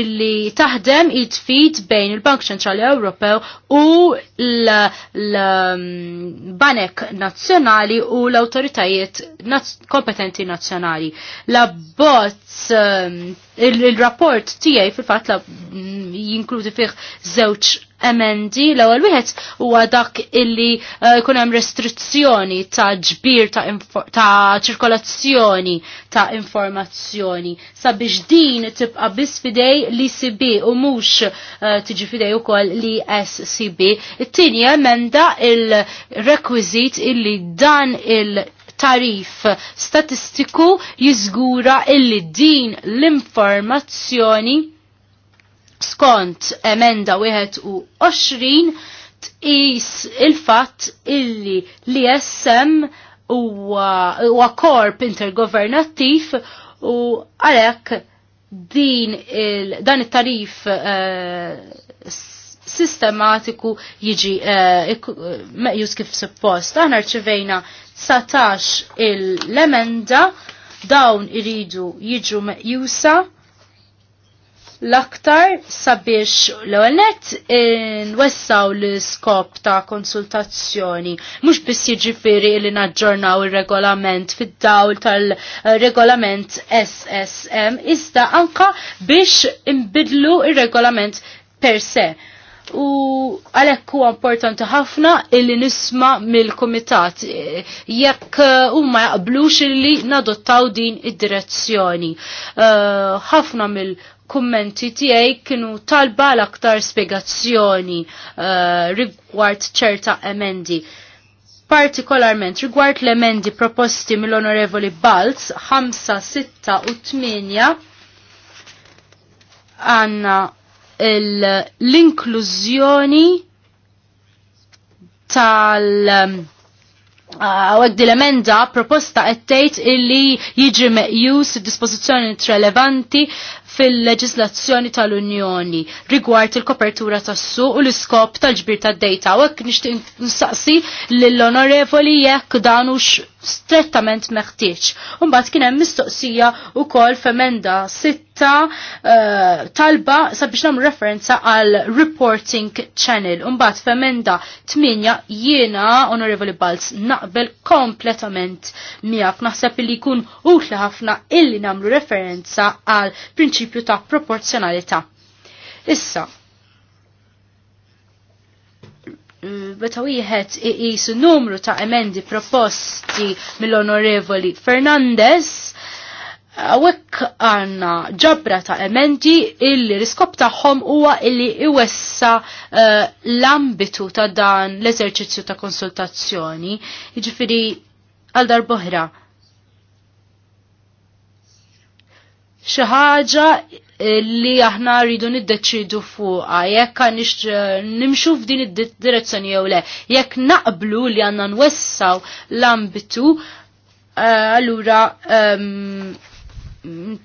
illi taħdem it-tfid bejn il-Bank Ċentrali Ewropew u l-Banek mm, Nazzjonali u l-Awtoritajiet naz kompetenti nazzjonali. La bozz um, il-rapport tiegħi fil-fatt la mm, jinkludi fih żewġ emendi l-ewwel wieħed huwa dak illi jkun eh, hemm restrizzjoni ta' ġbir ta' ċirkolazzjoni ta' informazzjoni sabiex din tibqa' biss fidej li CB u mhux eh, tiġi fidej ukoll li SCB. It-tieni emenda il-rekwiżit illi dan il- tarif statistiku jizgura illi din l-informazzjoni skont emenda 21 tqis il-fatt illi l-ISM huwa korp intergovernattiv u għalhekk din il, dan it-tarif uh, sistematiku jiġi eh, eh, meqjus kif suppost. Aħna rċivejna 19 il-lemenda dawn iridu jiġu meqjusa l-aktar sabiex l-ewwel n nwessaw l-iskop ta' konsultazzjoni. Mhux biss jiġifieri li naġġornaw ir-regolament fid-dawl tal-regolament SSM, iżda anka biex imbidlu ir-regolament per se u għalhekk huwa importanti ħafna illi nisma mill-kumitat e, jekk e, huma jaqblux illi nadottaw din id-direzzjoni. E, ħafna mill-kummenti tiegħi kienu talba l-aktar spiegazzjoni uh, rigward ċerta emendi partikolarment rigward l-emendi proposti mill-Onorevoli Balz 5, 6 u 8 għanna l-inklużjoni tal- um, għawek dil-emenda proposta għettejt illi jiġi meqjus dispozizjoni relevanti fil-leġislazzjoni tal-Unjoni rigward il-kopertura tas-su u l-iskop tal-ġbir tad-dejta. Għawek nistaqsi l-onorevoli jekk danux strettament meħtieġ. Umbat kien hemm mistoqsija wkoll f'emenda sitta uh, talba sabiex nagħmlu referenza għal reporting channel. Umbat f'emenda 8 jiena Onorevoli Balz naqbel kompletament miegħek naħseb li jkun utli ħafna illi nagħmlu referenza għal prinċipju ta' proporzjonalità. Issa, Eh, meta wieħed iqisu numru ta' emendi proposti mill-Onorevoli Fernandez, għawek għanna ġabra ta' emendi illi riskop tagħhom huwa illi iwessa eh, l-ambitu ta' dan l-eżerċizzju ta' konsultazzjoni, jiġifieri għal darboħra. Xi ħaġa li aħna rridu niddeċidu fuqa, jekk nimxu f'din id-direzzjoni jew le, jekk naqblu li għandna nwessaw l-ambitu, eh, allura ehm,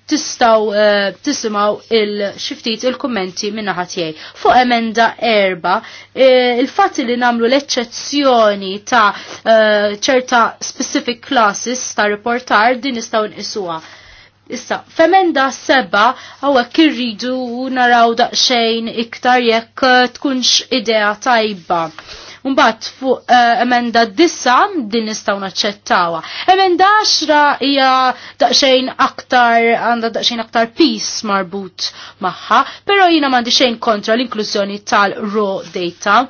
tistaw eh, tisimaw il-xiftit il-kommenti minna ħatijaj. Fuq emenda erba, eh, il-fat li namlu l eċezzjoni ta' ċerta specific classes ta' reportar din nistaw nqisuha Issa, femenda seba, għawa irridu naraw daqxejn iktar jekk eh, tkunx idea tajba. Mbatt fuq uh, emenda dissa din nistaw naċċettawa. Emenda 10 hija daqsxejn aktar għandha daqsxejn aktar pis marbut magħha, però jiena m'għandi xejn kontra l-inklużjoni tal-raw data.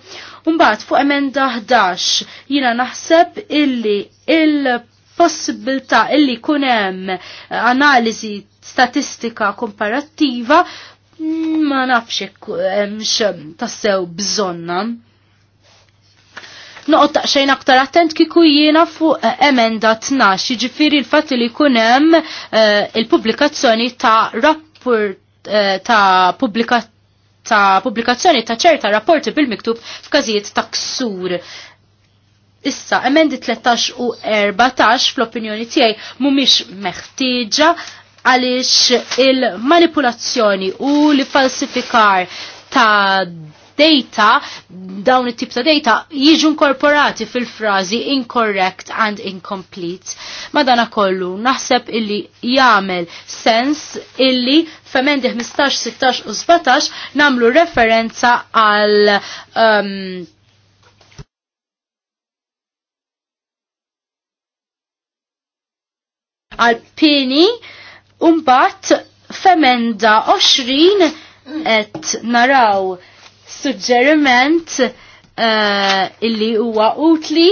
Mbagħad fuq emenda 11 jiena naħseb illi il- possibilità illi jkun hemm eh, analiżi statistika komparattiva mm, ma nafx eh, hemmx tassew bżonna. Noqgħod xejn aktar attent kieku jiena fuq eh, emenda 12, jiġifieri l fat li jkun hemm il-pubblikazzjoni ta' rapport ta' publikazzjoni ta' pubblikazzjoni ta' ċerta rapporti bil-miktub f'każijiet ta' ksur. Issa, emendi 13 u 14 fl-opinjoni tiegħi mhumiex meħtieġa għaliex il-manipulazzjoni u l-falsifikar ta' data, dawn it-tip ta' data, jiġu inkorporati fil-frazi incorrect and incomplete. Madana kollu, naħseb illi jagħmel sens illi femendi 15, 16 u 17 namlu referenza għal um, għal pini umbat femenda 20 et naraw suġġeriment uh, illi huwa utli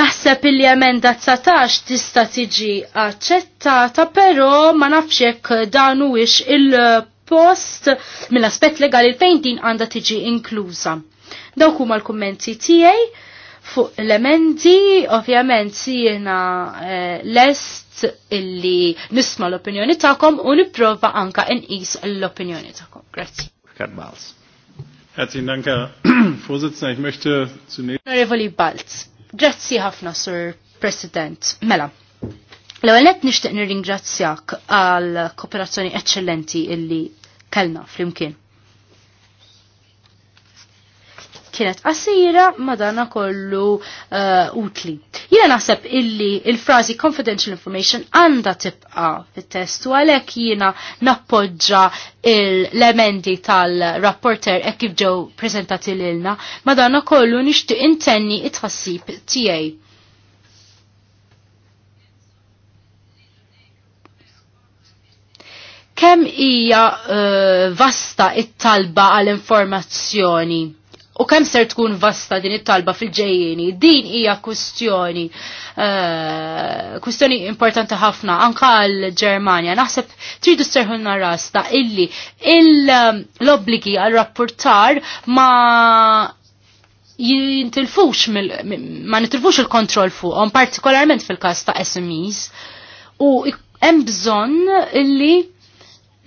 Naħseb il emenda 19 tista' tiġi aċċettata, però ma nafx jekk dan il-post mill-aspett legali il-painting għandha tiġi inkluża. Dawk huma l-kummenti tiegħi fuq l-emendi, ovvjament jiena eh, lest illi nisma l-opinjoni ta'kom u nipprova anka n-is l-opinjoni ta'kom. Grazzi. Richard Balz. Herzlichen Dank, Herr (clears throat) Vorsitzender. Ich möchte zunächst... Onorevoli Balz. Grazzi ħafna, Sir President. Mela. L-ewwel nett nixtieq nirringrazzjak għal kooperazzjoni eċċellenti illi kellna flimkien. kienet qasira madana kollu uh, utli. Jiena naħseb illi il-frażi confidential information għandha tibqa fit-test u għalhekk jiena nappoġġa l-emendi tal-rapporter e kif ġew preżentati lilna madana kollu nixtieq intenni it-tħassib tiegħi. Kemm hija uh, vasta it-talba għall-informazzjoni? U kemm ser tkun vasta din it-talba fil-ġejjeni, din hija kwistjoni uh, importanti ħafna anka għal ġermanja Naħseb tridu serħulna narrasta illi l obligi għal rapportar ma jintilfux ma nitilfux il-kontroll fuqhom, partikolarment fil-każ ta' SMEs. U hemm bżonn illi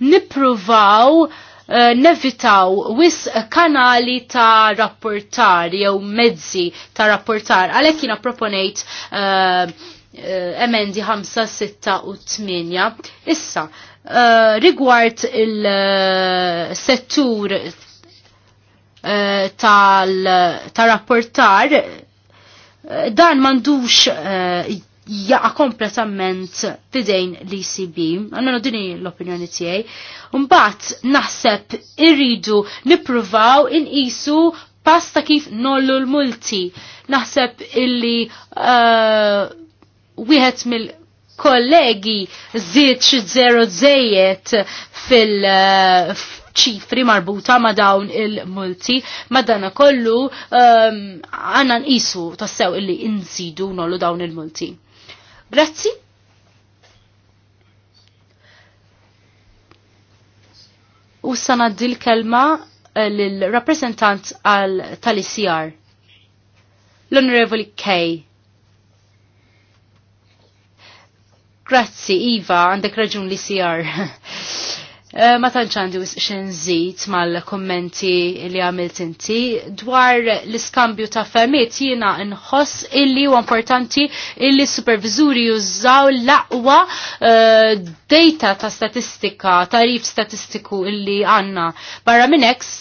nippruvaw Eh, nevitaw wis kanali ta' rapportar jew mezzi ta' rapportar għalhekk jiena proponejt eh, eh, emendi 5, 6 u 8. Issa, rigward il-settur uh, tal-rapportar, dan mandux jaqa kompletament fidejn l-ECB, għanna dini l-opinjoni tijaj, mbatt naħseb irridu nipruvaw in-isu pasta kif nollu l-multi. Naħseb illi uh, wieħed mill kollegi zid xi zero zejet fil uh, ċifri marbuta ma dawn il-multi, ma dana kollu um, għanna um, nqisu tassew illi inżidu nollu dawn il-multi. Grazzi. U sana l-kelma eh, l-rappresentant tal-ICR, l-Onorevoli Kay. Grazzi, Iva, għandek raġun li CR. (laughs) Eh, ma tanċandi xinżit mal-kommenti li għamilt inti dwar l-iskambju ta' fermiet jina nħoss illi u importanti illi supervizuri jużaw l-aqwa eh, data ta' statistika, tarif statistiku illi għanna. Barra minnex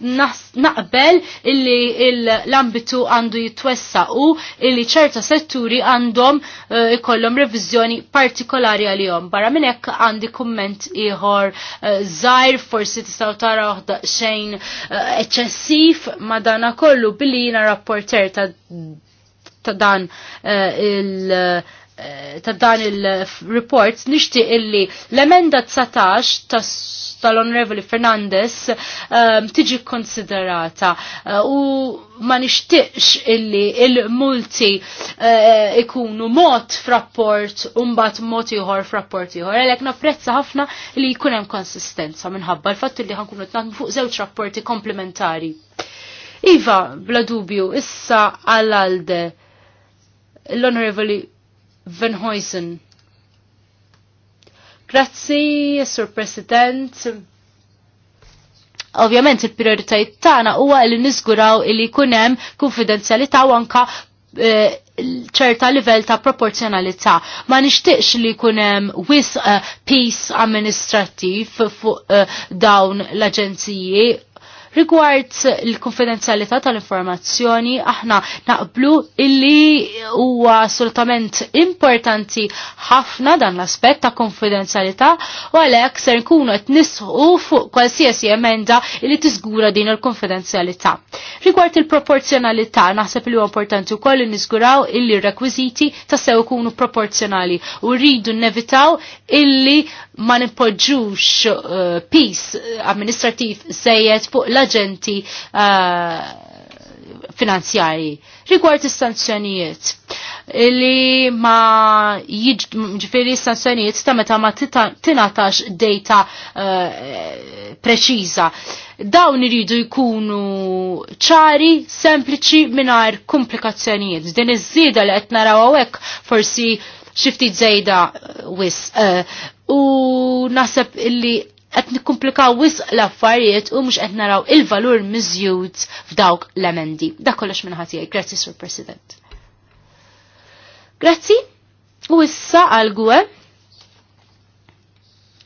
naqbel illi l-ambitu għandu jitwessa u illi ċerta setturi għandhom eh, ikollhom revizjoni partikolari għalihom. Barra minn hekk għandi kumment ieħor eh, żgħir forsi tistgħu tara waħda xejn eh, eċċessiv ma dana kollu billi jiena rapporter ta' ta' dan il- uh, Eh, ta' dan il-report nixti illi l-emenda 19 tal-Onorevoli Fernandez eh, tiġi konsiderata eh, u ma nixtiqx illi il-multi ikunu mot frapport umbat mot iħor frapport iħor. Għalek napprezza ħafna li jkunem konsistenza minħabba l-fatt li ħankunu t fuq zewċ rapporti komplementari. Iva, bla dubju, issa għal-alde l-Onorevoli Van Huysen. Grazzi, Sur President. Ovvjament il-prioritajt tagħna huwa li niżguraw li jkun hemm konfidenzjalità u anka eh, ċerta livell ta' proporzjonalità. Ma nixtieqx li jkun hemm wisq uh, peace amministrattiv fuq uh, dawn l-aġenziji Rigward il-konfidenzjalità tal-informazzjoni, aħna naqblu illi huwa assolutament importanti ħafna dan l-aspett ta' konfidenzjalità u għalhekk ser nkunu qed nisħu fuq qualsiasi emenda illi tiżgura din il-konfidenzjalità. Rigward il-proporzjonalità, naħseb li huwa importanti wkoll niżguraw illi r-rekwiżiti tassew ikunu proporzjonali u rridu nevitaw illi ma nipoġġux uh, eh, pis amministrativ sejjed fuq l-aġenti uh, eh, finanzjari rigward is-sanzjonijiet li ma jiġifieri sanzjonijiet ta' meta ma tingħatax data uh, preċiża. Dawn iridu jkunu ċari, sempliċi mingħajr komplikazzjonijiet. Din iż-żieda li qed naraw hawnhekk forsi ftit żejda uh, wis. Uh, u nasab illi qed nikkumplikaw wisq l-affarijiet u mhux qed naraw il-valur miżjud f'dawk l-emendi. Dak kollox minn ħatijaj. Grazzi, Sur President. Grazzi. U issa għal gwe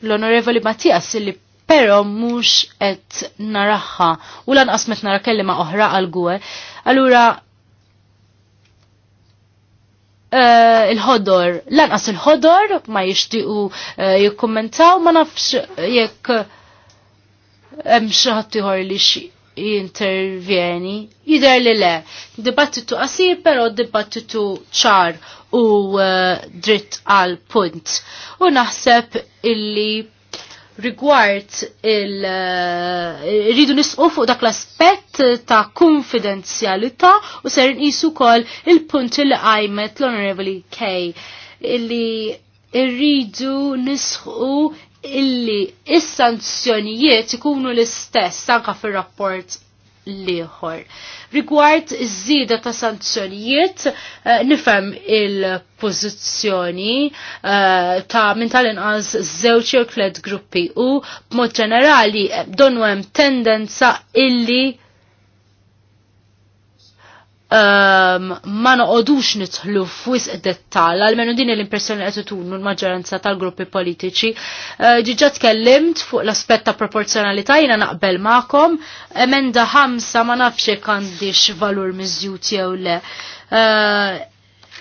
l-Onorevoli Mattias illi pero mhux qed naraħħa u lanqas met nara kellima oħra għal gwe. Allura Eh, il-ħodor. Lanqas il-ħodor ma jixtiequ eh, jikkommentaw ma nafx eh, jekk hemm xi ħadd li xi jintervjeni. Jider li le, dibattitu qasir pero dibattitu ċar u dritt għal punt. U naħseb illi rigward il eh, rridu nisqu fuq dak l-aspett ta' konfidenzjalità u ser nqisu wkoll il-punti li qajmet l-Honorable K illi rridu nisħu illi is-sanzjonijiet ikunu l-istess anka fir-rapport liħor. Rigward iż-żieda ta' sanzjonijiet, eh, nifhem il-pożizzjoni eh, ta' minn tal-inqas żewġ jew tliet gruppi u b'mod ġenerali eh, donu hemm tendenza illi um, ma noqodux nitħlu f'wisq dettal, għalmenu din l-impressjoni li qed l-maġġoranza tal-gruppi politiċi. Eh, ġiġa tkellimt fuq l-aspett ta' proporzjonalità naqbel ma'kom, emenda ħamsa ma nafx kandix valur mizzjuti jew le. Eh,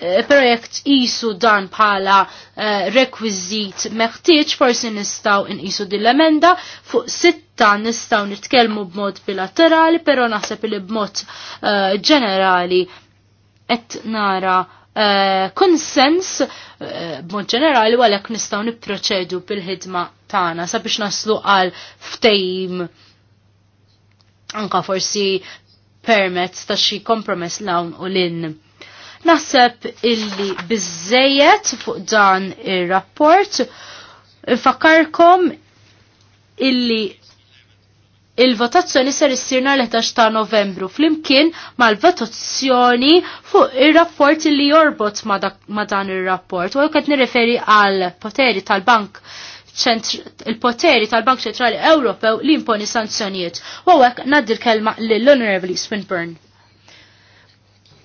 Eh, Pero isu dan bħala eh, rekwiżit meħtieġ forsi nistgħu in din l-emenda fuq sitta nistgħu nitkellmu b'mod bilaterali, però naħseb li b'mod eh, ġenerali qed nara konsens b'mod ġenerali għalek nistgħu nipproċedu bil-ħidma tagħna sabiex naslu għal ftejm anka forsi permezz ta' xi kompromess lawn u linn. Naħseb illi bizzejet fuq dan ir-rapport fakarkom illi il-votazzjoni ser issirna l-11 ta' Novembru flimkien mal-votazzjoni fuq ir-rapport li jorbot ma' dan ir-rapport. U qed nirreferi għal poteri tal-Bank il-poteri tal-Bank Ċentrali Ewropew li imponi sanzjonijiet. U għek naddir kelma l-Honorable Swinburne.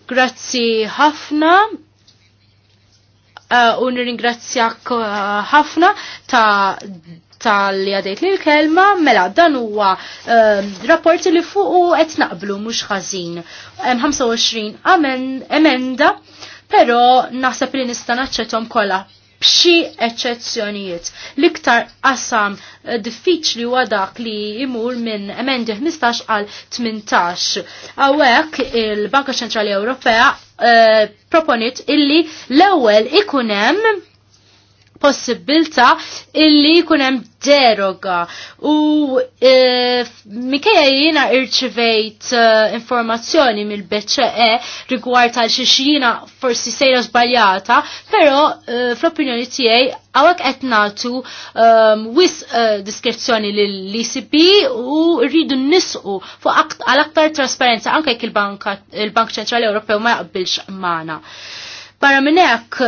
Grazzi ħafna eh, u uh, nirringrazzjak eh, ħafna uh, ta' tal-li għadajt li l-kelma, mela dan huwa uh, eh, rapporti li fuq u qed naqblu mhux ħażin. Hemm 25 emenda, però naħseb li nista' naċċettom kollha b'xi eċċezzjonijiet. L-iktar qasam eh, diffiċli huwa dak li jmur minn emendi 15 għal 18. Hawnhekk il-Banka Ċentrali Ewropea eh, proponiet illi l-ewwel ikun hemm possibilta illi kunem deroga u e, mikkeja jina irċivejt e, informazzjoni mill bce rigward tal xiexjina forsi sejra zbaljata, pero e, fl-opinjoni tijaj għawak etnatu e, wis diskrezzjoni l-ICB u rridu nisqu fuq għal-aktar trasparenza anke il-Bank Ċentrali Ewropew ma jaqbilx mana. Barra minnek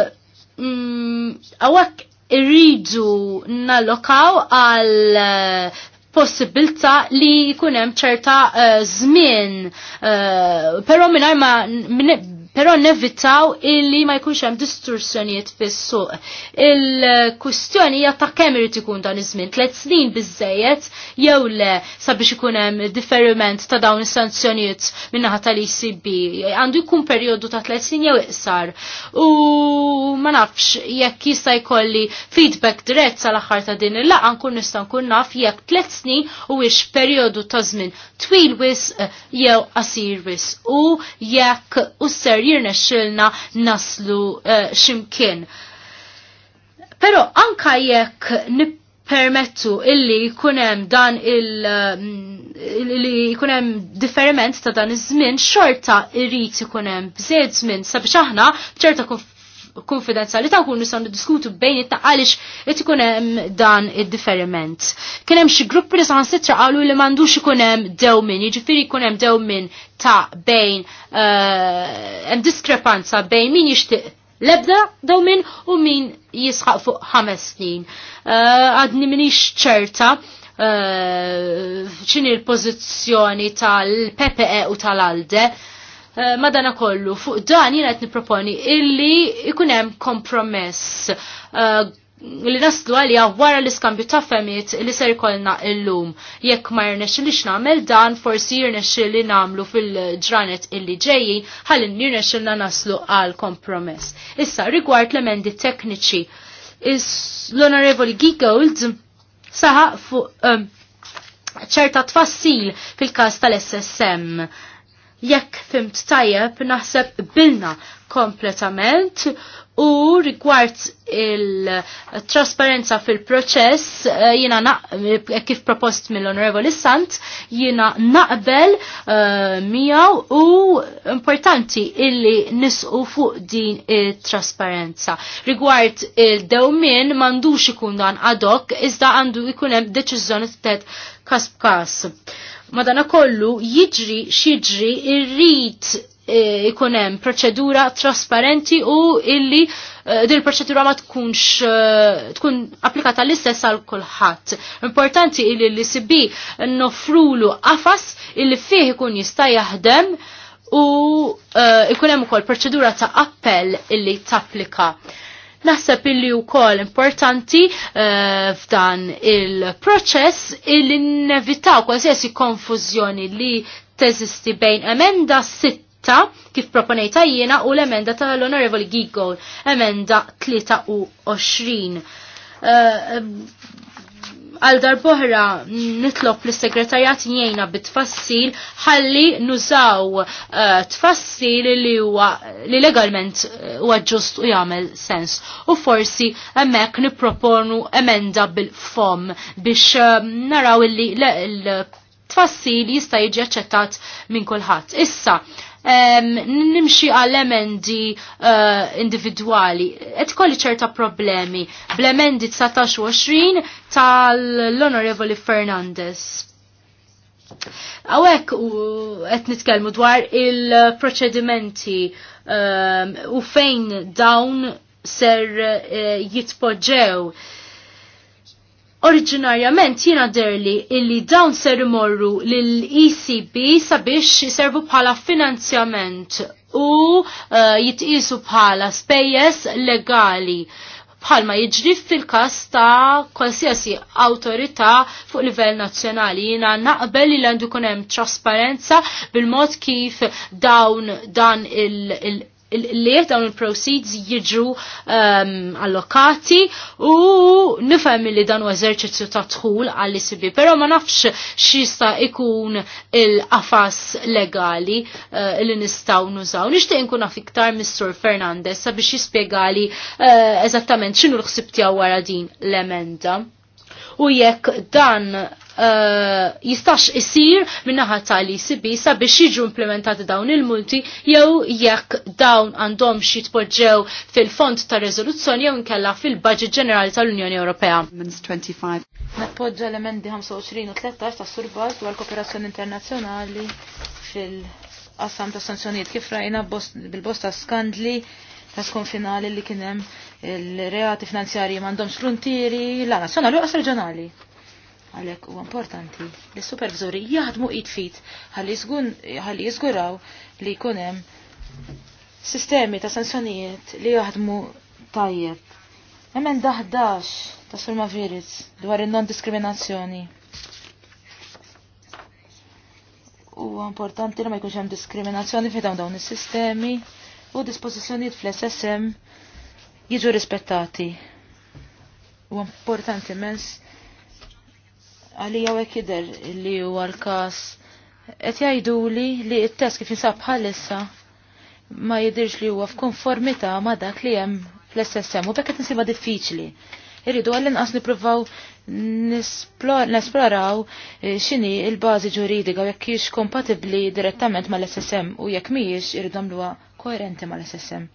Mm, għawak irridu nalokaw għal eh, possibilta li jkunem ċerta uh, zmin, uh, pero minar ma Pero nevitaw illi ma jkunx hemm distorsjonijiet fis-suq. Il-kwistjoni hija ta' kemm irid ikun dan iż-żmien, tliet snin biżejjed jew le sabiex ikun hemm differiment ta' dawn is-sanzjonijiet min-naħa tal-ECB. Għandu jkun perjodu ta' tliet snin jew iqsar. U ma nafx jekk jista' jkolli feedback dirett sal-aħħar ta' din il-laqgħa nkun nista' nkun naf jekk tliet snin huwiex perjodu ta' żmien twil wis eh, jew qasir wis u jekk u ser ser xilna naslu eh, ximkien. Pero anka jekk nippermettu illi kunem dan il- eh, illi kunem differiment ta' dan iż-żmien xorta irrid ikunem bżied żmien sabiex aħna bċerta ta' kun nisan niddiskutu bejn it għaliex qed ikun hemm dan id-differiment. Kien hemm xi gruppi li sitra qalu li m'għandux ikun hemm dewmin, jiġifieri jkun hemm dewmin ta' bejn eh, hemm diskrepanza bejn min jixtieq lebda dewmin u min jisħaq fuq ħames snin. Eh, għadni uh, minix ċerta ċini eh, uh, l-pozizjoni tal-PPE u tal-ALDE Eh, madana kollu fuq dan jiena qed nipproponi illi ikun hemm kompromess eh, li naslu għalija wara l-iskambju ta' femiet li ser ikolna illum. Jekk ma jirnex li xnamel dan, forsi jirnex li namlu fil-ġranet illi ġejjin, għallin jirnex li naslu għal kompromess. Issa, rigward l-emendi tekniċi, l-Honorevoli Gigold saħaq fuq eh, ċerta tfassil fil-kas tal-SSM jekk fimt tajjeb naħseb bilna kompletament u rigward il-trasparenza fil-proċess eh, jina eh, kif propost mill-Onorevoli Sant jina naqbel eh, miaw u importanti illi nisqu fuq din il-trasparenza. Rigward il-dewmin mandux ikun dan adok iżda għandu ikunem deċizzjoni t-tet kas kas madana kollu jiġri xiġri irrit eh, ikunem proċedura trasparenti u illi eh, dil proċedura ma tkunx eh, tkun applikata l-istess għal kulħadd. Importanti illi li sibi nofrulu qafas illi fih ikun jista' jaħdem u ikunem ukoll proċedura ta' appell illi tapplika. applika Naħseb illi wkoll importanti eh, f'dan il-proċess illi nevitaw qualsiasi konfużjoni li teżisti bejn emenda sitta kif proponejta jiena u l-emenda tal-Honorable Giggle, emenda 23. Għal darbohra nitlob l segretarjat jgħina bit-tfassil ħalli nużaw eh, tfassil li huwa li legalment eh, huwa ġust u jagħmel sens. U forsi hemmhekk nipproponu emenda bil-fom biex eh, naraw illi l-tfassil jista' jiġi aċċettat minn kulħadd. Issa, nimxi għal-emendi eh, individuali. Et kolli ċerta problemi bl-emendi 19-20 tal honorable Fernandez. Għawek u għet nitkelmu dwar il-proċedimenti u fejn dawn ser eh, jitpoġġew Oriġinarjament jiena derli illi dawn ser imorru lill-ECB sabiex jiservu bħala finanzjament u eh, jitqisu bħala spejjeż legali bħalma jiġri fil-kas ta' qualsiasi autorità fuq livell nazzjonali. Jina naqbel li għandu kunem trasparenza bil-mod kif dawn dan il li dawn il-proceeds jiġu um, allokati u nifhem li dan huwa eżerċizzju ta' tħul għall isibi però ma nafx xista ikun il-qafas legali uh, li nistgħu nużaw. Nixtieq nkun naf iktar Mr. Fernandez sabiex jispjegali uh, eżattament x'inhu l-ħsib tiegħu wara din l-emenda. U jekk dan Eh, jistax isir minnaħa tal sibi sabiex jiġu implementati dawn il-multi jew jekk dawn għandhom jitpoġġew fil-fond ta' rezoluzzjoni jew nkella fil-budget ġenerali tal-Unjoni Ewropea. Nappoġġa l-emendi 25 u 13 ta' surbaż dwar kooperazzjoni internazzjonali fil-qassam ta' sanzjonijiet kif rajna bil-bosta skandli ta' skonfinali li kienem il-reati finanzjari mandomx frontieri la nazzjonali u għas reġjonali. Għalek u importanti li supervizori jaħdmu id-fit għalli jizguraw li kunem sistemi ta' sanzjonijiet li jaħdmu tajjeb. Emen daħdax ta' Surma Viritz dwar il-non-diskriminazzjoni. U importanti li ma jkunx hemm diskriminazzjoni fi dawn dawn is-sistemi u dispożizzjonijiet fl-SSM jiġu rispettati. U importanti mens għalija u ekider li huwa l-kas. Et jajdu li li il-test kif jinsab bħalissa ma jidirx li huwa f'konformità ma dak li hemm fl-SSM u bekk qed insiba diffiċli. Irridu għallin qas nipruvaw nesploraw e, xini il-bażi ġuridika jekk hix kompatibbli direttament mal-SSM u jekk mhijiex irridu għamluha koerenti mal-SSM.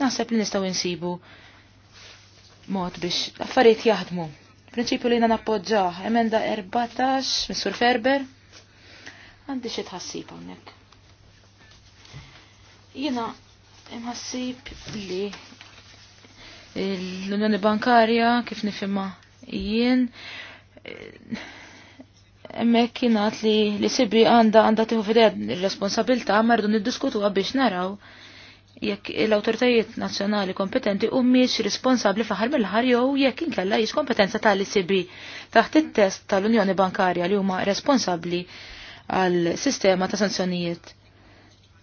Naħseb li nistgħu insibu mod biex affarijiet jaħdmu. Prinċipju li jina nappoġġaħ, emenda 14, Missur Ferber, għandi xie tħassib għonek. Jina imħassib li l-Unjoni Bankarja kif nifimma jien emmek kienat li li sibri għanda għanda tiħu fidejad responsabilta mardu niddiskutu biex naraw jekk l-autoritajiet nazzjonali kompetenti u miex responsabli faħar mill-ħar jew jekk inkella jiex kompetenza tal-ICB taħt it-test tal-Unjoni Bankarja li huma responsabli għal sistema ta' sanzjonijiet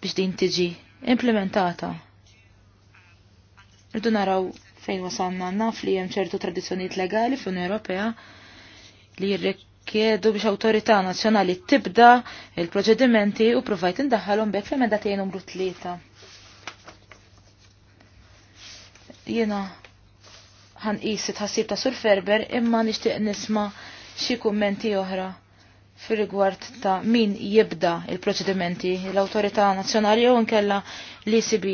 biex din tiġi implementata. Irdu naraw fejn wasanna naf li hemm ċertu tradizzjonijiet legali fl-Unjoni Ewropea li jirrikjedu biex awtorità nazzjonali tibda il-proċedimenti u provajt indaħħalhom bekk fl-emenda tiegħi numru tlieta Jiena ħanqis it-ħassib ta' Sur Ferber imma nixtieq nisma' xi kummenti oħra fil-rigward ta' min jibda il-proċedimenti l-Awtorità Nazzjonali jew nkella l-ECB.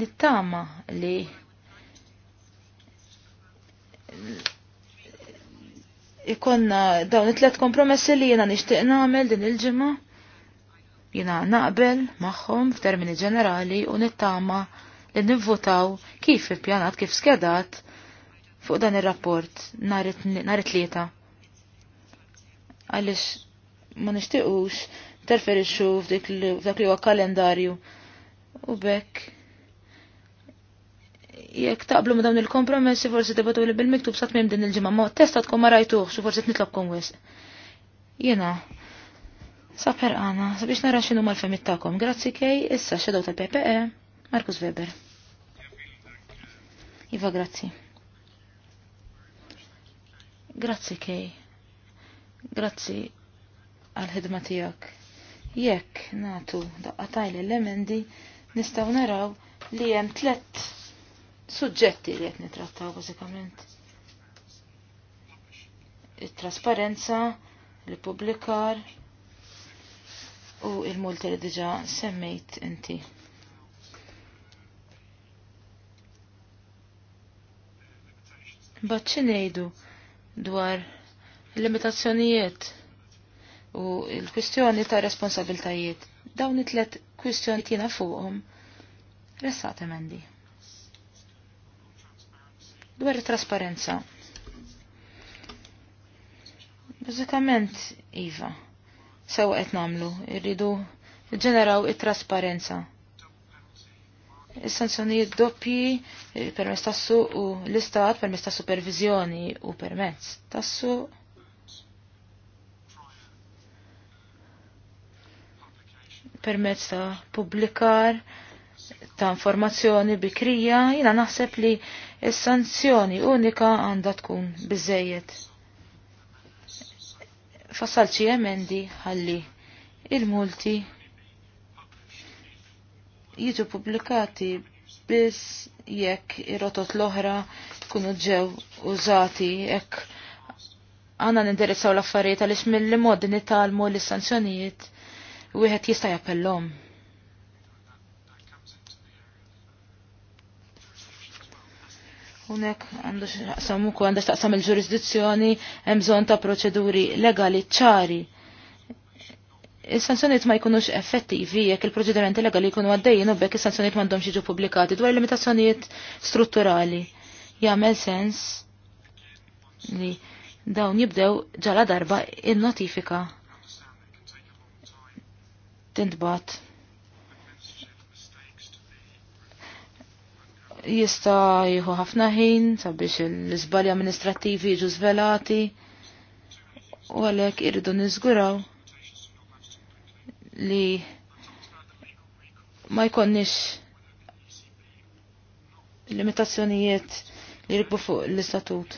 Nittama li ikonna dawn it-tlet kompromessi li jiena nixtieq nagħmel din il-ġimgħa jiena naqbel magħhom f'termini ġenerali u nittama' li nivvotaw kif ippjanat kif skedat fuq dan ir-rapport nhar it-tlieta. Għaliex ma nixtiequx terferixxu f'dik li huwa kalendarju u bekk jekk taqblu ma dawn il-kompromessi forsi tibatu li bil-miktub sa tmiem din il-ġimgħa ma testa tkun ma rajtuhx u forsi nitlobkom wisq. Jiena saper għana sabiex nara x'inhu mal femittakom Grazzi kej issa xedaw tal-PPE. Markus Weber. Iva, grazzi. Grazzi, Kej. Grazzi għal-ħidma tijak. Jekk natu tajli l emendi nistaw naraw li jem tlet suġġetti li jett nitrattaw bazzikament. Il-trasparenza, li publikar u il-multi li diġa semmejt inti. Bat ngħidu dwar limitazzjonijiet u l-kwistjoni ta' responsabiltajiet. Dawn it-tlet kwistjoni jiena fuqhom ressat emendi. Dwar it-trasparenza. Bażikament, Iva, sewa qed nagħmlu, irridu ġeneraw it-trasparenza sanzjonijiet doppji eh, permess tassu u l-istat permess ta' supervizjoni u permezz tassu permezz ta' publikar ta' informazzjoni bikrija jina naħseb li s-sanzjoni unika għandha tkun bizzejiet. Fassalċi emendi ħalli il-multi jiġu publikati biss jekk ir-rotot l-oħra kunu ġew użati jekk għanna nindirizzaw l-affarijiet għaliex mill-li mod nitalmu l-sanzjonijiet wieħed jista' jappellhom. Unek għandu xaqsam ukoll għandu taqsam il-ġurisdizzjoni hemm bżonn ta' proċeduri legali ċari Is-sanzjoniet ma jkunux effettivi jekk il-proċedimenti legali jkunu għaddejjin u bekk is-sanzjoniet m'għandhomx jiġu pubblikati dwar limitazzjonijiet strutturali. Jagħmel sens li dawn jibdew ġala darba in-notifika tintbat. Jista jieħu ħafna ħin sabiex l-iżbali amministrattivi jiġu żvelati u għalhekk irridu niżguraw li ma jkonniex limitazzjonijiet li rikbu fuq l-istatut.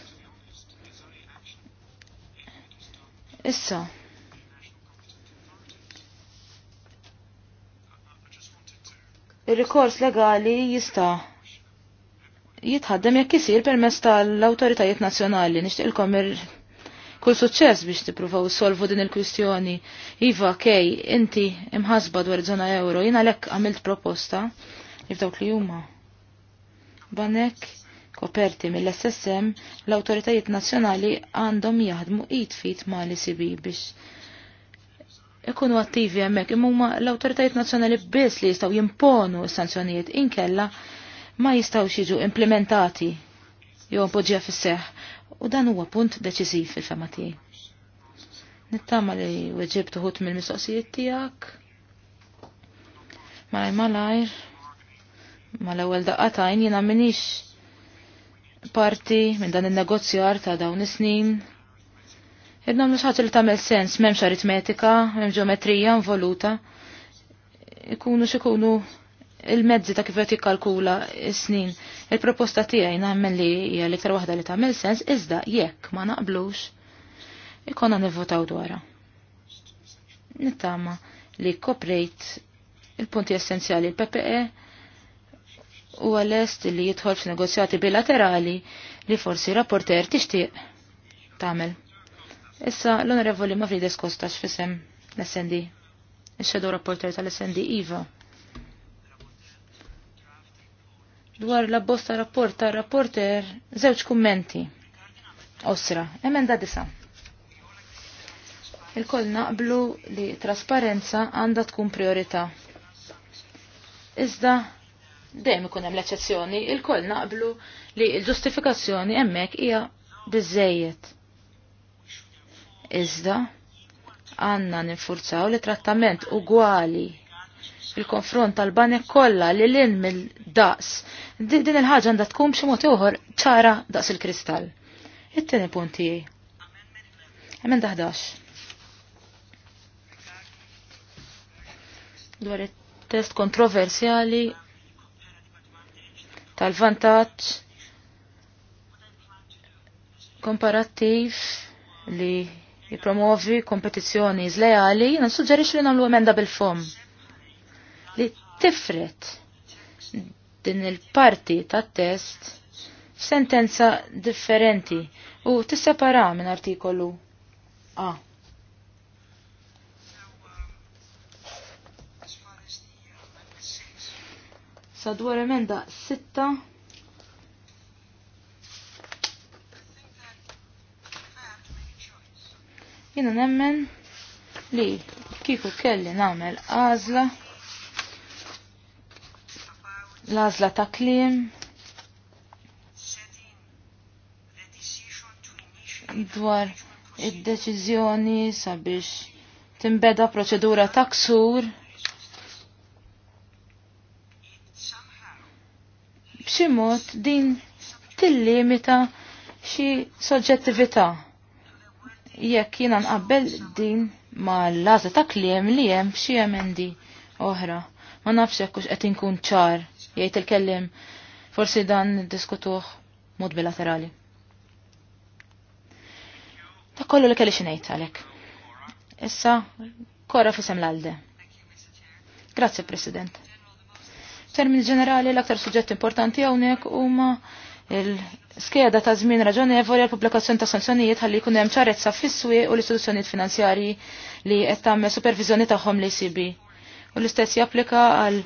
Issa, il-rikors legali jista' jitħaddem jekk isir permess tal-awtoritajiet nazzjonali. nixtieq. ir kull suċċess biex tippruvaw solvu din il-kwistjoni. Iva, kej, inti imħasba dwar żona euro, jina lekk għamilt proposta jifdawk li huma. Banek koperti mill-SSM l-autoritajiet nazzjonali għandhom jaħdmu id fit ma' l-ICB biex ikunu attivi hemmhekk imma l-awtoritajiet nazzjonali biss li jistgħu jimponu s-sanzjonijiet inkella ma jistgħux jiġu implementati jew poġġija fis-seħħ u dan huwa punt deċiżiv fil-fema tiegħi. Nittama li weġib tuħut mill-mistoqsijiet tiegħek. Malaj malajr, mal-ewwel daqqatajn jiena m'iniex parti minn dan in negozjar ta' dawn is-snin. Idna mhux ħaġa li tagħmel sens m'hemmx aritmetika, m'hemm ġeometrija involuta. Ikunu x'ikunu il-mezzi ta' kif qed jikkalkula s-snin. Il-proposta tiegħi nagħmel li hija l-iktar waħda li tagħmel sens iżda jekk ma naqblux ikonna nivvotaw dwarha. Nittama li koprejt il-punti essenzjali l-PPE u għalest li jidħol f'negozjati bilaterali li forsi rapporter tixtieq tagħmel. Issa l-Onorevoli Mavrides Kostas fisem l-SND. il shadow Rapporter tal-SND Iva. dwar la bosta rapport ta' rapporter żewġ kummenti. Osra, emenda disa. Il-koll naqblu li trasparenza għandha tkun priorità. Iżda dejjem ikun hemm l-eċċezzjoni, il-koll naqblu li l-ġustifikazzjoni hemmhekk hija biżejjed. Iżda għandna ninfurzaw li trattament ugwali il-konfront tal-banek kollha li l-in mill-daqs. Din il-ħaġa għandha tkun xi mod ieħor ċara daqs il-kristall. It-tieni punt tiegħi. Emenda Dwar it-test kontroversjali tal-vantaġġ komparattiv li jipromovi kompetizzjoni zlejali, jina suġġerix li namlu emenda bil-fom li tifret din il-parti tat test f'sentenza differenti u tissepara minn artikolu A. Sadwar emenda sitta. Jina nemmen li kiku kelli namel għazla Lazla ta' klim. Dwar id-deċizjoni sabiex timbeda proċedura ta' ksur. B'xi mod din tillimita xi soġġettività. Jekk jiena nqabbel din ma l-laża ta' kliem li hemm xi emendi oħra. Ma nafx hux qed inkun ċar jgħid il-kellim forsi dan diskutuħ mod bilaterali. Ta' kollu li kelli xinejt għalek. Issa, korra fisem l-għalde. Grazie, President. Termin ġenerali l-aktar suġġett importanti hawnhekk huma il-skeda ta' żmien raġonevoli għal pubblikazzjoni ta' sanzjonijiet ħalli jkun hemm ċarezza fis-swieq u l-istituzzjonijiet finanzjarji li qed tagħmel supervizjoni tagħhom li sibi. u l-istess japplika għal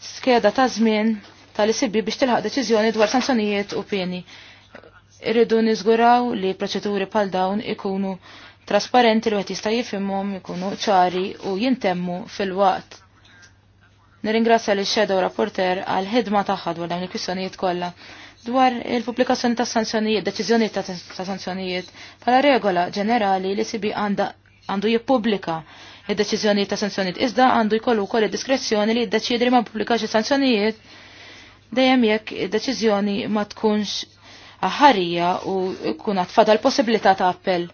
skeda ta' żmien tal isibbi biex tilħaq deċiżjoni dwar sanzjonijiet u pieni. Irridu niżguraw li proċeduri pal dawn ikunu trasparenti li qed jista' jifhimhom ikunu ċari u jintemmu fil-waqt. Nirringrazzja li shadow rapporter għal ħidma tagħha dwar dawn il-kwistjonijiet kollha dwar il-pubblikazzjoni ta' sanzjonijiet, deċiżjonijiet ta' sanzjonijiet, bħala regola ġenerali li sibi għandu jippubblika id deċizjoni ta' sanzjonijiet. Iżda għandu jkollu wkoll id-diskrezzjoni li jiddeċiedi ma pubblikax sanzjonijiet dejjem jekk id-deċiżjoni ma tkunx aħarija u kun l possibilità ta' appell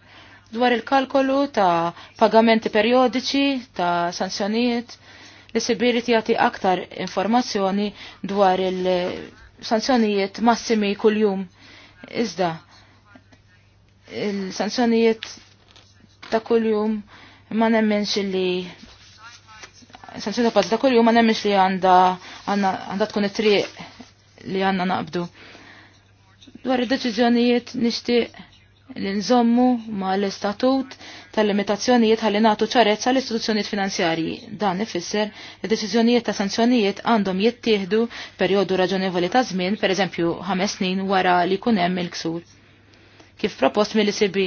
dwar il-kalkolu ta' pagamenti periodiċi ta' sanzjonijiet li sibiri jagħti aktar informazzjoni dwar il-sanzjonijiet massimi kuljum. Iżda, il-sanzjonijiet ta' kuljum jum ma nemmenx li sanċeta pazz da ma nemmenx li għanda għanda tkun it-triq li għanna naqbdu. Dwar id-deċizjonijiet nixtieq li nżommu ma l-istatut tal-limitazzjonijiet ħalli nagħtu ċarezza l-istituzzjonijiet finanzjarji. Dan ifisser id-deċiżjonijiet ta' sanzjonijiet għandhom jittieħdu perjodu raġonevoli ta' żmien, pereżempju ħames snin wara li jkun hemm il-ksur. Kif propost mill-ICB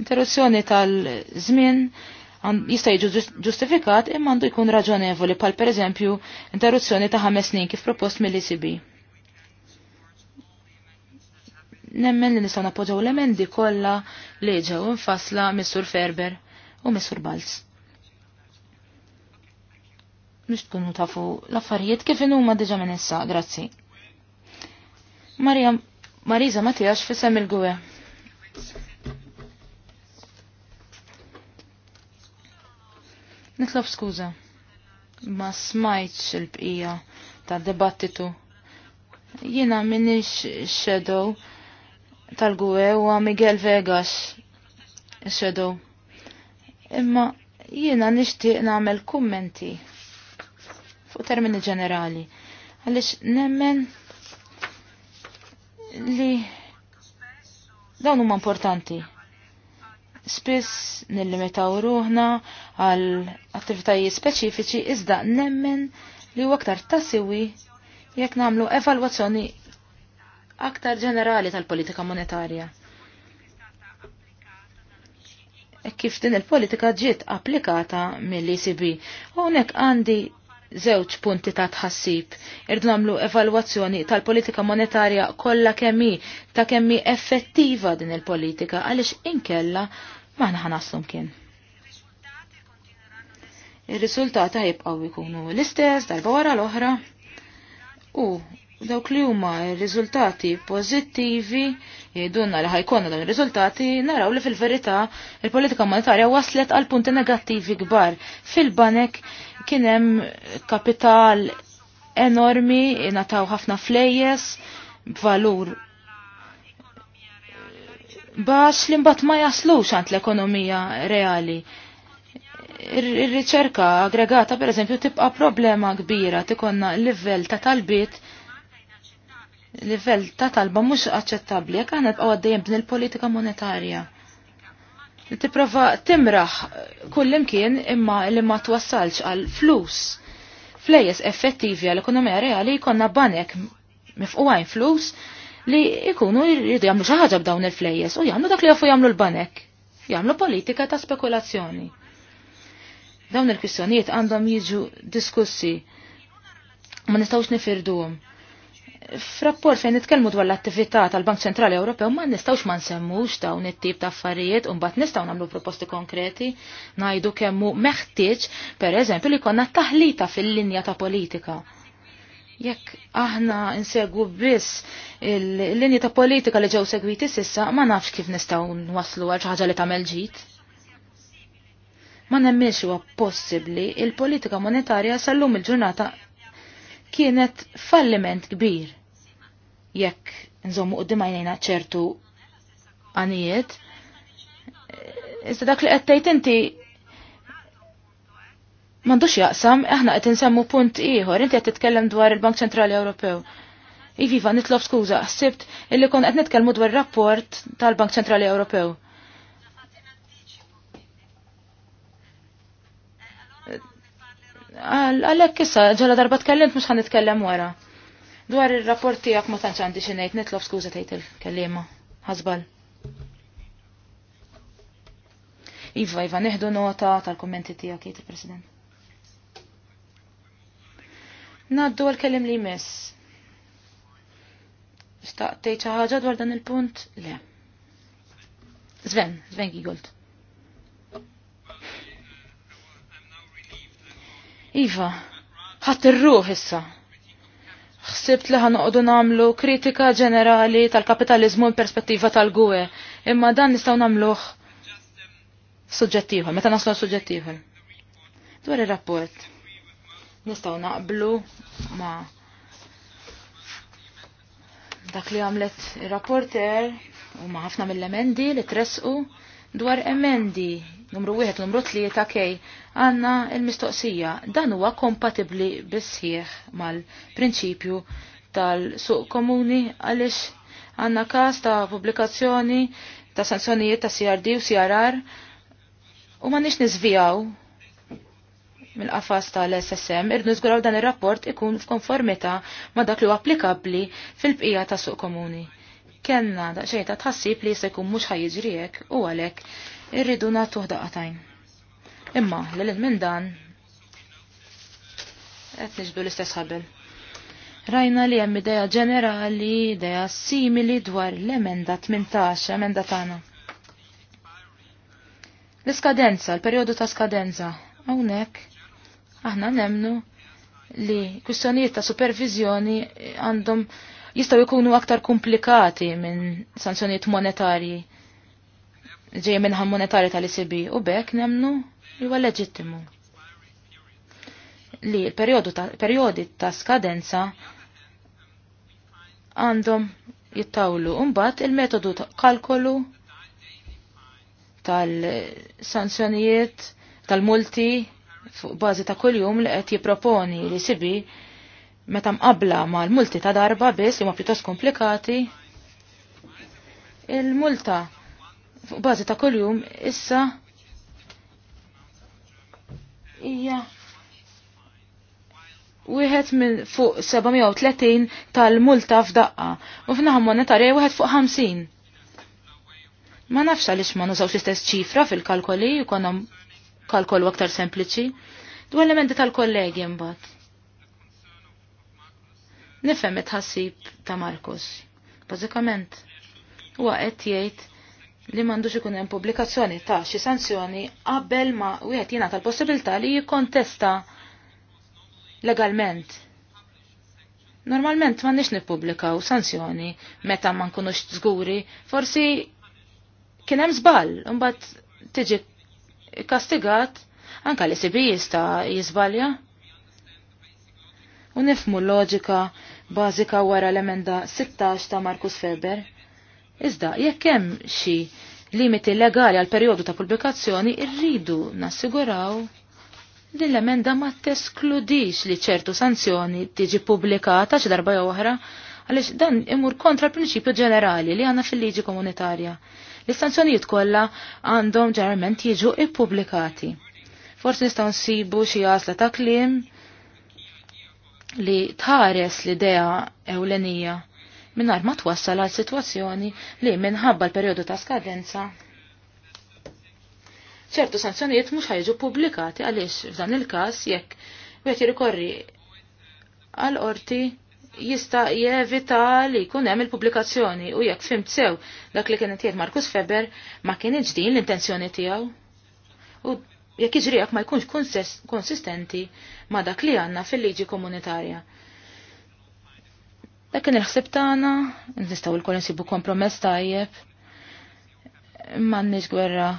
Interruzzjoni tal-żmien jista' jiġu ġustifikat imma għandu jkun raġonevoli pal pereżempju interruzzjoni ta' ħames snin kif propost mill icb Nemmen li nistgħu nappoġġaw l-emendi kollha li ġew infasla Missur Ferber u Missur Balz. Mhux tkunu tafu l-affarijiet kif inhuma diġà minn issa, grazzi. Marija Marisa Matijax fissem il-gwe. Nitlob skuza, Ma smajtx il-bqija ta' debattitu. Jiena minix xedow tal-gwe u Miguel Vegas xedow. Imma jiena nixtieq nagħmel kummenti fuq termini ġenerali. Għaliex nemmen li dawn huma importanti Spiss nillimitaw ruħna għal attivitajiet speċifiċi iżda nemmen li huwa aktar tasiwi jekk nagħmlu evalwazzjoni aktar ġenerali tal-politika monetarja. E kif din il-politika ġiet applikata mill-ECB. Hawnhekk għandi żewġ punti ta' tħassib. Irdu nagħmlu evalwazzjoni tal-politika monetarja kollha kemm ta' kemm hi effettiva din il-politika għaliex inkella maħna ħanaslum kien. Ir-riżultati ħajbqgħu jkunu l-istess darba wara l-oħra u dawk li huma r-riżultati pożittivi jgħidulna li ħajkonna dan ir-riżultati, naraw li fil-verità il-politika monetarja waslet għal punti negattivi kbar. Fil-banek Kien hemm kapital enormi, nataw ħafna flejjes, b'valur bax li mbagħad ma jaslux għand l-ekonomija reali. Ir-riċerka aggregata pereżempju tibqa' problema kbira tikonna livell ta' talbiet livell ta' talba mhux aċċettabbli jekk aħna nibqgħu għaddejjem il-politika monetarja li tipprova timraħ kull imkien imma li ma twassalx għal flus. Flejes effettivi għal ekonomija reali jkonna banek mifqwajn flus li jkunu jridu jagħmlu xi ħaġa b'dawn il flejes u jagħmlu dak li jafu jagħmlu l-banek. Jamlu politika ta' spekulazzjoni. Dawn il-kwistjonijiet għandhom jiġu diskussi ma nistgħux nifirduhom. Frapport fejn nitkellmu dwar l-attività tal-Bank Ċentrali Ewropew ma nistgħux ma nsemmux dawn it-tip ta' affarijiet u mbagħad nistgħu nagħmlu proposti konkreti ngħidu kemm hu meħtieġ pereżempju li jkollna taħlita fil-linja ta' politika. Jekk aħna nsegwu biss il-linji ta' politika li ġew segwiti sissa ma nafx kif nistgħu nwaslu għal xi ħaġa li tagħmel ġid. Ma nemmilx huwa possibbli il-politika monetarja sallum il-ġurnata kienet falliment kbir. Jekk nżommu qudiem għajnejna ċertu għanijiet, iżda dak li qed inti Mandux jaqsam, aħna qed insemmu punt ieħor, inti qed titkellem dwar il-Bank Ċentrali Ewropew. Iviva, nitlob skuża, ħsibt illi kon qed nitkellmu dwar rapport tal-Bank Ċentrali Ewropew. Għalhekk issa ġala darba tkellimt mhux nitkellem wara. Dwar ir-rapport tiegħek ma tantx għandi xi ngħid nitlob skuża tgħid il-kelliema. Ħasbal. Iva, Iva, neħdu nota tal-kommenti tiegħek jgħid il-President. Naddu għal kellim li Staq Staqtejt xi ħaġa dwar dan il-punt? Le. Zven, zven għigult. Iva, ħadd ruħ issa. Xsibt li ħanoqdu namlu kritika ġenerali tal-kapitalizmu perspettiva tal-gwe, imma dan nistgħu nagħmluh suġġettiva, meta naslu suġġettiva. Dwar ir-rapport. Nistgħu naqblu ma dak li għamlet ir-rapporter u ma ħafna mill-emendi li tresqu Dwar emendi numru 1, numru 3 kej għanna il-mistoqsija dan huwa kompatibli bisħieħ mal-prinċipju tal-suq komuni għaliex għanna kas ta' pubblikazzjoni ta' sanzjonijiet ta' CRD u CRR u ma nix nizvijaw mill-qafas tal-SSM irdu nizguraw dan ir-rapport ikun f'konformità ma' dak li huwa applikabbli fil-bqija ta' suq komuni kellna daqsxejn xejta tħassib li se jkun mhux ħajjiġri u għalhekk irridu nagħtuh daqatajn. Imma lil minn dan qed niġbdu l-istess ħabel. Rajna li hemm idea ġenerali, idea simili dwar l-emenda 18, emenda tagħna. L-iskadenza, l-perjodu ta' skadenza, hawnhekk aħna nemnu li kwistjonijiet ta' supervizjoni għandhom jistgħu jkunu aktar komplikati minn sanzjonijiet monetarji ġej minnħa monetarji tal-ECB u bekk nemnu li huwa leġittimu. Li l-perjodi ta' skadenza għandhom jittawlu. mbagħad il-metodu ta' kalkolu tal-sanzjonijiet, tal-multi fuq bazi ta' kuljum li qed jipproponi li sibi meta mqabla ma l-multi ta' darba biss li huma pjuttost komplikati, il-multa fuq bażi ta' kuljum issa hija wieħed minn fuq 730 tal-multa f'daqqa u f'naħa monetarja wieħed fuq 50. Ma nafx għaliex ma nużawx l-istess ċifra fil-kalkoli u konna kalkolu aktar sempliċi. Dwell elementi tal-kollegi mbagħad Nifhem it-ħassib ta' Markus. Bażikament, huwa qed jgħid li m'għandux ikun hemm pubblikazzjoni ta' xi sanzjoni qabel ma wieħed jingħata l-possibilità li jikkontesta legalment. Normalment ma nippubblikaw sanzjoni meta ma nkunux żguri, forsi kien hemm żball, imbagħad tiġi kastigat anka li sibi jista' jiżbalja. U nifmu l-loġika bażika wara l-emenda 16 ta' Markus Feber? Iżda, jekk hemm xi limiti legali għal perjodu ta' pubblikazzjoni, irridu nassiguraw li l-emenda ma teskludix li ċertu sanzjoni tiġi pubblikata xi darba jew oħra għaliex dan imur kontra l-prinċipju ġenerali li għandna fil-liġi komunitarja. L-istanzjonijiet kollha għandhom ġarament jiġu ippubblikati. Forsi nistgħu nsibu xi għasla ta' kliem li tħares l-idea ewlenija minnar ma twassal għal situazzjoni li minħabba l-periodu ta' skadenza ċertu sanzjonijiet mhux ħajġu publikati għaliex f'dan il-każ jekk wieħed jirrikorri għal qorti jista' jevita li jkun hemm il-pubblikazzjoni u jekk fimt sew dak li kienet jgħid Markus Feber ma kien din l-intenzjoni tiegħu. U jekk iġrijak ma jkunx konsistenti ma dak li għanna fil-liġi komunitarja. Lekin il-ħsib tagħna nistgħu lkoll insibu kompromess tajjeb. M'għandniex gwerra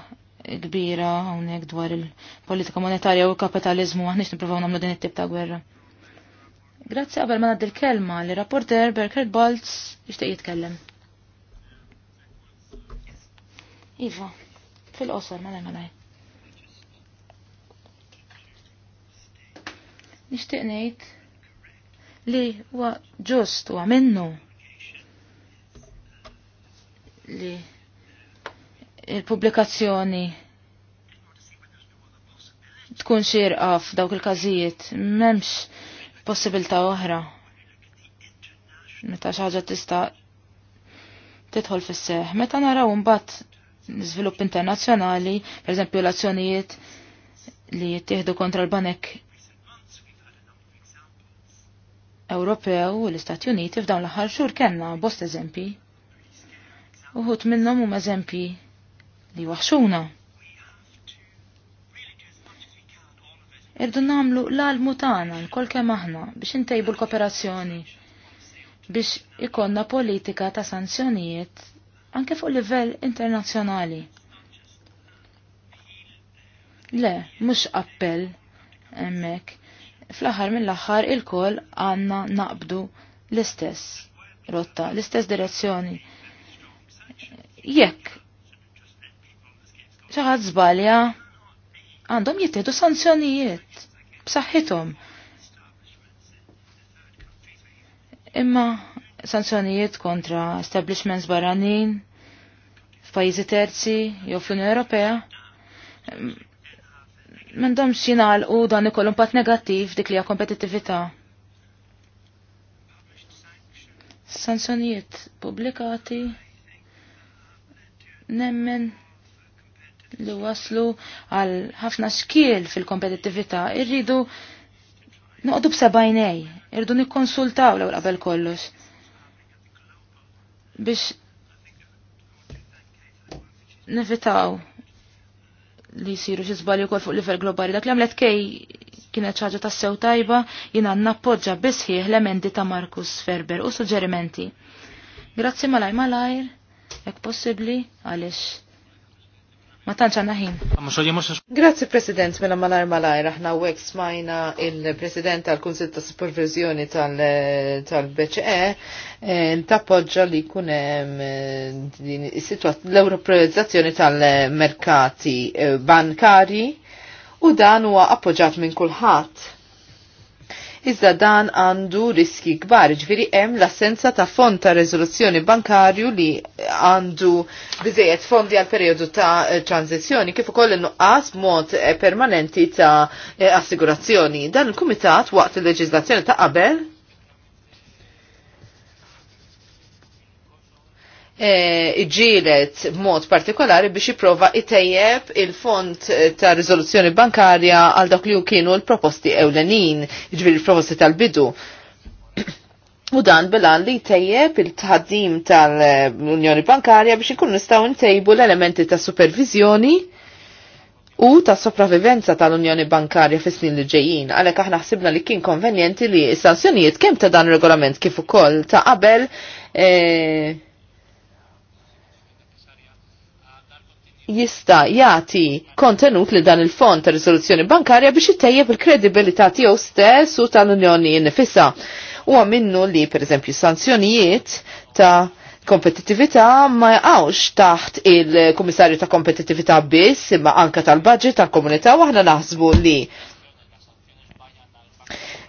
kbira hawnhekk dwar il-politika monetarja u l-kapitaliżmu aħniex nippruvaw nagħmlu din it-tip ta' gwerra. Grazzi qabel ma ngħaddi l-kelma li rapporter Berkert Balz jixtieq jitkellem. Iva, fil-qosor ma ngħid. nixtieq ngħid li huwa ġust huwa minnu li il-pubblikazzjoni tkun xirqa f'dawk il-każijiet m'hemmx possibilità oħra. Meta xi ħaġa tista' tidħol fis-seħ. Meta naraw imbagħad żvilupp internazzjonali, pereżempju l-azzjonijiet li jittieħdu kontra l-banek Ewropew u l-Istati Uniti f'dawn l-aħħar xhur kellna bost eżempji. Uħut minnhom huma eżempji li waħxuna. Irdu namlu l-almu tagħna l kemm aħna biex intejbu l-kooperazzjoni biex ikonna politika ta' sanzjonijiet anke fuq livell internazzjonali. Le, mhux appell hemmhekk fl-aħħar mill-aħħar il-koll għanna naqbdu l-istess rotta, l-istess direzzjoni. Jekk ċaħat zbalja għandhom jittieħdu sanzjonijiet b'saħħithom. Imma sanzjonijiet kontra establishments barranin f'pajjiżi terzi jew fl-Unjoni Ewropea Mendom xinal u dan ikollum pat negattiv dik li kompetitivita. Sanzjonijiet publikati nemmen li waslu għal ħafna xkiel fil kompetitivita irridu noqdu b'sebajnej, irridu nikkonsultaw l-ewwel qabel kollox biex nevitaw li jisiru xi żbalji wkoll fuq livell globali. Dak li għamlet kej kienet ċaġa ta' sew tajba jiena nappoġġa bisħieħ l-emendi ta' Markus Ferber u suġġerimenti. Grazzi malaj malajr, jekk possibbli, għaliex Ma tantx għandna ħin. Grazzi President mela malar malajr aħna wek smajna il-President tal-Kunsill ta' Supervizjoni tal-BCE eh, tappoġġa li jkun hemm eh, l-Ewropeizzazzjoni tal-merkati eh, bankari u dan huwa appoġġat minn kulħadd iżda dan għandu riski kbar, ġviri hemm l-assenza ta' fond ta' rezoluzzjoni bankarju li għandu biżejjed fondi għal periodu ta' eh, tranzizjoni kif ukoll innuqqas mod eh, permanenti ta' eh, assigurazzjoni. Dan il-Kumitat waqt il leġizlazzjoni ta' qabel E, iġilet b'mod partikolari biex jipprova itejjeb il-fond ta' rizoluzzjoni bankarja għal dak li kienu l-proposti ewlenin, ġviri jiġifieri l-proposti tal-bidu. U dan bilan li tejjeb il-tħaddim tal-Unjoni Bankarja biex ikun nistaw ntejbu l-elementi ta' supervizjoni u ta' sopravivenza tal-Unjoni Bankarja fis snin li ġejjin, għalek aħna ħsibna li kien konvenjenti li s-sanzjonijiet kemm ta' dan regolament kif ukoll ta' qabel eh, jista jati kontenut li dan il-fond ta' risoluzzjoni bankarja biex ittejjeb il-kredibilità tiegħu stess u tal-Unjoni nifissa. U minnu li per eżempju sanzjonijiet ta' kompetitività ma jaqgħux taħt il-Kummissarju ta' Kompetitività biss imma anka tal-budget tal-komunità u aħna naħsbu li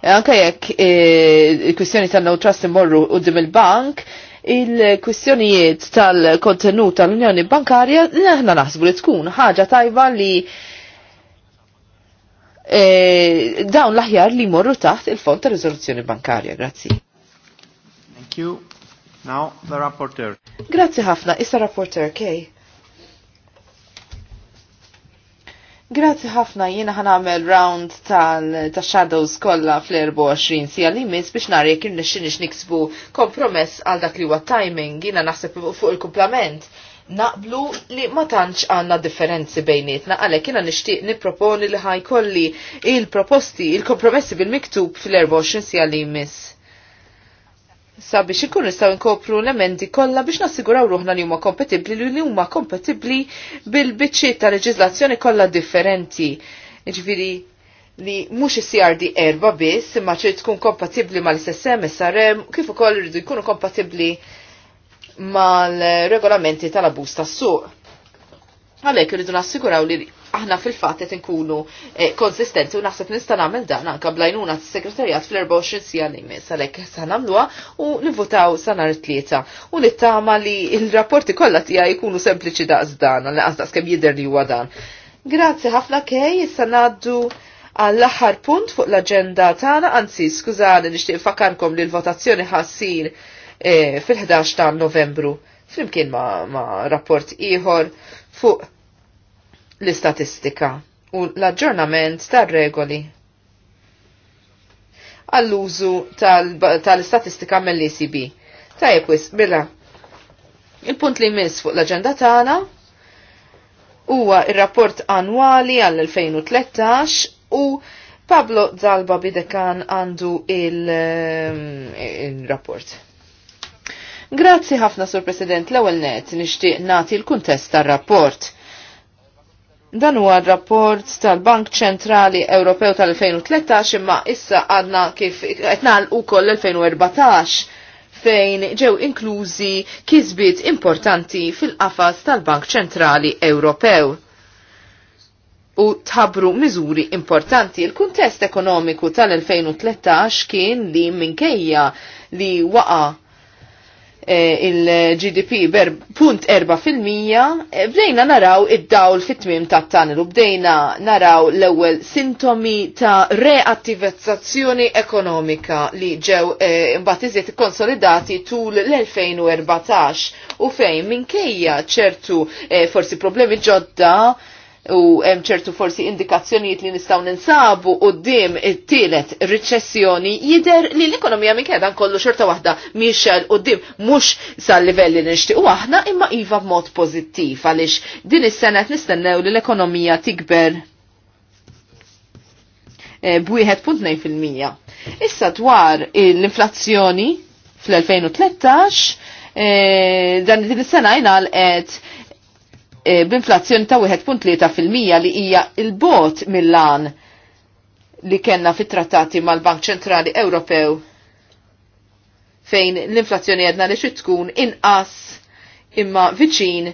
anka jekk eh, il-kwistjoni tal tan no trust imorru u dim il-bank, il-kwistjonijiet tal-kontenut tal-Unjoni Bankarja neħna naħsbu li tkun ħaġa tajba li E, dawn l-aħjar li morru taħt il-fond ta' rizoluzzjoni bankarja. Grazzi. Thank you. Now the rapporteur. Grazzi ħafna, issa rapporteur Kej. Grazzi ħafna jiena ħanamel round tal-shadows kollha fl-24 sija li mis biex nar jekk nixxinix niksbu kompromess għal dak li huwa timing jiena naħseb fuq il-kumplament naqblu li ma tantx għandna differenzi bejnietna għalhekk jiena nixtieq nipproponi li ħajkolli il-proposti il-kompromessi bil-miktub fl-24 sija li miss sabiex ikun nistgħu nkopru l-emendi kollha biex nassiguraw ruħna li huma kompatibbli li huma kompatibbli bil-biċċiet ta' leġiżlazzjoni kollha differenti. Ġifieri li mhux is-CRD erba' biss imma xi tkun kompatibbli mal-SSM, SRM, kif ukoll irridu jkunu kompatibbli mal-regolamenti tal-abuż tas-suq. Għalhekk irridu nassiguraw li aħna fil-fatt qed inkunu eh, konsistenti u naħseb nista' nagħmel dan anke blajnuna tas-segretarjat fl-24 sija li għalhekk sa nagħmluha u nivvutaw sa nhar it-tlieta. U nittama li l-rapporti kollha tiegħi jkunu sempliċi daqs dan, għal kemm jidher li huwa dan. Grazzi ħafna kej, issa ngħaddu għall-aħħar punt fuq l-aġenda tagħna, anzi skużani nixtieq fakarkom li l-votazzjoni ħassir eh, fil-11 ta' Novembru flimkien ma rapport ieħor fuq l-istatistika u l-aġġornament tar-regoli għall-użu tal-istatistika tal istatistika mill ecb Tajjeb wis, bila. Mela, il-punt li jmiss fuq l-agenda tagħna huwa ir-rapport annwali għall-2013 u Pablo Zalba Bidekan għandu um, il-rapport. Grazzi ħafna, Sur President, l ewwel net nixtieq nagħti l-kuntest tar-rapport. Dan huwa rapport tal-Bank Ċentrali Ewropew tal-2013 imma issa għadna kif qed nagħlqu ukoll l-2014 fejn ġew inklużi kisbiet importanti fil-qafas tal-Bank Ċentrali Ewropew u tħabru miżuri importanti. Il-kuntest ekonomiku tal-2013 kien li minkejja li waqa' Eh, il-GDP ber punt erba' fil-mija, eh, bdejna naraw id-dawl fit-tmim ta' tunnel u bdejna naraw l-ewwel sintomi ta' reattivizzazzjoni ekonomika li ġew eh, imbagħad iżjed konsolidati tul l-2014 u fejn minkejja ċertu forsi problemi ġodda u hemm ċertu forsi indikazzjonijiet li nistgħu ninsabu quddiem it-tielet riċessjoni jidher li l-ekonomija minn dan kollu xorta waħda miexel quddiem mhux sal-livell li nixtiequ aħna imma iva b'mod pożittiv għaliex din is-sena qed nistennew li l-ekonomija tikber eh, b'1.2 fil-mija. Issa dwar l-inflazzjoni fl-2013 eh, dan din is-sena jingħalqet E, b'inflazzjoni ta' 1.3% li hija il-bot mill-lan li kena fit-trattati mal-Bank Ċentrali Ewropew fejn l-inflazzjoni għedna li xi tkun inqas imma viċin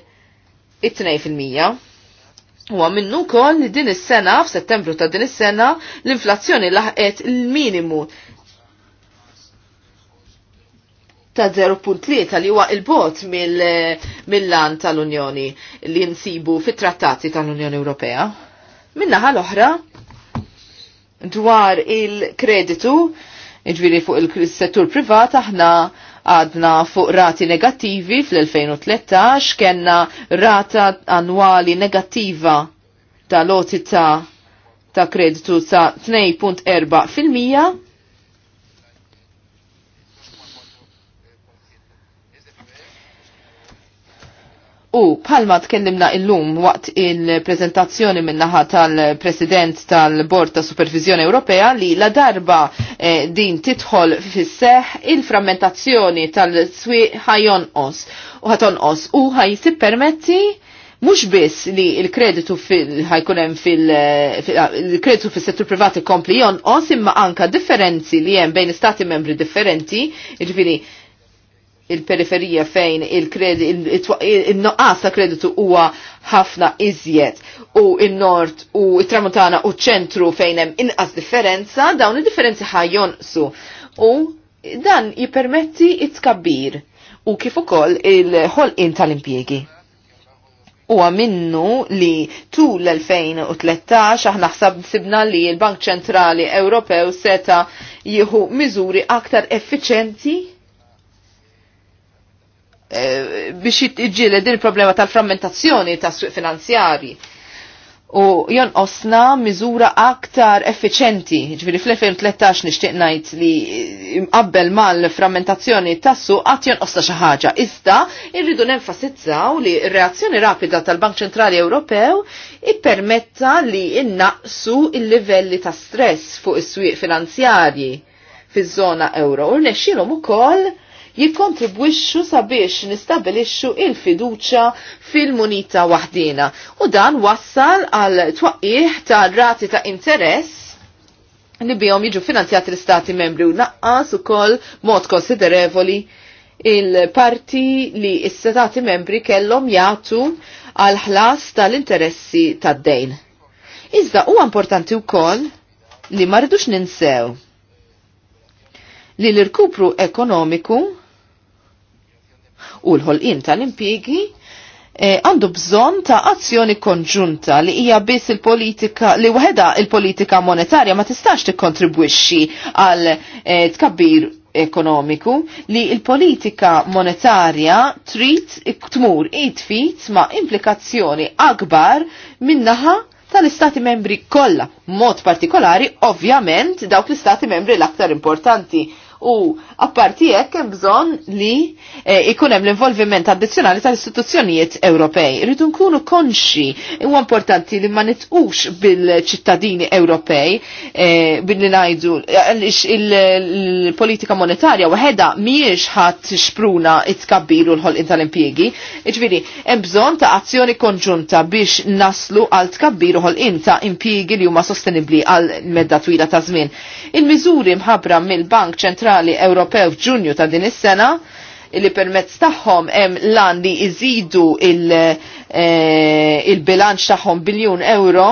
it-2%. Huwa minnu kol li din is-sena f'Settembru ta' din is-sena l-inflazzjoni laħqet il-minimu ta' 0.3 li huwa il-bot mill-lan tal-Unjoni li nsibu fit-trattati tal-Unjoni Ewropea. Minnaħa l-oħra dwar il-kreditu, iġviri fuq il-settur privat, aħna għadna fuq rati negattivi fl-2013, kena rata annwali negattiva tal loti ta' kreditu ta' 2.4 fil-mija U palma tkellimna illum waqt il-prezentazzjoni minnaħa tal-President tal-Bord ta' Supervizjoni Ewropea li la darba eh, din titħol fis-seħ il-frammentazzjoni tal-swi os u os u ħajsib permetti mux biss li il-kreditu ħajkunem fil-kreditu fil, fil-settur ah, privati kompli jonqos imma anka differenzi li jem bejn stati membri differenti, ġifiri il-periferija fejn il-noqqas ta' kreditu huwa ħafna iżjed u il-nord u il-tramontana u ċentru fejn hemm inqas differenza, dawn id-differenzi ħajjonqsu u dan jippermetti it-tkabbir u kif ukoll il-ħolqin tal-impjiegi. Huwa minnu li tul l-2013 aħna ħsab sibna li l-Bank Ċentrali Ewropew seta jieħu miżuri aktar effiċenti Eh, biex jitġile din il-problema tal-frammentazzjoni ta' suq finanzjari. U osna miżura aktar effiċenti, ġviri fl-2013 nixtieq ngħid li imqabbel mal-frammentazzjoni tas-suq għat jon xi ħaġa. Iżda irridu nenfasizzaw li r-reazzjoni rapida tal-Bank Ċentrali Ewropew ippermetta li innaqsu il-livelli ta' stress fuq is-swieq finanzjarji fiż-żona euro u rnexxilhom ukoll jikkontribwixxu sabiex nistabilixxu il-fiduċja fil-munita waħdina. U dan wassal għal twaqqih ta' rati ta' interess li bihom jiġu finanzjati l-istati membri u naqqas ukoll mod konsiderevoli il-parti li s-setati membri kellhom jagħtu għal ħlas tal-interessi tad-dejn. Iżda huwa importanti wkoll li ma rridux ninsew li l-irkupru ekonomiku u l-ħolqien tal-impjegi eh, għandu e, bżon ta' azzjoni konġunta li hija biss il-politika li waħeda il-politika monetarja ma tistax tikkontribwixxi għal e, tkabbir ekonomiku li il-politika monetarja trid tmur it-fit ma' implikazzjoni akbar minnaħa tal-istati membri kollha, mod partikolari ovvjament dawk l-istati membri l-aktar importanti u apparti hekk hemm bżonn li eh, ikun hemm l-involviment addizzjonali tal-istituzzjonijiet Ewropej. Rridu nkunu konxi huwa importanti li ma nitqux bil-ċittadini Ewropej eh, billi ngħidu il-politika monetarja waħedha mhijiex ħadd xpruna it-tkabbir u l-ħolqien tal-impjiegi. Jiġifieri hemm bżonn ta' azzjoni konġunta biex naslu għal tkabbir u ħolqien ta' impjiegi li huma sostenibbli għal medda twila ta' żmien. Il-miżuri mħabbra mill-Bank Ċentrali Soċjali Ewropew f'Ġunju ta' din is-sena li permezz tagħhom hemm lan li jżidu eh, il-bilanċ tagħhom biljun euro.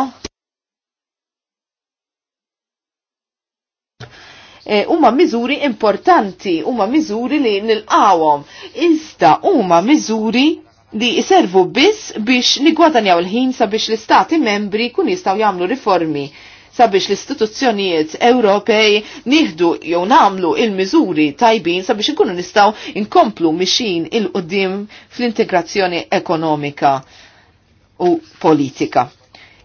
Eh, huma miżuri importanti, huma miżuri li nilqawhom. Iżda huma miżuri li jiservu biss biex nigwadanjaw il-ħin sabiex l-istati membri kun jistgħu jagħmlu riformi sabiex l-istituzzjonijiet Ewropej nieħdu jew namlu il-miżuri tajbin sabiex ikunu nistaw inkomplu mixin il qudiem fl-integrazzjoni ekonomika u politika.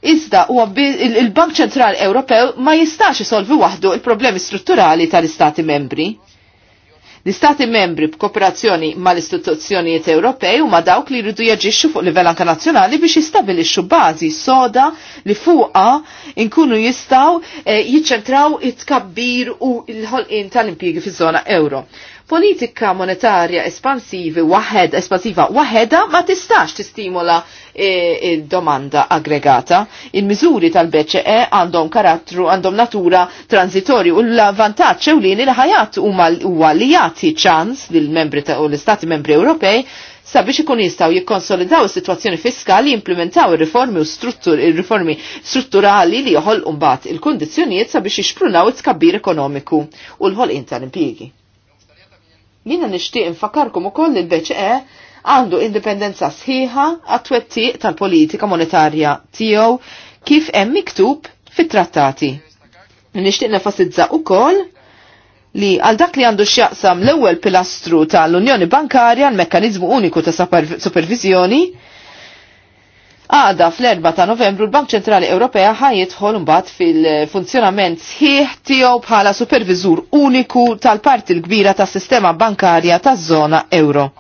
Iżda il-Bank Ċentral Ewropew ma jistax isolvi waħdu il-problemi strutturali tal-Istati membri L-istati membri b'kooperazzjoni mal-istituzzjonijiet Ewropej u ma dawk li jridu jaġixxu fuq livell anka nazzjonali biex jistabilixxu bażi soda li fuqha inkunu jistgħu eh, jiċċentraw it-tkabbir u l-ħolqien tal-impjiegi fiż-żona euro. Politika monetarja espansivi wahed, espansiva waheda ma tistax tistimola eh, il-domanda aggregata. Il-miżuri tal-BCE għandhom karattru, għandhom natura transitorju u l-vantaġġ ewlieni li ħajat u li jagħti ċans lill-membri u l-istati membri Ewropej sabiex ikun jistaw jikkonsolidaw is-sitwazzjoni fiskali jimplementaw ir-riformi u struttur il strutturali li joħol mbagħad il-kundizzjonijiet sabiex jixprunaw it-tkabbir ekonomiku u l ħol tal-impjiegi. Jina nishtiq infakarkom ukoll il-BCE għandu indipendenza sħiħa għat tal-politika monetarja tiegħu kif hemm miktub fit-trattati. Nixtieq u ukoll li għal dak li għandu x'jaqsam l-ewwel pilastru tal-Unjoni Bankarja l-Mekkaniżmu Uniku ta' Supervizjoni, Għada fl-4 ta' novembru l-Bank Ċentrali Ewropea ħajidħol mbagħad fil-funzjonament sħiħ tiegħu bħala supervizur uniku tal-parti l-kbira tas-sistema bankarja taż-żona euro.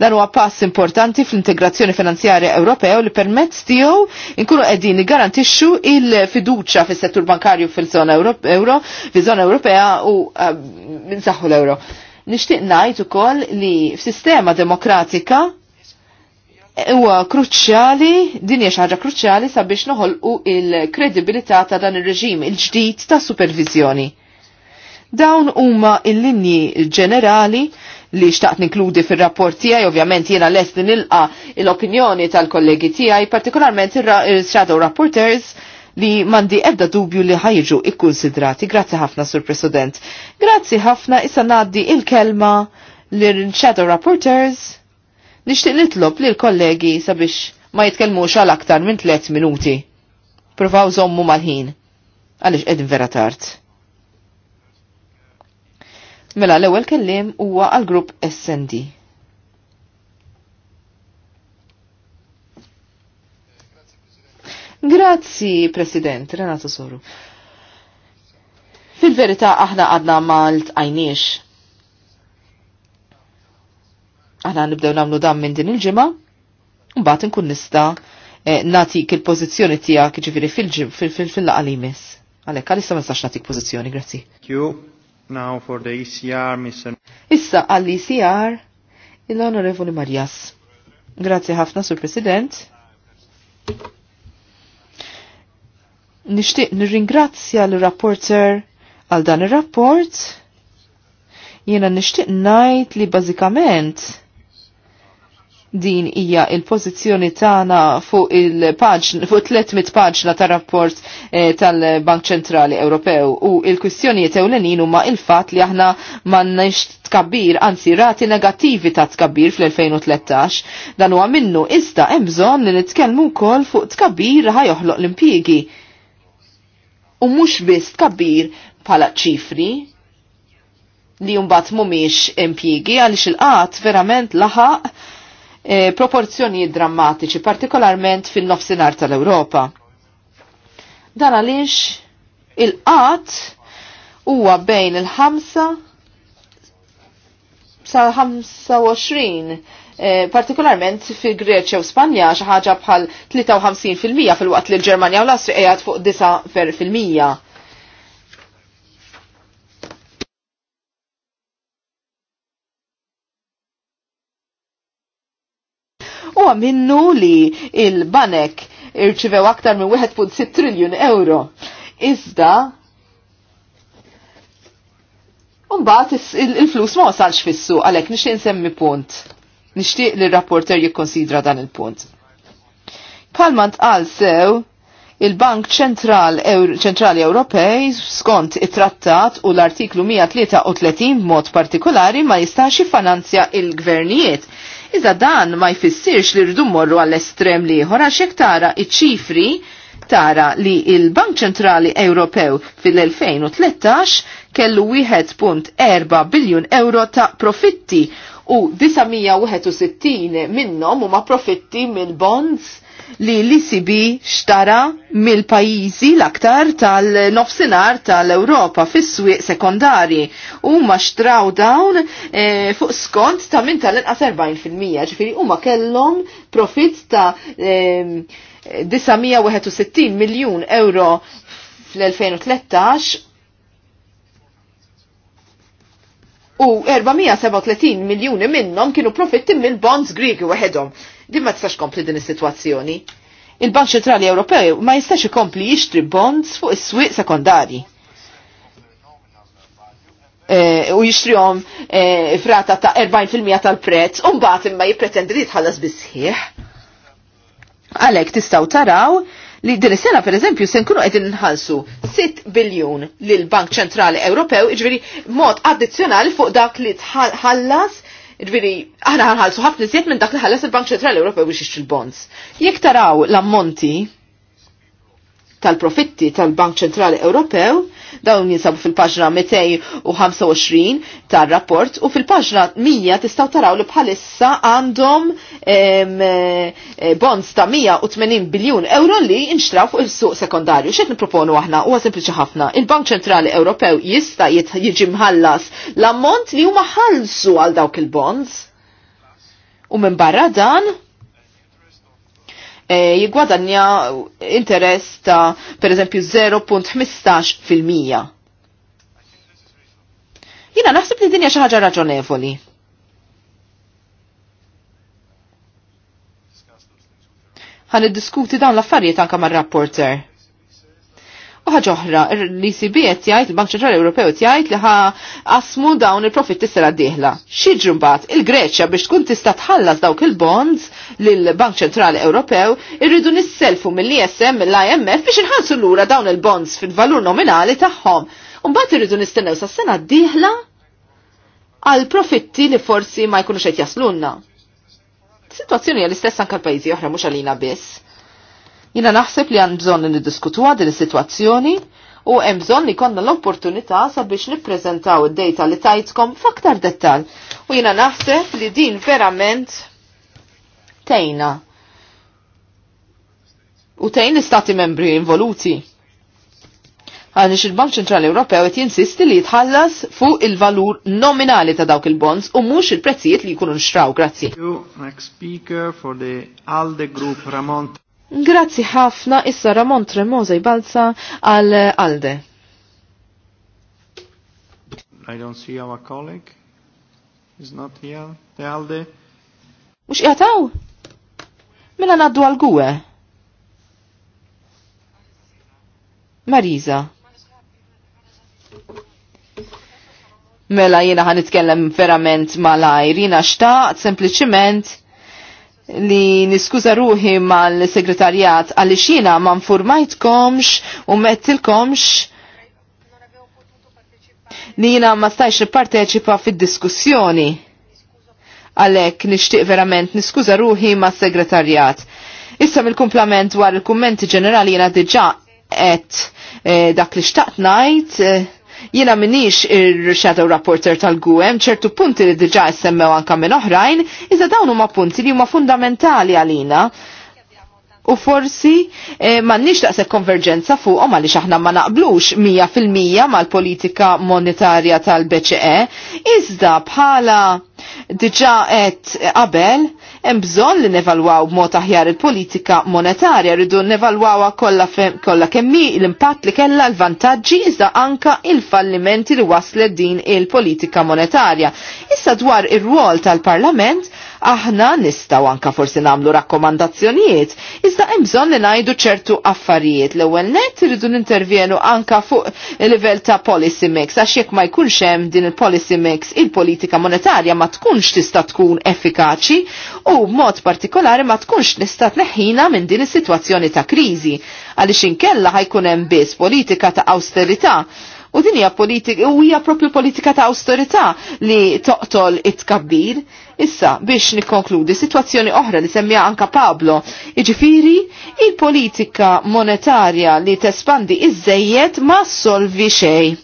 Dan huwa pass importanti fl-integrazzjoni finanzjarja Ewropew li permezz tiegħu inkunu qegħdin garantixxu il-fiduċja fis-settur bankarju fil-żona euro, fil żona Ewropea u eh, minsaħħu l-euro. Nixtieq ngħid ukoll li f'sistema demokratika huwa kruċjali, din hija xi ħaġa kruċjali sabiex noħolqu il-kredibilità ta' dan ir-reġim il ġdid ta' supervizjoni. Dawn huma il-linji ġenerali li xtaqt ninkludi fil-rapport tiegħi, ovvjament jiena lest nilqa l-opinjoni tal-kollegi tiegħi, partikolarment il-Shadow Rapporters li mandi ebda dubju li ħajġu ikkonsidrati. Grazzi ħafna, Sur President. Grazzi ħafna, issa naddi il-kelma l-Shadow Rapporters. Nixtieq nitlob li l-kollegi sabiex ma jitkellmux għal aktar minn tlet minuti. Provaw żommu mal-ħin. Għaliex edin vera tard. Mela l-ewwel kelliem huwa għall grupp SND. Grazzi, President, Renato Soru. Fil-verità aħna għadna ma l Aħna nibdew nagħmlu dan minn din il-ġimgħa, mbagħad inkun nista' eh, natik il-pożizzjoni tiegħek ġifieri fil-laqgħa li jmiss. Għalhekk għalissa ma nistax natik pożizzjoni, grazzi. Now for the ECR, Mr. Issa għall-ECR, il-Onorevoli Marjas. Grazzi ħafna, Sur President. Nishtiq nirringrazzja l-rapporter għal dan ir rapport Jena nishtiq najt li bażikament din hija il-pożizzjoni tagħna fuq il-paġna fuq 300 paġna ta' rapport eh, tal-Bank Ċentrali Ewropew u il-kwistjonijiet ewlenin huma il-fatt li aħna m'għandniex tkabbir, anzi rati negattivi ta' tkabbir fl-2013. Dan huwa minnu iżda hemm bżonn li nitkellmu wkoll fuq tkabbir joħloq l-impjiegi. U mhux biss tkabbir bħala ċifri, li jumbat mumiex impjigi għalix il-qat verament laħaq E, proporzjonijiet drammatiċi, partikolarment fin-nofsinhar tal-Ewropa. Dan għaliex il-qat huwa bejn il-5 sa 25 eh, partikolarment fil Greċja u Spanja xi ħaġa bħal 53% fil-waqt li l-Ġermanja u l-Austria fuq 9%. huwa minnu li il-banek irċivew aktar minn 1.6 triljun euro. Iżda Umbat il-flus ma wasalx fissu għalhekk nixtieq nsemmi punt. Nixtieq li rapporter jikkonsidra dan il-punt. Palma ntqal sew il-Bank Ċentrali Ewropej skont it-trattat u l-artiklu 133 mod partikolari ma jistax finanzja il-gvernijiet Iżda dan ma jfissirx li rridu morru għall-estrem li għax xek tara iċ-ċifri tara li il-Bank Ċentrali Ewropew fil-2013 kellu 1.4 biljun euro ta' profitti u 961 minnhom huma profitti mill bonds li l-ICB xtara mill-pajizi l-aktar tal-nofsinar tal-Europa fis-swieq sekondari u ma xtraw dawn e, fuq skont ta' minn tal-inqas 40% ġifiri u ma kellhom profit ta' e, ehm, 961 miljun euro fl-2013 u 437 miljoni minnom kienu profitti mill-bonds Greki waħedhom. Din ma tistax kompli din is-sitwazzjoni. Il-Bank Ċentrali Ewropew ma jistax ikompli jixtri bonds fuq is-swieq sekondarji. E, u jixtrihom e, frata ta' 40% tal-prezz, u mbagħad imma jippretendi li tħallas bisħieħ. Għalhekk tistgħu taraw li din is-sena pereżempju se nkunu qegħdin nħallsu 6 biljun lil Bank Ċentrali Ewropew, jiġifieri mod addizzjonali fuq dak li tħallas Ġviri, aħna ħanħalsu ħafna iżjed minn dak li ħalles il-Bank Ċentrali Ewropew biex jixtri l-bonds. Jekk taraw l-ammonti tal-profitti tal-Bank Ċentrali Ewropew, Dawn jinsabu fil-paġna 225 tar-rapport u fil-paġna 100 tistaw taraw li bħalissa għandhom eh, bonds ta' 180 biljun euro li inxtraw fuq il-suq sekondarju. X'qed nipproponu aħna huwa sempliċi ħafna. Il-Bank Ċentrali Ewropew jista' jiġi mħallas l-ammont li huma ħallsu għal dawk il-bonds. U minn barra dan, E, jigwadanja interess ta' per eżempju 0.15%. Jina naħseb li dinja xi ħaġa Għan id-diskuti dawn l-affarijiet anke mar-rapporter. U ħaġa oħra, l-ECB jtjajt, jgħid il-Bank Ċentrali Ewropew jtjajt li ħa dawn il-profitti sera d-dieħla. X'jiġri mbagħad il-Greċja biex tkun tista' tħallas dawk il-bonds lill-Bank Ċentrali Ewropew irridu nisselfu mill-ISM l-IMF biex inħallsu lura dawn il-bonds fil-valur nominali tagħhom. Mbagħad irridu nistennew sas-sena d-dieħla għal profitti li forsi ma jkunux qed jaslunna. Situazzjoni għal-istess anka l-pajjiżi oħra mhux għalina biss Jina naħseb li għan bżon li niddiskutu din is-sitwazzjoni u hemm bżonn li konna l-opportunità sabiex nippreżentaw id-dejta li tajtkom f'aktar dettal. U jina naħseb li din verament tejna. U tejn l-istati membri involuti. Għanix il-Bank Ċentral Ewropew qed jinsisti li jitħallas fuq il-valur nominali ta' dawk il-bonds u mhux il-prezzijiet li jkunu nxtraw. Grazzi. Grazzi ħafna issa Ramon Tremosa Balza għal Alde. I don't see our colleague. He's not here. The Alde. Mux jgħataw? Mela naddu għal gwe? Marisa. Mela jina ħan nitkellem verament mal-ajr, jina xtaqt sempliciment li niskuza ruħi mal-segretarjat għalli xina ma nfurmajtkomx u mettilkomx li jina ma stajx nipparteċipa fid-diskussjoni. Għalek nishtiq verament niskuza ruħi ma segretarjat. Issa mill-kumplament dwar il-kummenti ġenerali jina diġa et eh, dak li xtaqt najt. Eh, Jina minix il-shadow rapporter tal-GUEM, ċertu punti li diġa semmew anka minn oħrajn, iżda dawn huma punti li huma fundamentali għalina u forsi eh, ma nix taqseb konverġenza fuq ma li aħna ma naqblux 100% mal-politika monetarja tal-BCE, iżda bħala diġa qed qabel hemm bżonn li nevalwaw b'mod aħjar il-politika monetarja rridu nevalwawha kollha kollha kemm l-impatt li kellha l-vantaġġi iżda anka il-fallimenti li waslet din il-politika monetarja. Issa dwar ir-rwol tal-Parlament Aħna nistaw anka forsi namlu rakkomandazzjonijiet, iżda hemm bżonn li ngħidu ċertu affarijiet. L-ewwel net rridu nintervjenu anka fuq il-livell ta' policy mix għax jekk ma jkunx hemm din il-policy mix, il-politika monetarja ma tkunx tista' tkun effikaċi u b'mod partikolari ma tkunx nista' tneħħina minn din is-sitwazzjoni ta' kriżi għaliex inkella ħajkun hemm biss politika ta' austerità U din hija politika u hija propju politika ta' austerità li toqtol it-tkabbir. Issa biex nikkonkludi situazzjoni oħra li semmija anka Pablo, iġifiri il-politika monetarja li tespandi iż ma solvi xej.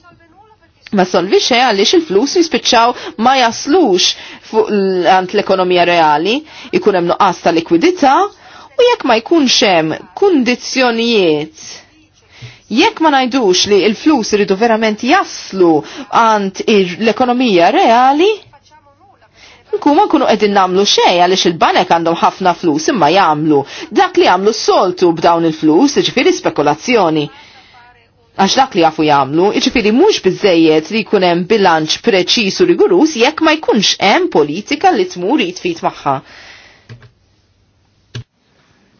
Ma solvi xej għaliex il-flus jispiċċaw ma jaslux fuq l-ekonomija reali, ikun hemm nuqqas ta' likwidità u jekk ma jkunx hemm kundizzjonijiet Jekk ma najdux li il-flus iridu verament jaslu għand l-ekonomija reali, nkuma nkunu edin nagħmlu xej għaliex il-banek għandhom ħafna flus imma jagħmlu dak li jagħmlu s-soltu b'dawn il-flus, jiġifieri spekulazzjoni. Għax dak li jafu jagħmlu, jiġifieri mhux bizzejiet li jkun hemm bilanċ preċiż u rigurus jekk ma jkunx hemm politika li tmur jitfit magħha.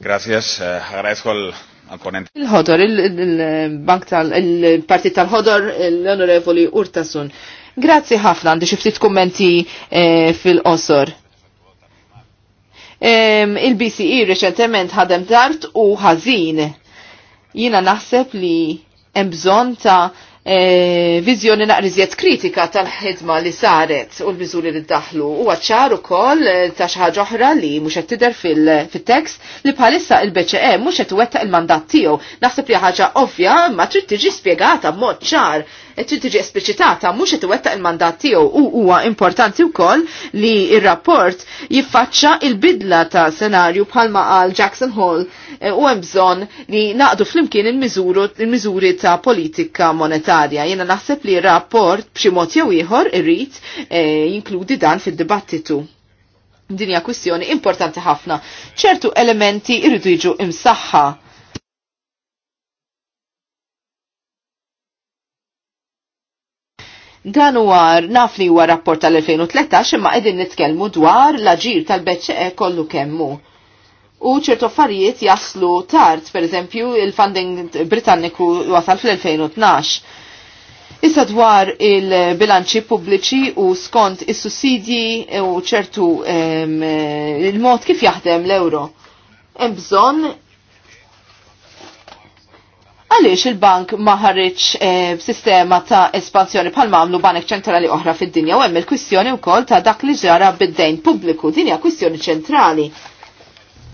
Gracias, eh, agradezco el Il-ħodor, il-bank tal, il-partit tal-ħodor, l-onorevoli Urtasun. Grazzi ħafna għandi xi ftit kummenti eh, fil-qosor. Il-BCE reċentement ħadem tard u ħażin. Jina naħseb li hemm bżonn ta' E, vizjoni naqriżiet kritika tal-ħidma li saret u l-miżuri li daħlu u għacċar u koll e, ta' xaħġa oħra li mux qed tidher fil-tekst li bħalissa il-BCE mux qed wettaq il-mandat tiegħu. Naħseb li ħaġa ovvja ma trid tiġi spjegata ċar trid tiġi espliċitata mhux qed iwettaq il-mandat tiegħu u huwa importanti wkoll li r-rapport jiffaċċa il-bidla ta' senarju bħalma qal Jackson Hall e, u hemm bżonn li naqdu flimkien il-miżuri ta' politika monetarja. Jiena naħseb li r-rapport b'xi mod jew ieħor irrid e, jinkludi dan fid-dibattitu dinja kwistjoni importanti ħafna. ċertu elementi irridu jiġu imsaħħa Dan war nafni huwa rapport tal-2013 imma qegħdin nitkellmu dwar l-aġir tal-BCE kollu kemmu. U ċertu affarijiet jaslu tard, per eżempju, il-funding Britanniku wasal fl-2012. Issa dwar il-bilanċi pubbliċi u skont is-sussidji u ċertu il-mod kif jaħdem l-euro. Hemm bżonn għaliex il-bank ma eh, sistema ta' espansjoni bħal għamlu banek ċentrali oħra fid-dinja u hemm il-kwistjoni wkoll ta' dak li ġara bid-dejn pubbliku. Din hija kwistjoni ċentrali.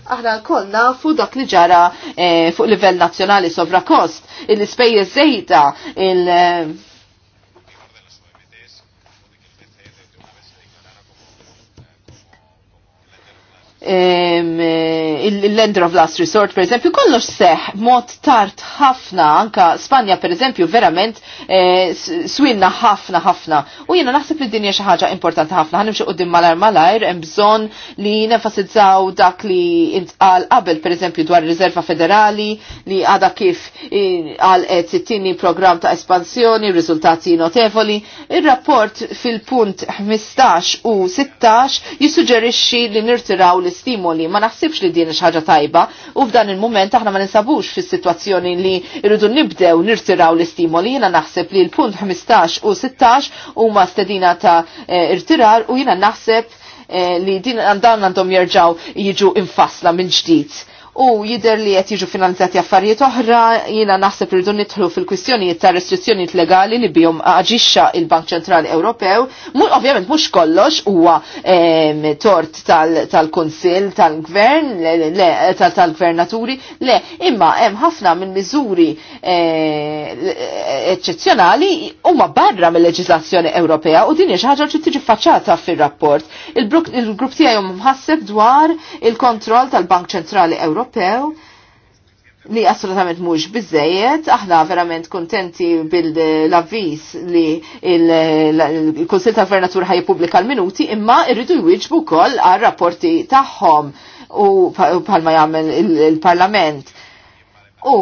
Aħna l nafu dak li ġara eh, fuq livell nazzjonali sovra kost, il-ispejjeż żejda, il-, -il Eh, il-lender of last resort, per eżempju, kollox seħ mod tart ħafna, anka Spanja, per eżempju, verament eh, swinna ħafna ħafna. U jena naħseb li dinja xi ħaġa importanti ħafna, ħanimxu qudiem malajr malajr, hemm bżonn li nefasizzaw dak li intqal qabel, per eżempju, dwar riserva federali, li għada kif għal qed it-tieni programm ta' espansjoni, riżultati notevoli. Ir-rapport fil-punt 15 u 16 jissuġġerixxi li nirtiraw li l Ma naħsibx li din ħaġa tajba u f'dan il-moment aħna ma ninsabux fis-sitwazzjoni li rridu nibdew nirtiraw l-istimoli. Jiena naħseb li l-punt 15 u 16 huma stedina ta' eh, irtirar u jiena naħseb eh, li din għandan għandhom jirġaw jiġu infasla minn ġdid u jider li qed jiġu finanzjati affarijiet oħra, jiena naħseb irridu nidħlu fil-kwistjonijiet ta' restrizzjonijiet legali li bihom aġixxa il-Bank Ċentrali Ewropew, ovvjament mhux kollox huwa ehm, tort tal-Kunsill, tal-Gvern, tal-Gvernaturi, le, imma hemm ħafna minn miżuri eh, eċċezzjonali huma barra mill-leġiżlazzjoni Ewropea u din hija xi ħaġa li tiġi faċċata fir-rapport. Il-grupp tiegħi mħasseb dwar il-kontroll tal-Bank Ċentrali Ewropew Ewropew li assolutament mhux biżejjed, aħna verament kontenti bil-avviż li il-Kunsil ta' Gvernatur ħaj pubblika l-minuti, imma irridu jwieġbu wkoll għar-rapporti tagħhom u bħalma jagħmel il-Parlament. U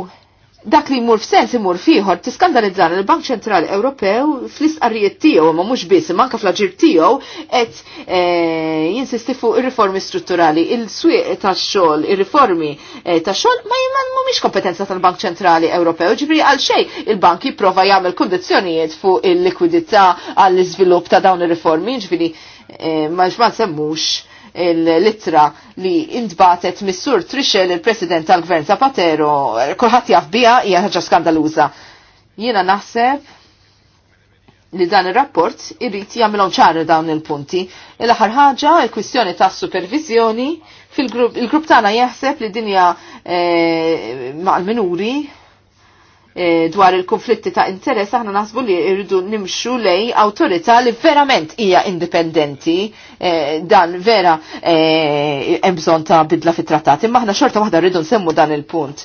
dak li jmur f'sens imur fiħor tiskandalizzar il-Bank Ċentrali Ewropew fl-istqarrijiet tiegħu ma mhux biss imma anke fl-aġir tiegħu qed eh, jinsisti fuq ir-riformi strutturali, il-swieq tax-xogħol, ir-riformi eh, tax-xogħol ma mhumiex kompetenza tal-Bank Ċentrali Ewropew, ġifieri għal xejn il-bank jipprova jagħmel kundizzjonijiet fuq il-likwidità għall-iżvilupp ta' dawn ir-riformi, ġifieri eh, ma ġman semmux l-litra li intbatet mis-sur Trixel il-President tal-Gvern Zapatero, kulħadd jaf biha hija ħaġa skandaluża. Jiena naħseb li dan ir-rapport irrid jagħmilhom ċara dawn il-punti. Il-aħħar ħaġa l-kwistjoni tas-supervizjoni fil-grupp il-grupp tagħna jaħseb li dinja eh, mal-minuri E, dwar il-konflitti ta' interess aħna naħsbu li irridu nimxu lej autorità li verament hija indipendenti e, dan vera e, hemm bżonn ta' bidla fit-trattat. Imma aħna xorta waħda rridu nsemmu dan il-punt.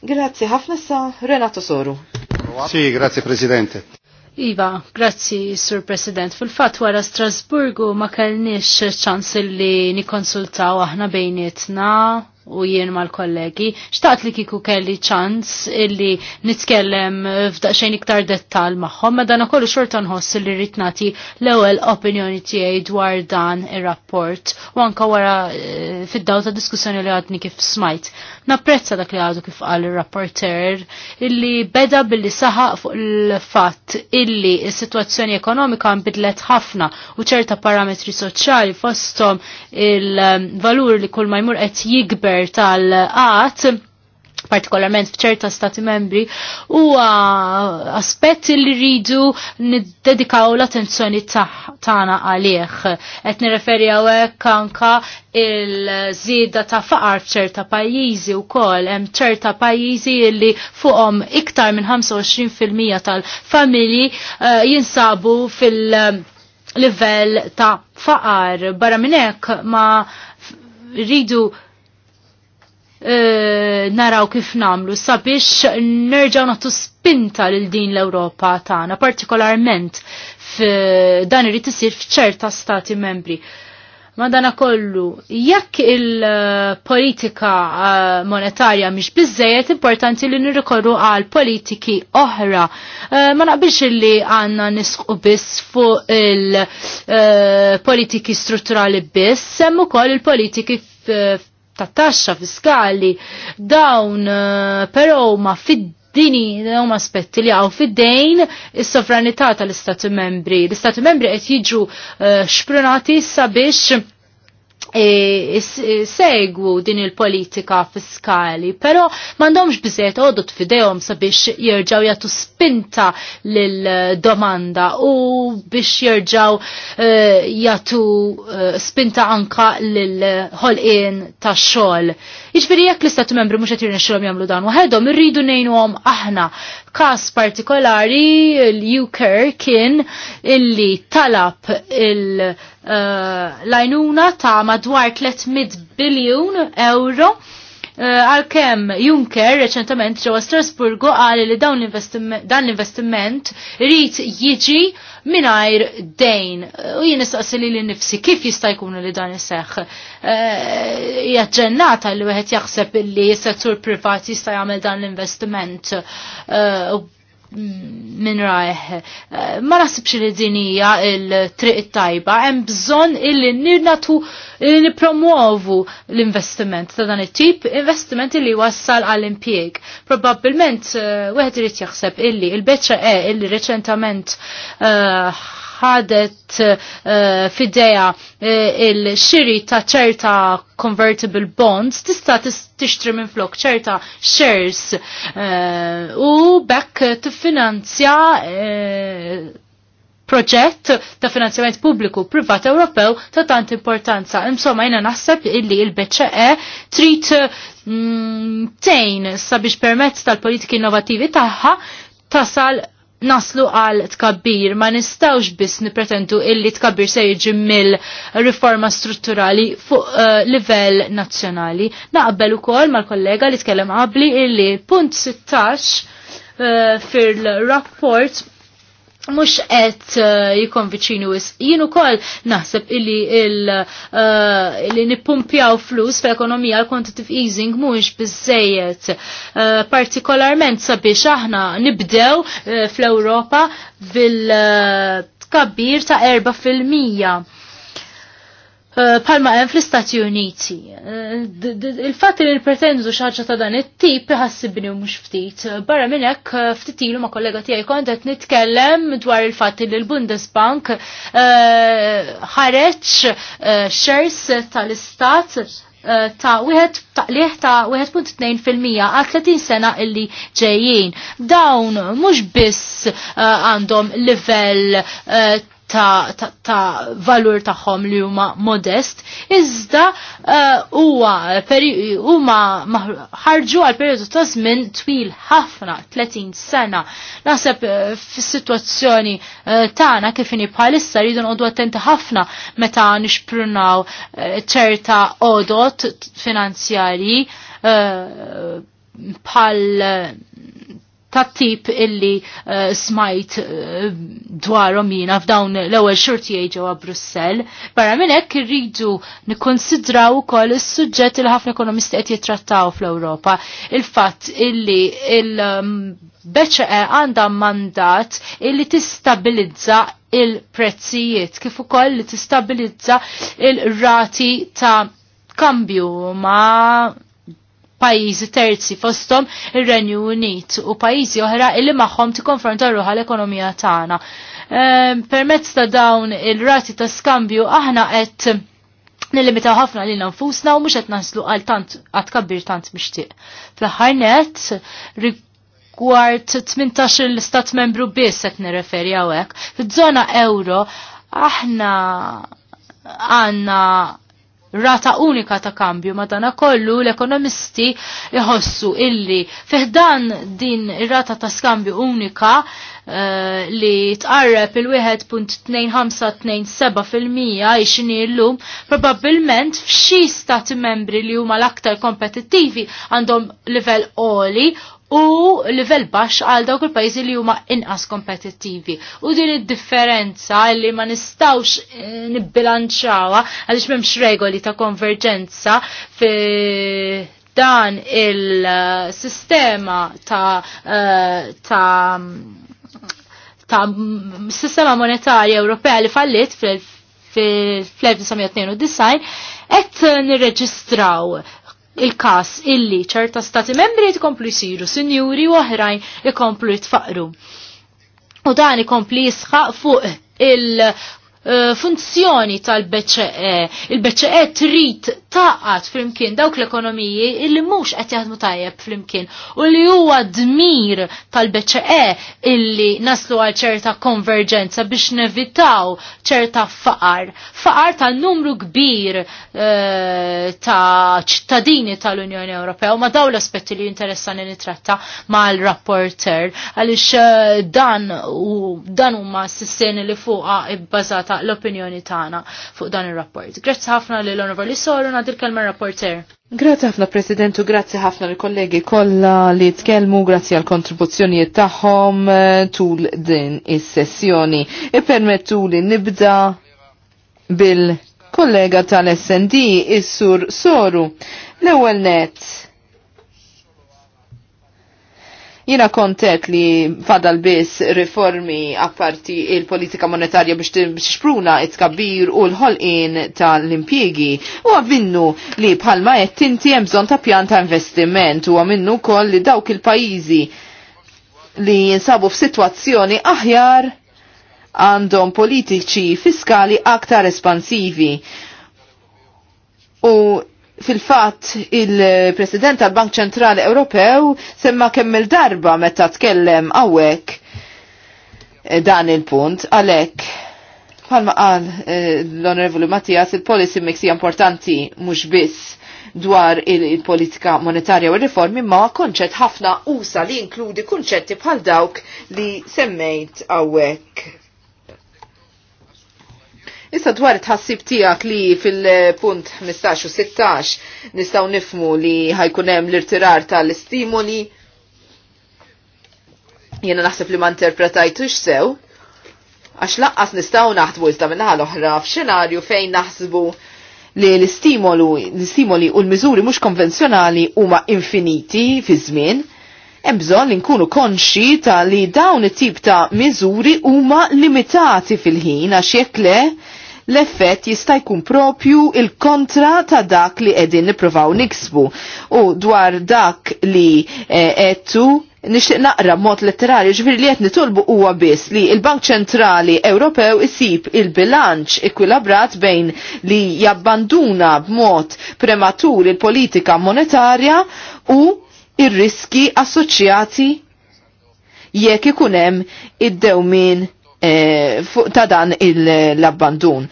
Grazzi ħafna sa Renato Soru. Sì, grazie Presidente. Iva, grazzi Sur President. Fil-fat wara Strasburgu ma kellniex ċans li nikonsultaw aħna bejnietna u jien mal-kollegi. Xtaqt li kiku kelli ċans illi nitkellem f'daqxajn iktar dettal magħhom, ma dan kollu xorta nħoss li rrid nagħti l-ewwel opinjoni tiegħi dwar dan ir-rapport u anke wara eh, fid-daw ta' diskussjoni li għadni kif smajt. Napprezza dak li għadu kif qal ir-rapporter illi beda billi saħaq fuq il-fatt illi s-sitwazzjoni ekonomika nbidlet ħafna u ċerta parametri soċjali fosthom il-valur li kull majmur jmur qed jikber tal għat partikolarment f'ċerta stati membri, huwa aspetti li rridu niddedikaw l-attenzjoni tagħna għalih. Qed nireferi għawek anka il zida ta' faqar f'ċerta pajjiżi wkoll hemm ċerta pajjiżi li fuqhom iktar minn 25% tal-familji eh, jinsabu fil-livell eh, ta' faqar. Barra minn hekk ma rridu Eh, naraw kif namlu sabiex nerġaw nagħtu spinta lil din l-Ewropa tagħna, partikolarment f'dan irid isir f'ċerta stati membri. Madana kollu, jekk il-politika eh, monetarja mhix biżejjed importanti li nirrikorru għal politiki oħra. Eh, ma naqbilx li għandna nisqu biss fuq il-politiki strutturali biss, hemm ukoll il-politiki ta' taxxa fiskali dawn eh, però ma fid dini huma aspetti li għaw fid-dejn is-sovranità tal-Istati membri. L-Istati membri qed jiġu uh, xprunati sabiex E, e, segwu din il-politika fiskali, pero mandomx bizet għodot fidejom sabiex jirġaw jatu spinta l-domanda u biex jirġaw e, jatu spinta anka l-ħolqin ta' xol. Jiġifieri jekk l-istat membri mhux qed xilom jagħmlu dan waħedhom irridu ngħinuhom aħna. kas partikolari l-Uker kien illi talab il- eh, lajnuna ta' madwar 300 biljun euro Eh, għalkemm Juncker reċentament ġewwa Strasburgu għal li dan l-investiment rrit jiġi mingħajr dejn. U jien nistaqsi li nifsi kif jista' li dan iseħħ. Eh, Jaġġennata li wieħed jaħseb li s-settur privat jista' jagħmel dan l-investiment eh, minn raħ. Eh, ma nasibx li dinija il-triq tajba, hemm bżonn illi nirnatu li nipromuovu l-investiment ta' dan it-tip, investiment illi wassal għall-impjeg. Probabbilment eh, wieħed irid jaħseb illi il-BCE illi reċentament eh, ħadet eh, fideja eh, il-xiri ta' ċerta convertible bonds tista' tixtri minn flok ċerta shares eh, u bekk tiffinanzja proġett ta' finanzjament pubbliku privat Ewropew ta' tant importanza. Insomma, jina naħseb illi il-BCE trid mm, tejn sabiex permezz tal-politiki innovativi tagħha tasal naslu għal tkabbir, ma nistawx biss nipretentu illi tkabbir se jiġi mill-riforma strutturali fuq uh, livell nazzjonali. Naqbel ukoll mal-kollega li tkellem qabli illi punt 16 uh, eh, fil-rapport mux qed uh, jikon viċinu wis. Jien ukoll naħseb illi uh, illi nippumpjaw flus fl-ekonomija l-quantitative easing mux bizzejet uh, Partikolarment sabiex aħna nibdew fl-Ewropa fil tkabbir ta' 4 fil-mija Eh, palma hemm fl-Istati Uniti. Eh, il-fatt li nippretendu xaġa ta' dan it-tip ħassibni mhux ftit. Eh, barra minn hekk ftit ilu ma' kollega tiegħi kont qed nitkellem dwar il-fatt li l-Bundesbank ħareġ shares tal-istat ta' wieħed taqliħ ta' 1.2% għal 30 sena illi ġejjin. Dawn mhux biss għandhom livell ta', ta, ta valur tagħhom li huma modest, iżda uh, huwa uh, huma ħarġu għal periodu ta' żmien twil ħafna 30 sena. Naħseb uh, fis-sitwazzjoni uh, tagħna kif inhi bħalissa rridu nqogħdu attenti ħafna meta nixprunaw uh, ċerta uh, odot finanzjarji uh, uh ta' tip illi uh, smajt uh, dwarhom jiena f'dawn l-ewwel xorti ġewwa Brussell. Barra minn hekk irridu nikkonsidraw ukoll is sujġet il ħafna ekonomisti qed jittrattaw fl-Ewropa. Il-fatt illi il mm, beċe għandha mandat illi tistabilizza il-prezzijiet kif ukoll li tistabilizza il-rati ta' kambju ma' pajjiżi terzi fostom ir-Renju Unit u pajjiżi oħra illi magħhom konfronta ruħa l-ekonomija tagħna. Um, Permezz ta' dawn il-rati ta' skambju aħna qed nillimitaw ħafna li nfusna u mhux qed naslu għal tant għad kabbir tant mixtieq. Fl-aħħar net rigward 18 l-istat membru biss qed nirreferi hawnhekk. Fiż-żona euro aħna għandna rata unika ta' kambju Madanakollu kollu l-ekonomisti jħossu illi fiħdan din rata ta' skambju unika eh, li tqarreb il-1.2527% jxini l-lum probabilment f'xi stati membri li huma l-aktar kompetittivi għandhom livell oli u livell baxx għal dawk il-pajjiżi li huma inqas kompetittivi. U din id-differenza li ma nistawx nibbilanċawa għaliex m'hemmx regoli ta' konverġenza fi dan il-sistema ta', ta ta' sistema monetarja Ewropea li fallit fl-1992 qed nirreġistraw il-kas illi ċerta stati membri jitkomplu jisiru sinjuri u oħrajn ikomplu jitfaqru. U dan ikompli jisħaq fuq il- Eh, funzjoni tal-BCE. Il-BCE trid taqat flimkien dawk l-ekonomiji illi mhux qed jaħdmu tajjeb flimkien u li huwa dmir tal-BCE illi naslu għal ċerta konverġenza biex nevitaw ċerta faqar. Faqar ta' numru kbir eh, ta' ċittadini tal-Unjoni Ewropea u ma daw l-aspetti li interessani nitratta mal-rapporter għaliex eh, dan u dan huma s-sisteni li fuqa ibbażata ta' l-opinjoni tagħna fuq dan ir-rapport. Grazzi ħafna lil onorevoli Soru ngħaddi kelma rapporter. Grazzi ħafna Presidentu, grazie ħafna lill kollegi kollha li tkellmu, grazzi għal kontribuzzjonijiet tagħhom eh, tul din is-sessjoni. Ippermettu e li nibda bil-kollega tal-SND, is-sur Soru. L-ewwel net Jina kontet li fadal biss riformi apparti il-politika monetarja biex t-spruna it-kabbir u l-ħolqin tal impiegi u għavinnu li bħalma jettinti jemżon ta' pjan ta' investiment u għavinnu koll li dawk il-pajizi li jinsabu f'sitwazzjoni aħjar għandhom politiċi fiskali aktar espansivi u Fil-fat, il-President tal-Bank Ċentrali Ewropew semma kemm il-darba meta tkellem għawek eh, dan il-punt, għalek Palma għal eh, l-Onorevoli Mattias, il-policy mix hija importanti mhux biss dwar il-politika monetarja u riformi ma konċett ħafna usa li inkludi kunċetti bħal dawk li semmejt għawek. Issa dwar tħassib tijak li fil-punt 15 u 16 nistaw nifmu li ħajkunem l-irtirar tal-istimoli. Jena naħseb li ma interpretajtux sew. Għax laqqas nistaw naħdbu iżda minna l-oħra f'xenarju fejn naħsbu li l-istimoli u l-miżuri mhux konvenzjonali huma infiniti fi żmien hemm bżonn li nkunu konxi ta' li dawn it-tip ta' miżuri huma limitati fil-ħin għax jekk le l-effett jista' jkun propju il-kontra ta' dak li qegħdin nippruvaw niksbu. U dwar dak li qedtu eh, nixtieq naqra mod letterari ġifieri li qed nitolbu huwa biss li l-Bank Ċentrali Ewropew isib il-bilanċ ekwilabrat bejn li jabbanduna b'mod prematur il-politika monetarja u ir-riski assoċjati jekk ikun hemm id-dewmin Eh, ta' dan l-abbandun.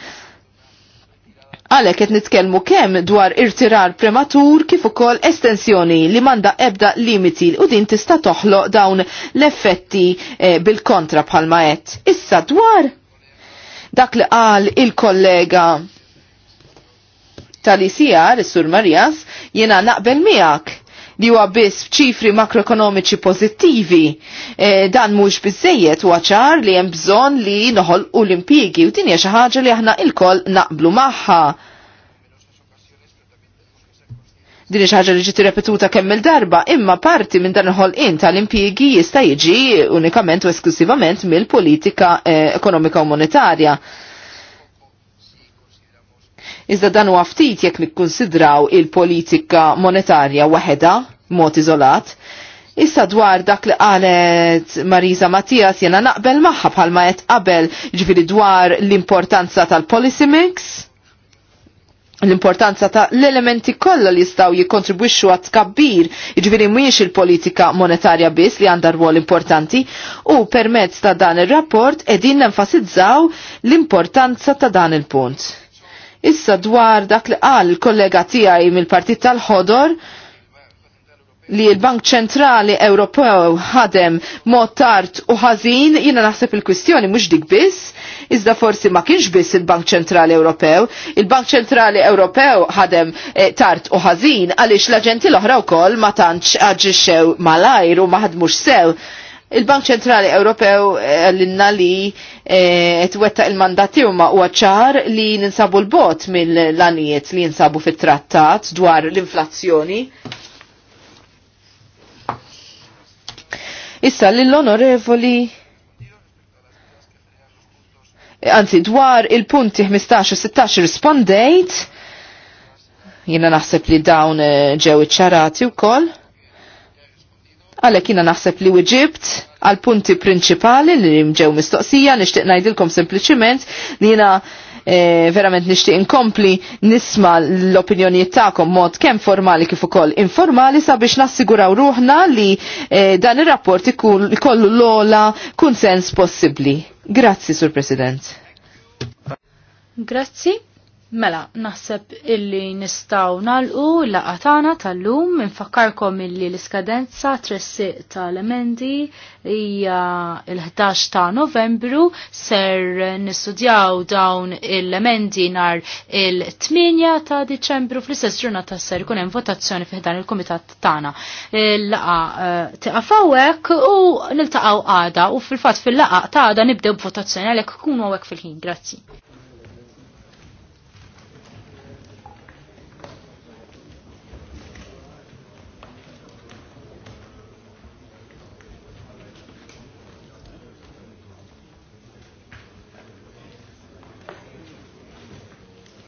Għalek qed nitkellmu kemm dwar irtirar prematur kif ukoll estensjoni li manda ebda limiti u din tista' toħloq dawn l-effetti eh, bil-kontra bħalma qed. Issa dwar dak li qal il-kollega tal-ICR, is-Sur Marjas, jiena naqbel miegħek li huwa biss ċifri makroekonomiċi pożittivi. E, dan mhux biżejjed huwa ċar li hemm bżonn li noħolqu l-impjiegi u din hija xi ħaġa li aħna lkoll naqblu magħha din ħaġa li ġiet irrepetuta kemm il-darba, imma parti minn dan il in tal-impjiegi jista' jiġi unikament u esklusivament mill-politika eh, ekonomika u monetarja. Iżda dan huwa ftit jekk nikkonsidraw il-politika monetarja waħedha mod iżolat. Issa dwar dak li qalet Marisa Mattias jena naqbel maħħa bħalma qed qabel ġifiri dwar l-importanza tal-policy mix, l-importanza ta' l-elementi kollha li jistaw jikkontribwixxu għat tkabbir, jiġifieri mhijiex il-politika monetarja biss li għandha rwol importanti, u permezz ta' dan ir-rapport qegħdin nenfasizzaw l-importanza ta' dan il-punt. Issa dwar dak li qal kollega tiegħi mill-Partit tal-Ħodor li l-Bank Ċentrali Ewropew ħadem mod tard u ħażin, jiena naħseb il-kwistjoni mhux dik biss, iżda forsi ma kienx biss il-Bank Ċentrali Ewropew. Il-Bank Ċentrali Ewropew ħadem eh, tard u ħażin għaliex l-aġenti l-oħra wkoll ma tantx aġixxew malajr u ma ħadmux sew. Il-Bank Ċentrali Ewropew eh, għallinna li twetta eh, il-mandati huma u ċar li ninsabu l-bot mill-lanijiet li ninsabu fit-trattat dwar l-inflazzjoni. Issa l-onorevoli anzi dwar il-punti 15 u 16 rispondejt jiena naħseb li dawn eh, ġew iċċarati wkoll. Għalek jina naħseb li wieġibt għal punti prinċipali li mġew mistoqsija, nishtiq najdilkom sempliciment li jina E, verament nishtiq inkompli nisma l-opinjonijiet tagħkom mod kemm formali kif ukoll informali sabiex nassiguraw ruħna li e, dan ir-rapport ikollu l-ola kunsens possibbli. Grazzi, Sur President. Grazzi. Mela, naħseb illi nistaw nalqu laqatana tal-lum, infakkarkom illi l-iskadenza tressi tal-emendi hija il-11 ta' novembru, ser nistudjaw dawn il-emendi nar il-8 ta' Diċembru fl-istess ġurnata ser kun hemm votazzjoni fih dan il-kumitat tagħna. Il-laqa eh, tiqa' u niltaqgħu għada u fil-fatt fil-laqa ta' għada nibdew b'votazzjoni għalhekk kun hawnhekk fil-ħin. Grazzi.